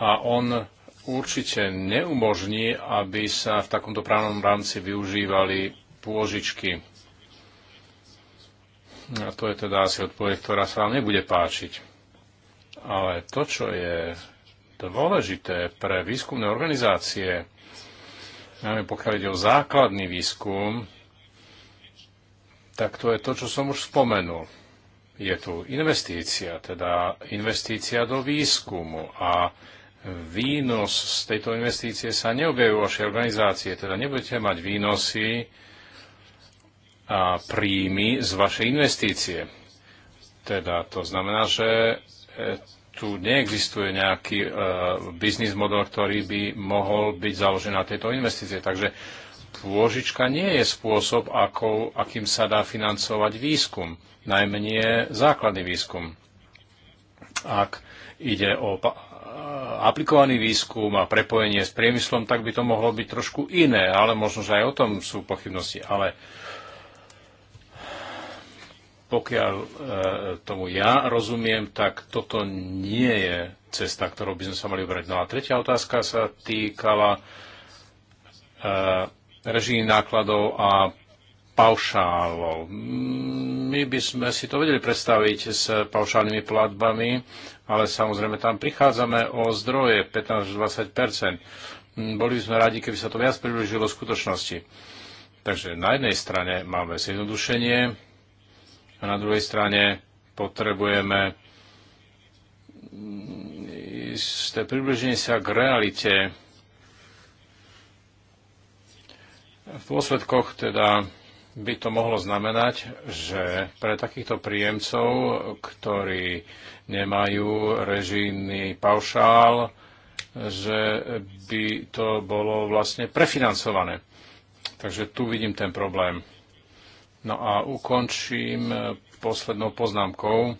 A on určite neumožní, aby sa v takomto právnom rámci využívali pôžičky. A to je teda asi odpoveď, ktorá sa vám nebude páčiť. Ale to, čo je dôležité pre výskumné organizácie, najmä pokiaľ ide o základný výskum, tak to je to, čo som už spomenul. Je tu investícia, teda investícia do výskumu a výnos z tejto investície sa neobjaví vo vašej organizácie, teda nebudete mať výnosy a príjmy z vašej investície. Teda to znamená, že e, tu neexistuje nejaký uh, biznis model, ktorý by mohol byť založený na tejto investície. Takže pôžička nie je spôsob, ako, akým sa dá financovať výskum, najmenej základný výskum. Ak ide o Eh, aplikovaný výskum a prepojenie s priemyslom, tak by to mohlo byť trošku iné, ale možno, že aj o tom sú pochybnosti. Ale pokiaľ e, tomu ja rozumiem, tak toto nie je cesta, ktorou by sme sa mali ubrať. No a tretia otázka sa týkala e, režii nákladov a paušálov. Mm, my by sme si to vedeli predstaviť s paušálnymi platbami, ale samozrejme tam prichádzame o zdroje 15-20 Boli by sme radi, keby sa to viac približilo skutočnosti. Takže na jednej strane máme zjednodušenie a na druhej strane potrebujeme isté približenie sa k realite. V dôsledkoch teda by to mohlo znamenať, že pre takýchto príjemcov, ktorí nemajú režijný paušál, že by to bolo vlastne prefinancované. Takže tu vidím ten problém. No a ukončím poslednou poznámkou.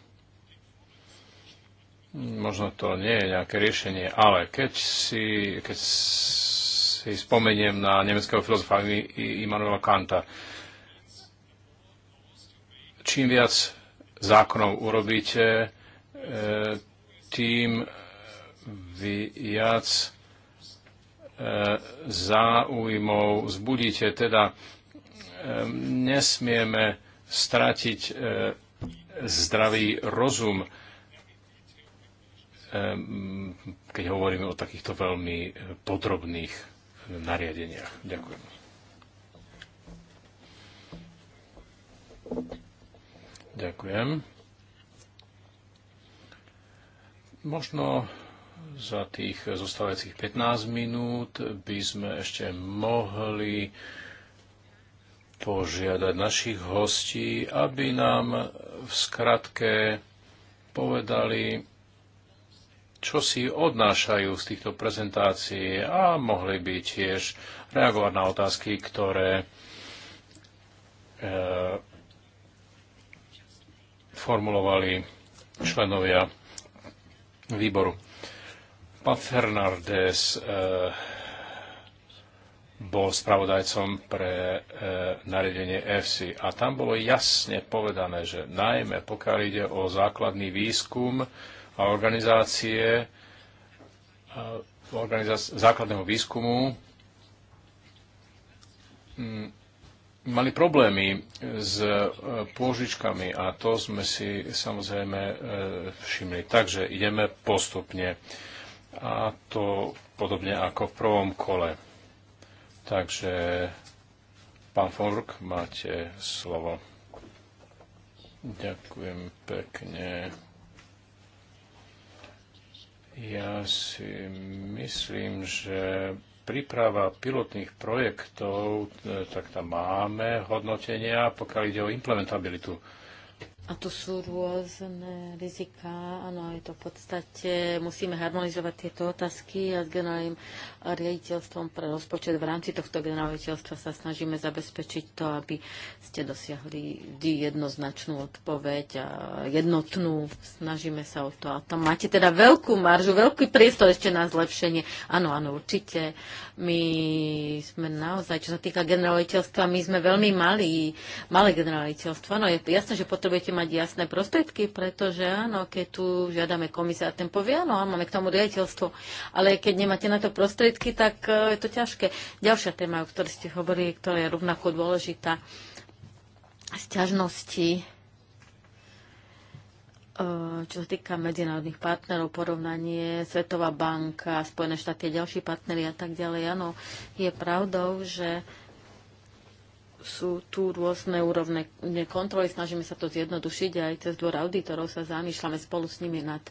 Možno to nie je nejaké riešenie, ale keď si, keď si spomeniem na nemeckého filozofa Immanuela Kanta, čím viac zákonov urobíte, e, tým viac e, záujmov zbudíte. Teda e, nesmieme stratiť zdravý rozum, keď hovoríme o takýchto veľmi podrobných nariadeniach. Ďakujem. Ďakujem. Možno za tých zostávajúcich 15 minút by sme ešte mohli požiadať našich hostí, aby nám v skratke povedali, čo si odnášajú z týchto prezentácií a mohli by tiež reagovať na otázky, ktoré e, formulovali členovia výboru. Pán Fernández eh, bol spravodajcom pre eh, nariadenie EFSI a tam bolo jasne povedané, že najmä pokiaľ ide o základný výskum a organizácie eh, organizá- základného výskumu, mm, mali problémy s e, pôžičkami a to sme si samozrejme e, všimli. Takže ideme postupne a to podobne ako v prvom kole. Takže pán Fork, máte slovo. Ďakujem pekne. Ja si myslím, že príprava pilotných projektov, e, tak tam máme hodnotenia, pokiaľ ide o implementabilitu a tu sú rôzne riziká, Áno, je to v podstate, musíme harmonizovať tieto otázky a s generálnym riaditeľstvom pre rozpočet v rámci tohto generáliteľstva sa snažíme zabezpečiť to, aby ste dosiahli vždy jednoznačnú odpoveď a jednotnú. Snažíme sa o to. A tam máte teda veľkú maržu, veľký priestor ešte na zlepšenie. Áno, áno, určite. My sme naozaj, čo sa týka generáliteľstva, my sme veľmi malí, malé generáliteľstvo. Áno, je jasné, že potrebujete mať jasné prostriedky, pretože áno, keď tu žiadame komisia ten povie, áno, áno, máme k tomu riaditeľstvo, ale keď nemáte na to prostriedky, tak e, je to ťažké. Ďalšia téma, o ktorej ste hovorili, ktorá je rovnako dôležitá, sťažnosti e, čo sa týka medzinárodných partnerov, porovnanie Svetová banka, Spojené štáty a ďalší partnery a tak ďalej, áno, je pravdou, že sú tu rôzne úrovne kontroly, snažíme sa to zjednodušiť a aj cez dvor auditorov sa zamýšľame spolu s nimi nad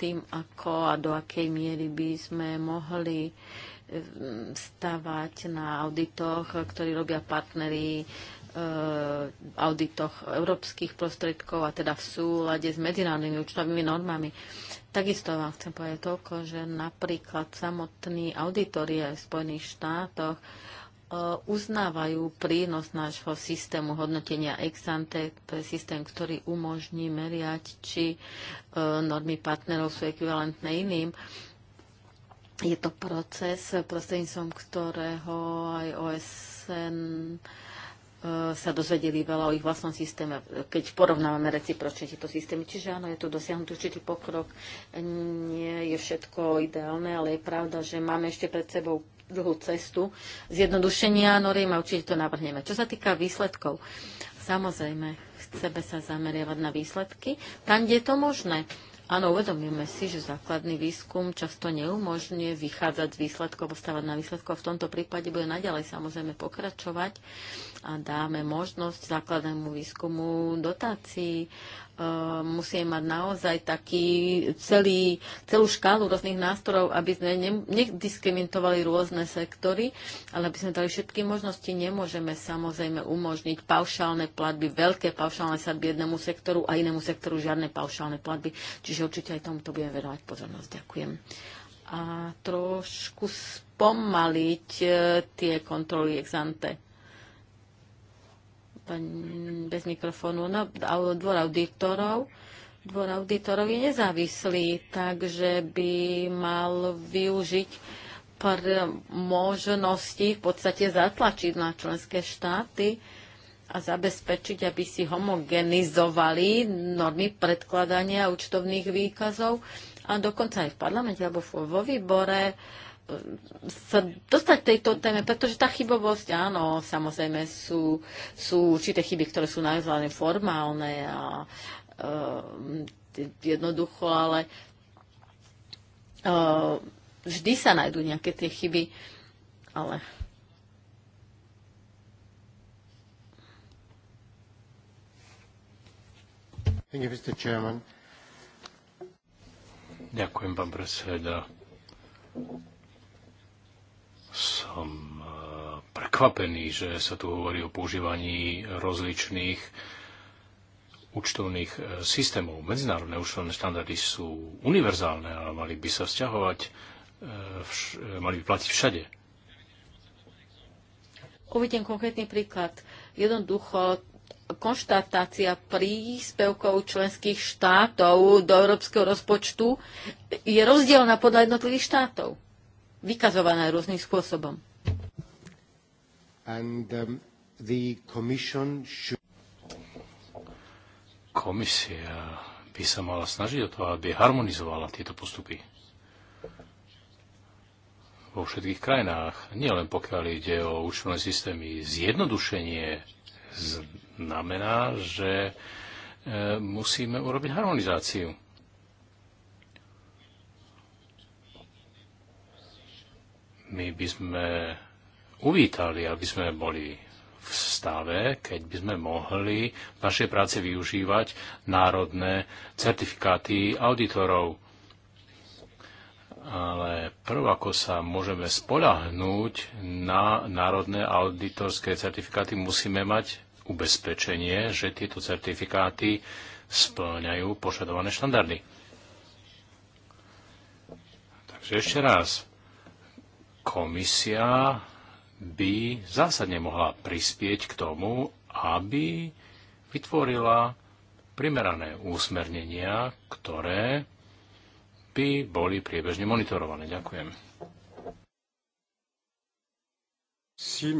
tým, ako a do akej miery by sme mohli e, stavať na auditoch, ktorí robia v e, auditoch európskych prostriedkov a teda v súlade s medzinárodnými účtovými normami. Takisto vám chcem povedať toľko, že napríklad samotní auditorie v Spojených štátoch E, uznávajú prínos nášho systému hodnotenia ex ante. To je systém, ktorý umožní meriať, či e, normy partnerov sú ekvivalentné iným. Je to proces, prostredníctvom ktorého aj OSN e, sa dozvedeli veľa o ich vlastnom systéme, keď porovnávame recipročne tieto systémy. Čiže áno, je tu dosiahnutý určitý pokrok. Nie je všetko ideálne, ale je pravda, že máme ešte pred sebou dlhú cestu zjednodušenia noriem a určite to navrhneme. Čo sa týka výsledkov, samozrejme chceme sa zameriavať na výsledky tam, kde je to možné. Áno, uvedomíme si, že základný výskum často neumožňuje vychádzať z výsledkov, postavať na výsledkov a v tomto prípade bude naďalej samozrejme pokračovať a dáme možnosť základnému výskumu dotácií. E, musíme mať naozaj taký celý, celú škálu rôznych nástrojov, aby sme ne, nediskriminovali rôzne sektory, ale aby sme dali všetky možnosti. Nemôžeme samozrejme umožniť paušálne platby, veľké paušálne sadby jednému sektoru a inému sektoru žiadne paušálne platby. Čiže určite aj tomuto budeme venovať pozornosť. Ďakujem a trošku spomaliť e, tie kontroly exante. ante pani, bez mikrofónu, no, dvor auditorov. Dvor auditorov je nezávislý, takže by mal využiť pr možnosti v podstate zatlačiť na členské štáty a zabezpečiť, aby si homogenizovali normy predkladania účtovných výkazov a dokonca aj v parlamente alebo vo výbore sa dostať k tejto téme, pretože tá chybovosť, áno, samozrejme sú, sú určité chyby, ktoré sú najzvané formálne a e, jednoducho, ale e, vždy sa nájdú nejaké tie chyby, ale Thank you, Mr. Chairman. Ďakujem, pán predseda som e, prekvapený, že sa tu hovorí o používaní rozličných účtovných e, systémov. Medzinárodné účtovné štandardy sú univerzálne, ale mali by sa vzťahovať, e, mali by platiť všade. Uvidím konkrétny príklad. Jednoducho konštatácia príspevkov členských štátov do európskeho rozpočtu je rozdielna podľa jednotlivých štátov vykazované rôznym spôsobom. And, um, the commission should... Komisia by sa mala snažiť o to, aby harmonizovala tieto postupy vo všetkých krajinách, nielen pokiaľ ide o účtovné systémy. Zjednodušenie znamená, že e, musíme urobiť harmonizáciu. my by sme uvítali, aby sme boli v stave, keď by sme mohli v našej práci využívať národné certifikáty auditorov. Ale prv, ako sa môžeme spolahnúť na národné auditorské certifikáty, musíme mať ubezpečenie, že tieto certifikáty splňajú požadované štandardy. Takže ešte raz, komisia by zásadne mohla prispieť k tomu, aby vytvorila primerané úsmernenia, ktoré by boli priebežne monitorované. Ďakujem. Si,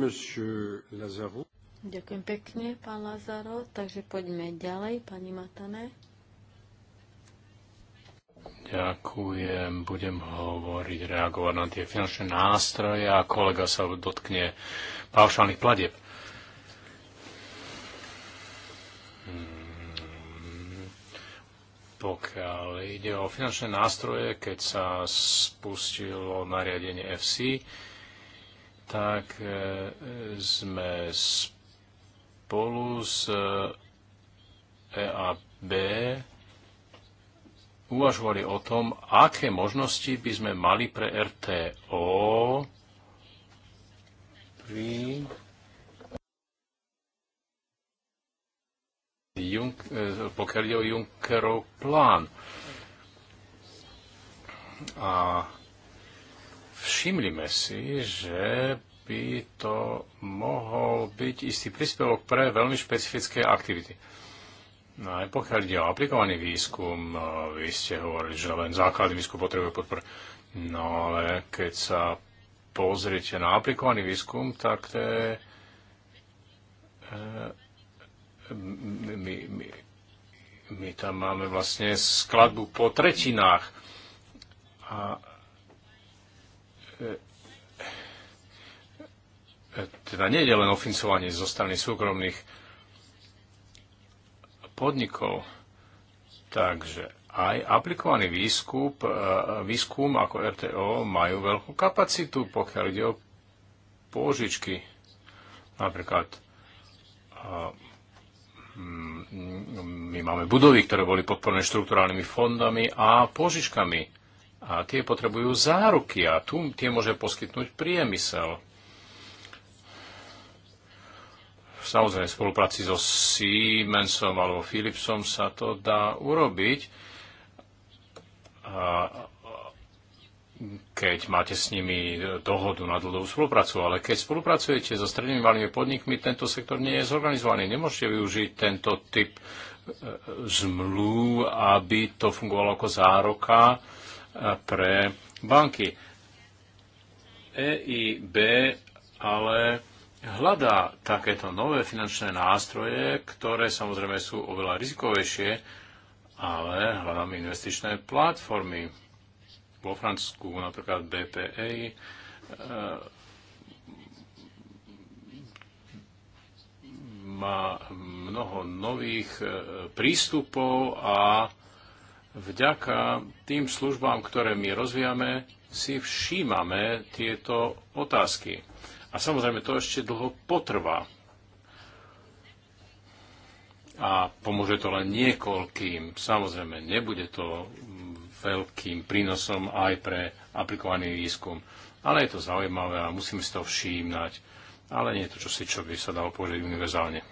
Ďakujem pekne, pán Lazaro. Takže poďme ďalej, pani Matane. Ďakujem, budem hovoriť, reagovať na tie finančné nástroje a kolega sa dotkne paušálnych platieb. Hmm. Pokiaľ ide o finančné nástroje, keď sa spustilo nariadenie FC, tak e, sme spolu s EAB e uvažovali o tom, aké možnosti by sme mali pre RTO pri Junk, eh, pokiaľ ide o Junckerov plán. A všimlime si, že by to mohol byť istý príspevok pre veľmi špecifické aktivity. No aj pokiaľ ide o aplikovaný výskum, eh, vy ste hovorili, že len základný výskum potrebuje podporu. No ale keď sa pozriete na aplikovaný výskum, tak to je... Eh, my, my, my, my tam máme vlastne skladbu po tretinách. A eh, teda nie je len ofincovanie zo strany súkromných podnikov. Takže aj aplikovaný výskup, e, výskum ako RTO majú veľkú kapacitu, pokiaľ ide o pôžičky. Napríklad e, my máme budovy, ktoré boli podporné štruktúrálnymi fondami a pôžičkami. A tie potrebujú záruky a tu tie môže poskytnúť priemysel. Samozrejme, v spolupráci so Siemensom alebo Philipsom sa to dá urobiť. A keď máte s nimi dohodu na dlhodobú spoluprácu, ale keď spolupracujete so strednými malými podnikmi, tento sektor nie je zorganizovaný. Nemôžete využiť tento typ e, zmluv, aby to fungovalo ako zároka e, pre banky. EIB ale hľadá takéto nové finančné nástroje, ktoré samozrejme sú oveľa rizikovejšie, ale hľadáme investičné platformy. Vo Francúzsku napríklad BPA, e, eh, má mnoho nových eh, prístupov a vďaka tým službám, ktoré my rozvíjame, si všímame tieto otázky. A samozrejme, to ešte dlho potrvá. A pomôže to len niekoľkým. Samozrejme, nebude to veľkým prínosom aj pre aplikovaný výskum. Ale je to zaujímavé a musíme si to všímnať. Ale nie je to čosi, čo by sa dalo povedať univerzálne.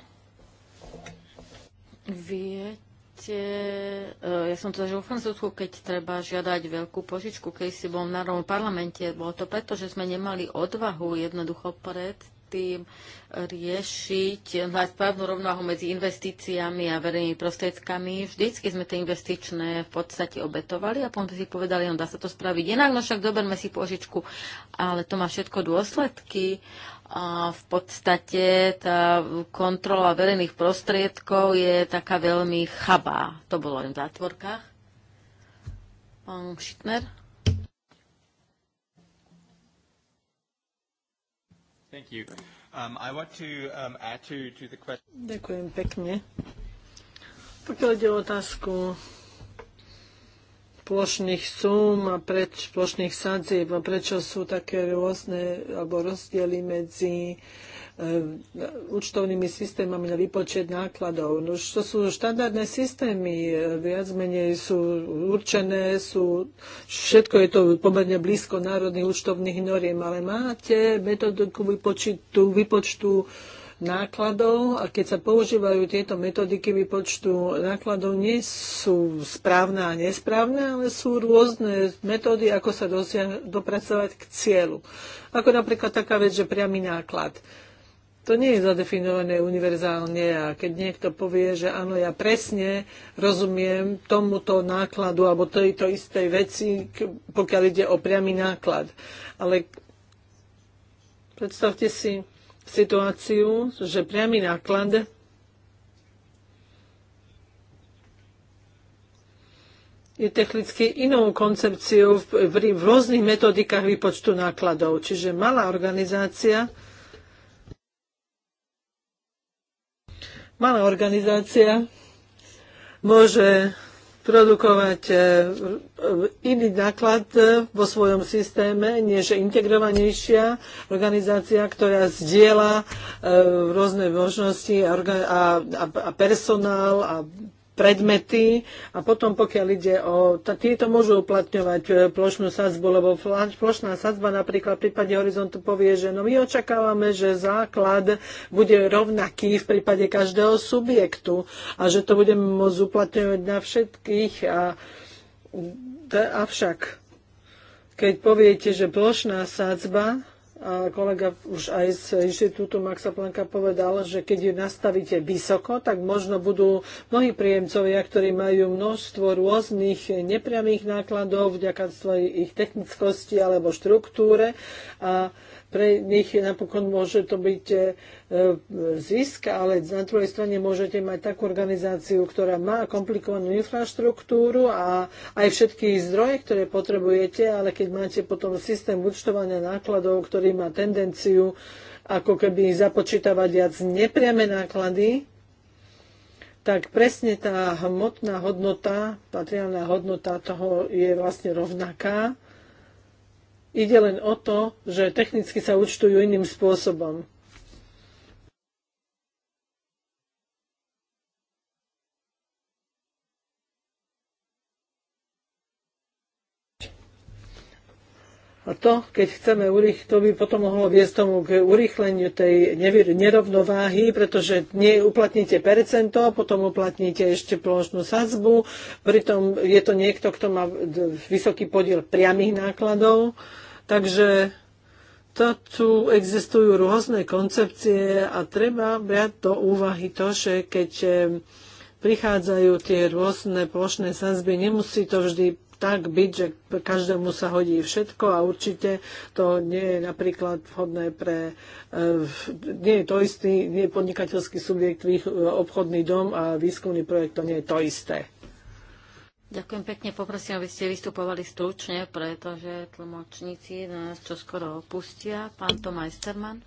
Viete, podstate, eh, ja som to zažil v Francúzsku, keď treba žiadať veľkú požičku, keď si bol v Národnom parlamente, bolo to preto, že sme nemali odvahu jednoducho pred tým riešiť správnu rovnováhu medzi investíciami a verejnými prostriedkami. Vždycky sme tie investičné v podstate obetovali a potom si povedali, no dá sa to spraviť inak, no však doberme si požičku, ale to má všetko dôsledky a v podstate tá kontrola verejných prostriedkov je taká veľmi chabá. To bolo len v zátvorkách. Pán Šitner? Thank you. Um, I want to um, add to, to the question. Ďakujem pekne. Pokiaľ ide o otázku plošných súm a preč, plošných sadzieb a prečo sú také rôzne alebo rozdiely medzi e, účtovnými systémami na výpočet nákladov. No, to sú štandardné systémy, e, viac menej sú určené, sú, všetko je to pomerne blízko národných účtovných noriem, ale máte metodiku vypočtu, vypočtu nákladov a keď sa používajú tieto metodiky vypočtu nákladov, nie sú správne a nesprávne, ale sú rôzne metódy, ako sa dosia- dopracovať k cieľu. Ako napríklad taká vec, že priamy náklad. To nie je zadefinované univerzálne a keď niekto povie, že áno, ja presne rozumiem tomuto nákladu alebo tejto istej veci, pokiaľ ide o priamy náklad. Ale predstavte si, situáciu, že priamy náklad je technicky inou koncepciou v, v, v rôznych metodikách výpočtu nákladov. Čiže malá organizácia malá organizácia môže produkovať e, e, iný náklad e, vo svojom systéme, než integrovanejšia organizácia, ktorá zdieľa rôzne možnosti a, a personál a predmety a potom pokiaľ ide o... Tieto môžu uplatňovať e, plošnú sadzbu, lebo plošná sadzba napríklad v prípade horizontu povie, že no my očakávame, že základ bude rovnaký v prípade každého subjektu a že to budeme môcť uplatňovať na všetkých. A, avšak, keď poviete, že plošná sadzba a kolega už aj z inštitútu Maxa Plenka povedal, že keď ju nastavíte vysoko, tak možno budú mnohí príjemcovia, ktorí majú množstvo rôznych nepriamých nákladov vďaka ich technickosti alebo štruktúre a pre nich napokon môže to byť e, e, zisk, ale na druhej strane môžete mať takú organizáciu, ktorá má komplikovanú infraštruktúru a aj všetky zdroje, ktoré potrebujete, ale keď máte potom systém účtovania nákladov, ktorý má tendenciu ako keby započítavať viac nepriame náklady, tak presne tá hmotná hodnota, patriálna hodnota toho je vlastne rovnaká Ide len o to, že technicky sa účtujú iným spôsobom. A to, keď chceme urychliť, to by potom mohlo viesť tomu k urýchleniu tej nerovnováhy, pretože nie uplatníte percento, potom uplatníte ešte plošnú sadzbu, pritom je to niekto, kto má vysoký podiel priamých nákladov. Takže to, tu existujú rôzne koncepcie a treba brať do úvahy to, že keď eh, prichádzajú tie rôzne plošné sazby, nemusí to vždy tak byť, že každému sa hodí všetko a určite to nie je napríklad vhodné pre... E, nie je to istý, nie je podnikateľský subjekt, e, obchodný dom a výskumný projekt, to nie je to isté. Ďakujem pekne, poprosím, aby ste vystupovali stručne, pretože tlmočníci nás čo skoro opustia. Pán Tomajsterman.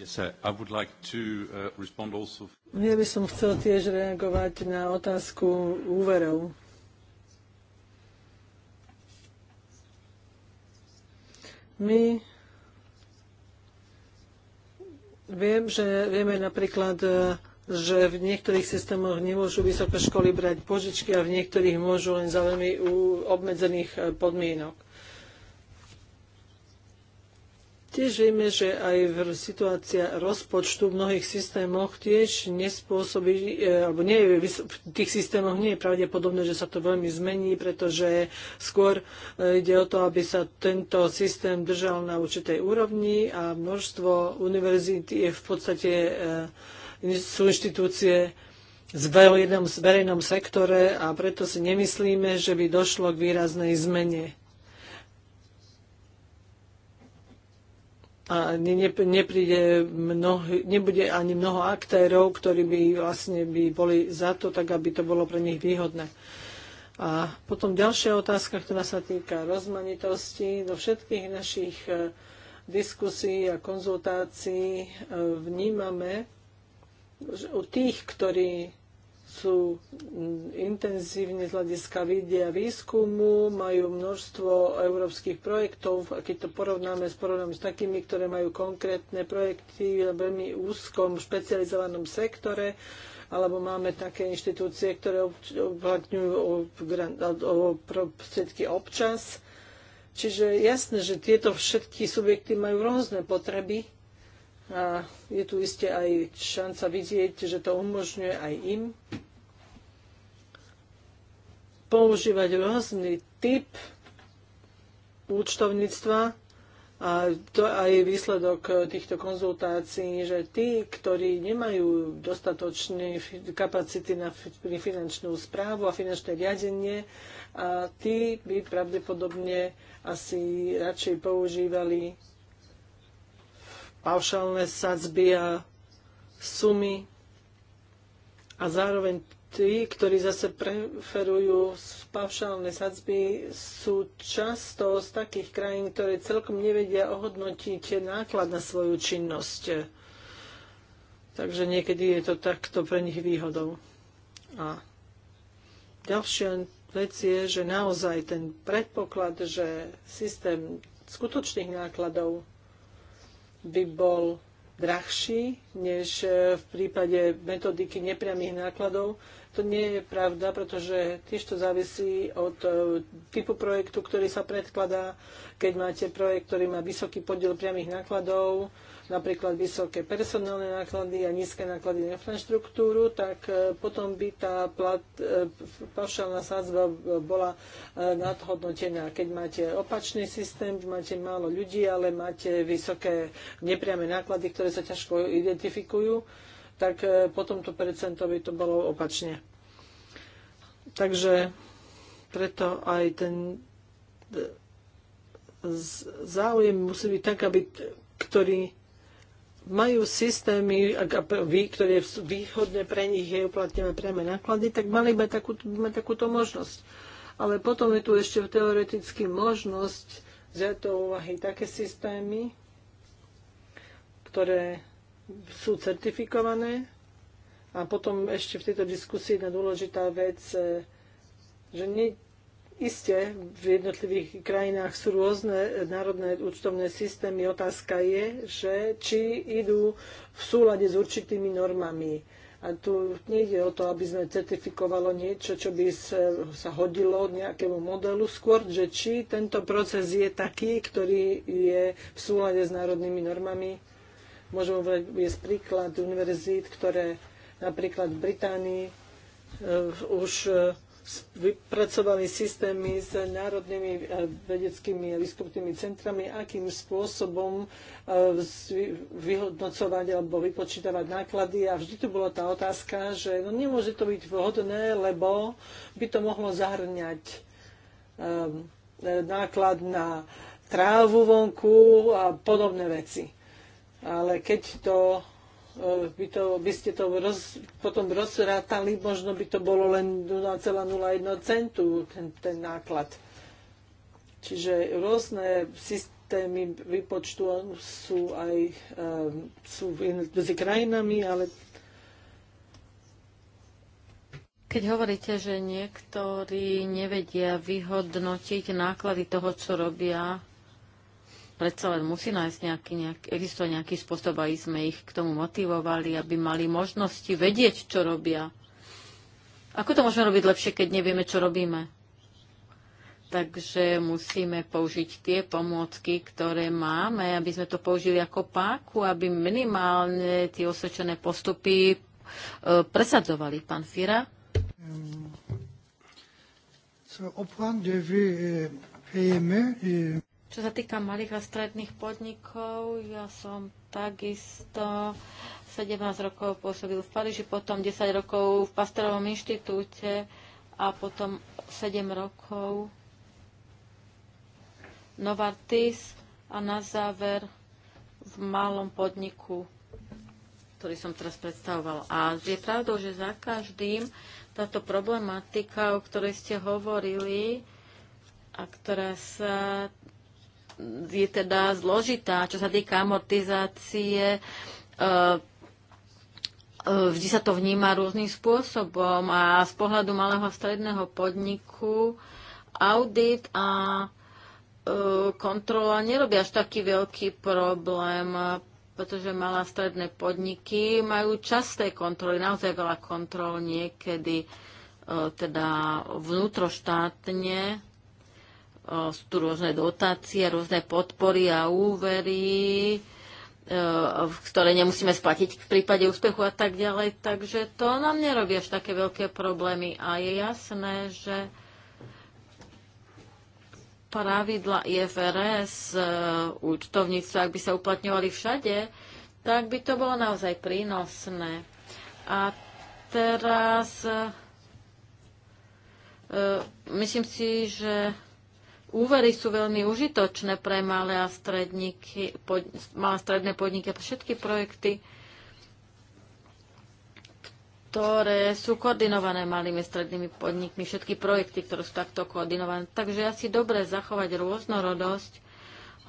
Yes, uh, Ja by som chcel tiež reagovať na otázku úverov. My viem, že vieme napríklad e, že v niektorých systémoch nemôžu vysoké školy brať požičky a v niektorých môžu len za veľmi obmedzených e, podmienok. Tiež vieme, že aj situácia rozpočtu v mnohých systémoch tiež nespôsobí, e, alebo nie, v tých systémoch nie je pravdepodobné, že sa to veľmi zmení, pretože skôr e, ide o to, aby sa tento systém držal na určitej úrovni a množstvo univerzít je v podstate, e, sú inštitúcie, v verejnom sektore a preto si nemyslíme, že by došlo k výraznej zmene. a ne, nepríde mnoh, nebude ani mnoho aktérov, ktorí by vlastne by boli za to, tak aby to bolo pre nich výhodné. A potom ďalšia otázka, ktorá sa týka rozmanitosti. Do všetkých našich e, diskusí a konzultácií e, vnímame, že u tých, ktorí sú mm, intenzívne z hľadiska a výskumu, majú množstvo európskych projektov, a keď to porovnáme s porovnáme s takými, ktoré majú konkrétne projekty v veľmi úzkom špecializovanom sektore, alebo máme také inštitúcie, ktoré uplatňujú o, o prostriedky občas. Čiže jasné, že tieto všetky subjekty majú rôzne potreby, a je tu iste aj šanca vidieť, že to umožňuje aj im používať rôzny typ účtovníctva a to aj výsledok týchto konzultácií, že tí, ktorí nemajú dostatočné kapacity na finančnú správu a finančné riadenie, a tí by pravdepodobne asi radšej používali paušálne sadzby a sumy a zároveň tí, ktorí zase preferujú paušálne sadzby, sú často z takých krajín, ktoré celkom nevedia ohodnotiť náklad na svoju činnosť. Takže niekedy je to takto pre nich výhodou. A ďalšia vec je, že naozaj ten predpoklad, že systém skutočných nákladov by bol drahší než e, v prípade metodiky nepriamých nákladov. To nie je pravda, pretože tiež to závisí od e, typu projektu, ktorý sa predkladá. Keď máte projekt, ktorý má vysoký podiel priamých nákladov, napríklad vysoké personálne náklady a nízke náklady na infraštruktúru, tak e, potom by tá plat, e, paušálna sádzba e, bola nadhodnotená. Keď máte opačný systém, máte málo ľudí, ale máte vysoké nepriame náklady, ktoré sa ťažko identifikujú, tak potom to percento by to bolo opačne. Takže preto aj ten záujem musí byť tak, aby ktorý majú systémy, ktoré východné pre nich je uplatnené priame náklady, tak mali by takú, mať takúto možnosť. Ale potom je tu ešte teoreticky možnosť vziať do úvahy také systémy, ktoré sú certifikované. A potom ešte v tejto diskusii jedna dôležitá vec, e, že nie Isté, v jednotlivých krajinách sú rôzne národné účtovné systémy. Otázka je, že či idú v súlade s určitými normami. A tu nejde o to, aby sme certifikovalo niečo, čo by sa hodilo nejakému modelu, skôr, že či tento proces je taký, ktorý je v súlade s národnými normami. Môžem uvieť príklad univerzít, ktoré napríklad v Británii e, už e, vypracovali systémy s národnými e, vedeckými a výskumnými centrami, akým spôsobom e, vyhodnocovať alebo vypočítavať náklady. A vždy tu bola tá otázka, že no nemôže to byť vhodné, lebo by to mohlo zahrňať e, náklad na trávu vonku a podobné veci. Ale keď to Eh, by, to, by ste to roz, potom rozrátali, možno by to bolo len 0,01 centu ten, ten náklad. Čiže rôzne systémy výpočtu sú aj eh, sú medzi krajinami, ale keď hovoríte, že niektorí nevedia vyhodnotiť náklady toho, čo robia, predsa len musí nájsť nejaký, nejaký, existuje nejaký spôsob, aby sme ich k tomu motivovali, aby mali možnosti vedieť, čo robia. Ako to môžeme robiť lepšie, keď nevieme, čo robíme? Takže musíme použiť tie pomôcky, ktoré máme, aby sme to použili ako páku, aby minimálne tie osvedčené postupy e, presadzovali. Pán Fira? So, au point de vue eh, PME, eh, čo sa týka malých a stredných podnikov, ja som takisto 17 rokov pôsobil v Paríži, potom 10 rokov v Pasterovom inštitúte a potom 7 rokov Novartis a na záver v malom podniku, ktorý som teraz predstavoval. A je pravdou, že za každým táto problematika, o ktorej ste hovorili, a ktorá sa je teda zložitá, čo sa týka amortizácie. E, e, vždy sa to vníma rôznym spôsobom a z pohľadu malého stredného podniku audit a e, kontrola nerobia až taký veľký problém, pretože malé stredné podniky majú časté kontroly, naozaj veľa kontrol niekedy teda vnútroštátne sú tu rôzne dotácie, rôzne podpory a úvery, ktoré nemusíme splatiť v prípade úspechu a tak ďalej. Takže to nám nerobí až také veľké problémy. A je jasné, že pravidla IFRS, účtovníctva, ak by sa uplatňovali všade, tak by to bolo naozaj prínosné. A teraz myslím si, že Úvery sú veľmi užitočné pre malé a, stredníky, pod, malé a stredné podniky a všetky projekty, ktoré sú koordinované malými strednými podnikmi, všetky projekty, ktoré sú takto koordinované. Takže asi dobre zachovať rôznorodosť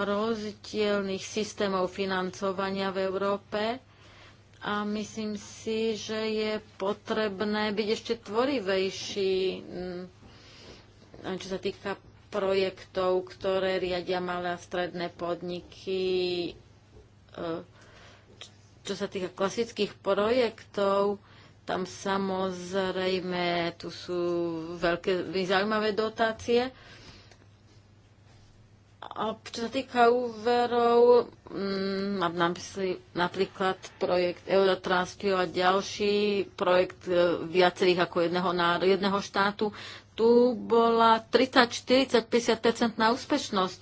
rozdielných systémov financovania v Európe a myslím si, že je potrebné byť ešte tvorivejší, mm, čo sa týka projektov, ktoré riadia malé a stredné podniky. E, čo sa týka klasických projektov, tam samozrejme tu sú veľké zaujímavé dotácie. A čo sa týka úverov, mm, mám na mysli napríklad projekt Eurotranspio a ďalší projekt e, viacerých ako jedného, jedného štátu tu bola 30, 40, 50 na úspešnosť.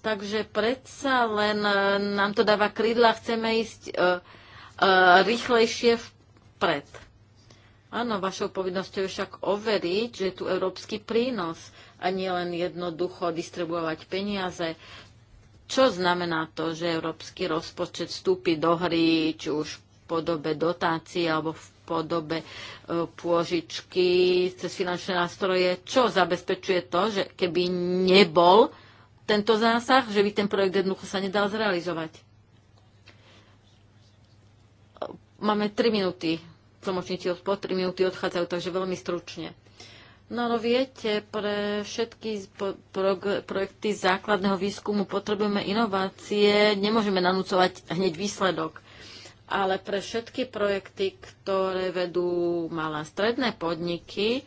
Takže predsa len e, nám to dáva krídla, chceme ísť e, e, rýchlejšie vpred. Áno, vašou povinnosťou je však overiť, že je tu európsky prínos a nie len jednoducho distribuovať peniaze. Čo znamená to, že európsky rozpočet vstúpi do hry, či už podobe dotácií alebo v podobe e, pôžičky cez finančné nástroje, čo zabezpečuje to, že keby nebol tento zásah, že by ten projekt jednoducho sa nedal zrealizovať. Máme 3 minúty. Tlmočníci po 3 minúty odchádzajú, takže veľmi stručne. No, no viete, pre všetky projekty základného výskumu potrebujeme inovácie, nemôžeme nanúcovať hneď výsledok ale pre všetky projekty, ktoré vedú malé stredné podniky,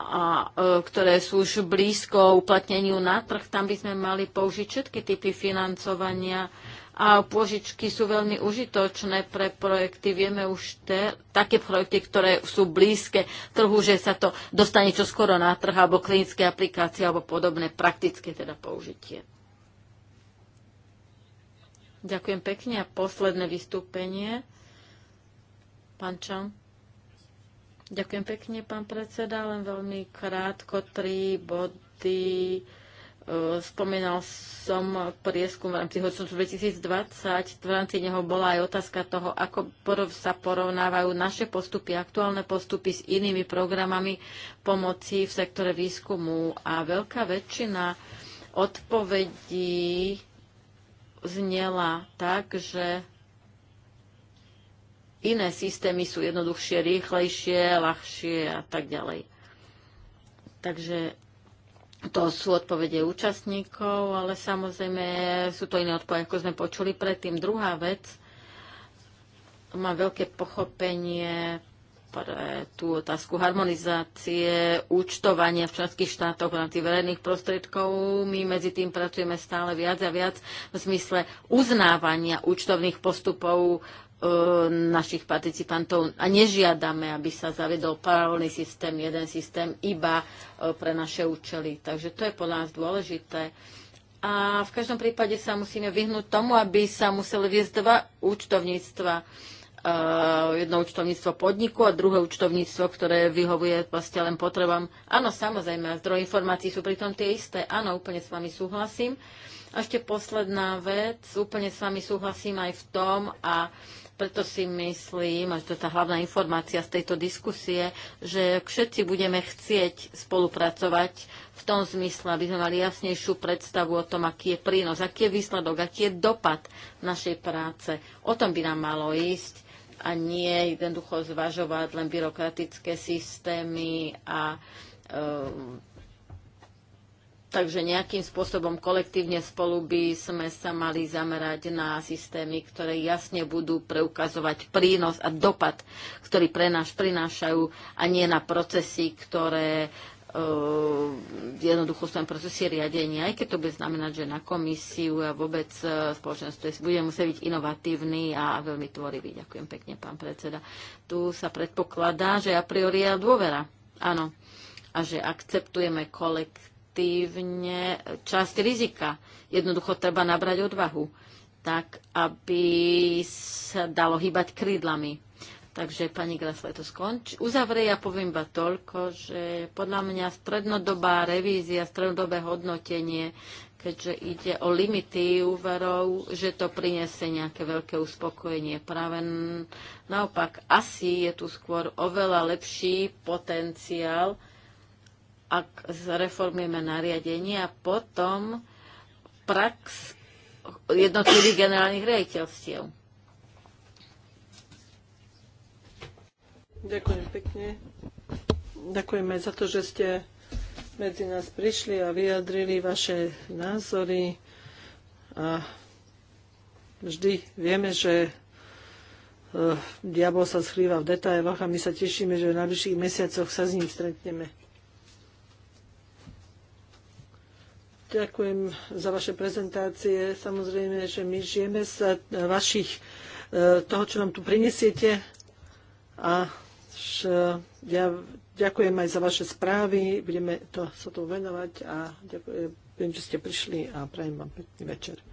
a e, ktoré sú už blízko uplatneniu na trh, tam by sme mali použiť všetky typy financovania a pôžičky sú veľmi užitočné pre projekty. Vieme už te, také projekty, ktoré sú blízke trhu, že sa to dostane čo skoro na trh, alebo klinické aplikácie, alebo podobné praktické teda použitie. Ďakujem pekne a posledné vystúpenie. Pán Čan. Ďakujem pekne, pán predseda, len veľmi krátko tri body. E, spomínal som prieskum v rámci hodnotu 2020. V rámci neho bola aj otázka toho, ako sa porovnávajú naše postupy, aktuálne postupy s inými programami pomoci v sektore výskumu. A veľká väčšina odpovedí znela tak, že iné systémy sú jednoduchšie, rýchlejšie, ľahšie a tak ďalej. Takže to sú odpovede účastníkov, ale samozrejme sú to iné odpovede, ako sme počuli predtým. Druhá vec, má veľké pochopenie pre tú otázku harmonizácie účtovania v členských štátoch v rámci verejných prostriedkov. My medzi tým pracujeme stále viac a viac v zmysle uznávania účtovných postupov e, našich participantov a nežiadame, aby sa zavedol paralelný systém, jeden systém iba e, pre naše účely. Takže to je podľa nás dôležité. A v každom prípade sa musíme vyhnúť tomu, aby sa museli viesť dva účtovníctva Eh, jedno účtovníctvo podniku a druhé účtovníctvo, ktoré vyhovuje vlastne len potrebám. Áno, samozrejme, a zdroje informácií sú pritom tie isté. Áno, úplne s vami súhlasím. A ešte posledná vec, úplne s vami súhlasím aj v tom a preto si myslím, až to je tá hlavná informácia z tejto diskusie, že všetci budeme chcieť spolupracovať v tom zmysle, aby sme mali jasnejšiu predstavu o tom, aký je prínos, aký je výsledok, aký je dopad našej práce. O tom by nám malo ísť a nie jednoducho zvažovať len byrokratické systémy a ehm, Takže nejakým spôsobom kolektívne spolu by sme sa mali zamerať na systémy, ktoré jasne budú preukazovať prínos a dopad, ktorý pre nás prinášajú a nie na procesy, ktoré jednoducho v tom procese riadenia, aj keď to bude znamenať, že na komisiu a vôbec e, spoločenstvo bude musieť byť inovatívny a veľmi tvorivý. Ďakujem pekne, pán predseda. Tu sa predpokladá, že a priori je dôvera. Áno. A že akceptujeme kolektívne časť rizika. Jednoducho treba nabrať odvahu tak, aby sa dalo hýbať krídlami Takže pani Grasle to skončí. Uzavrie ja poviem iba toľko, že podľa mňa strednodobá revízia, strednodobé hodnotenie, keďže ide o limity úverov, že to priniesie nejaké veľké uspokojenie. Práve naopak, asi je tu skôr oveľa lepší potenciál, ak zreformujeme nariadenie a potom prax jednotlivých generálnych riaditeľstiev Ďakujem pekne. Ďakujeme za to, že ste medzi nás prišli a vyjadrili vaše názory. A vždy vieme, že e, diabol sa skrýva v detailoch a my sa tešíme, že v najbližších mesiacoch sa s ním stretneme. Ďakujem za vaše prezentácie. Samozrejme, že my žijeme z vašich, e, toho, čo nám tu prinesiete a ja ďakujem aj za vaše správy, budeme to, sa tomu venovať a ďakujem, že ste prišli a prajem vám pekný večer.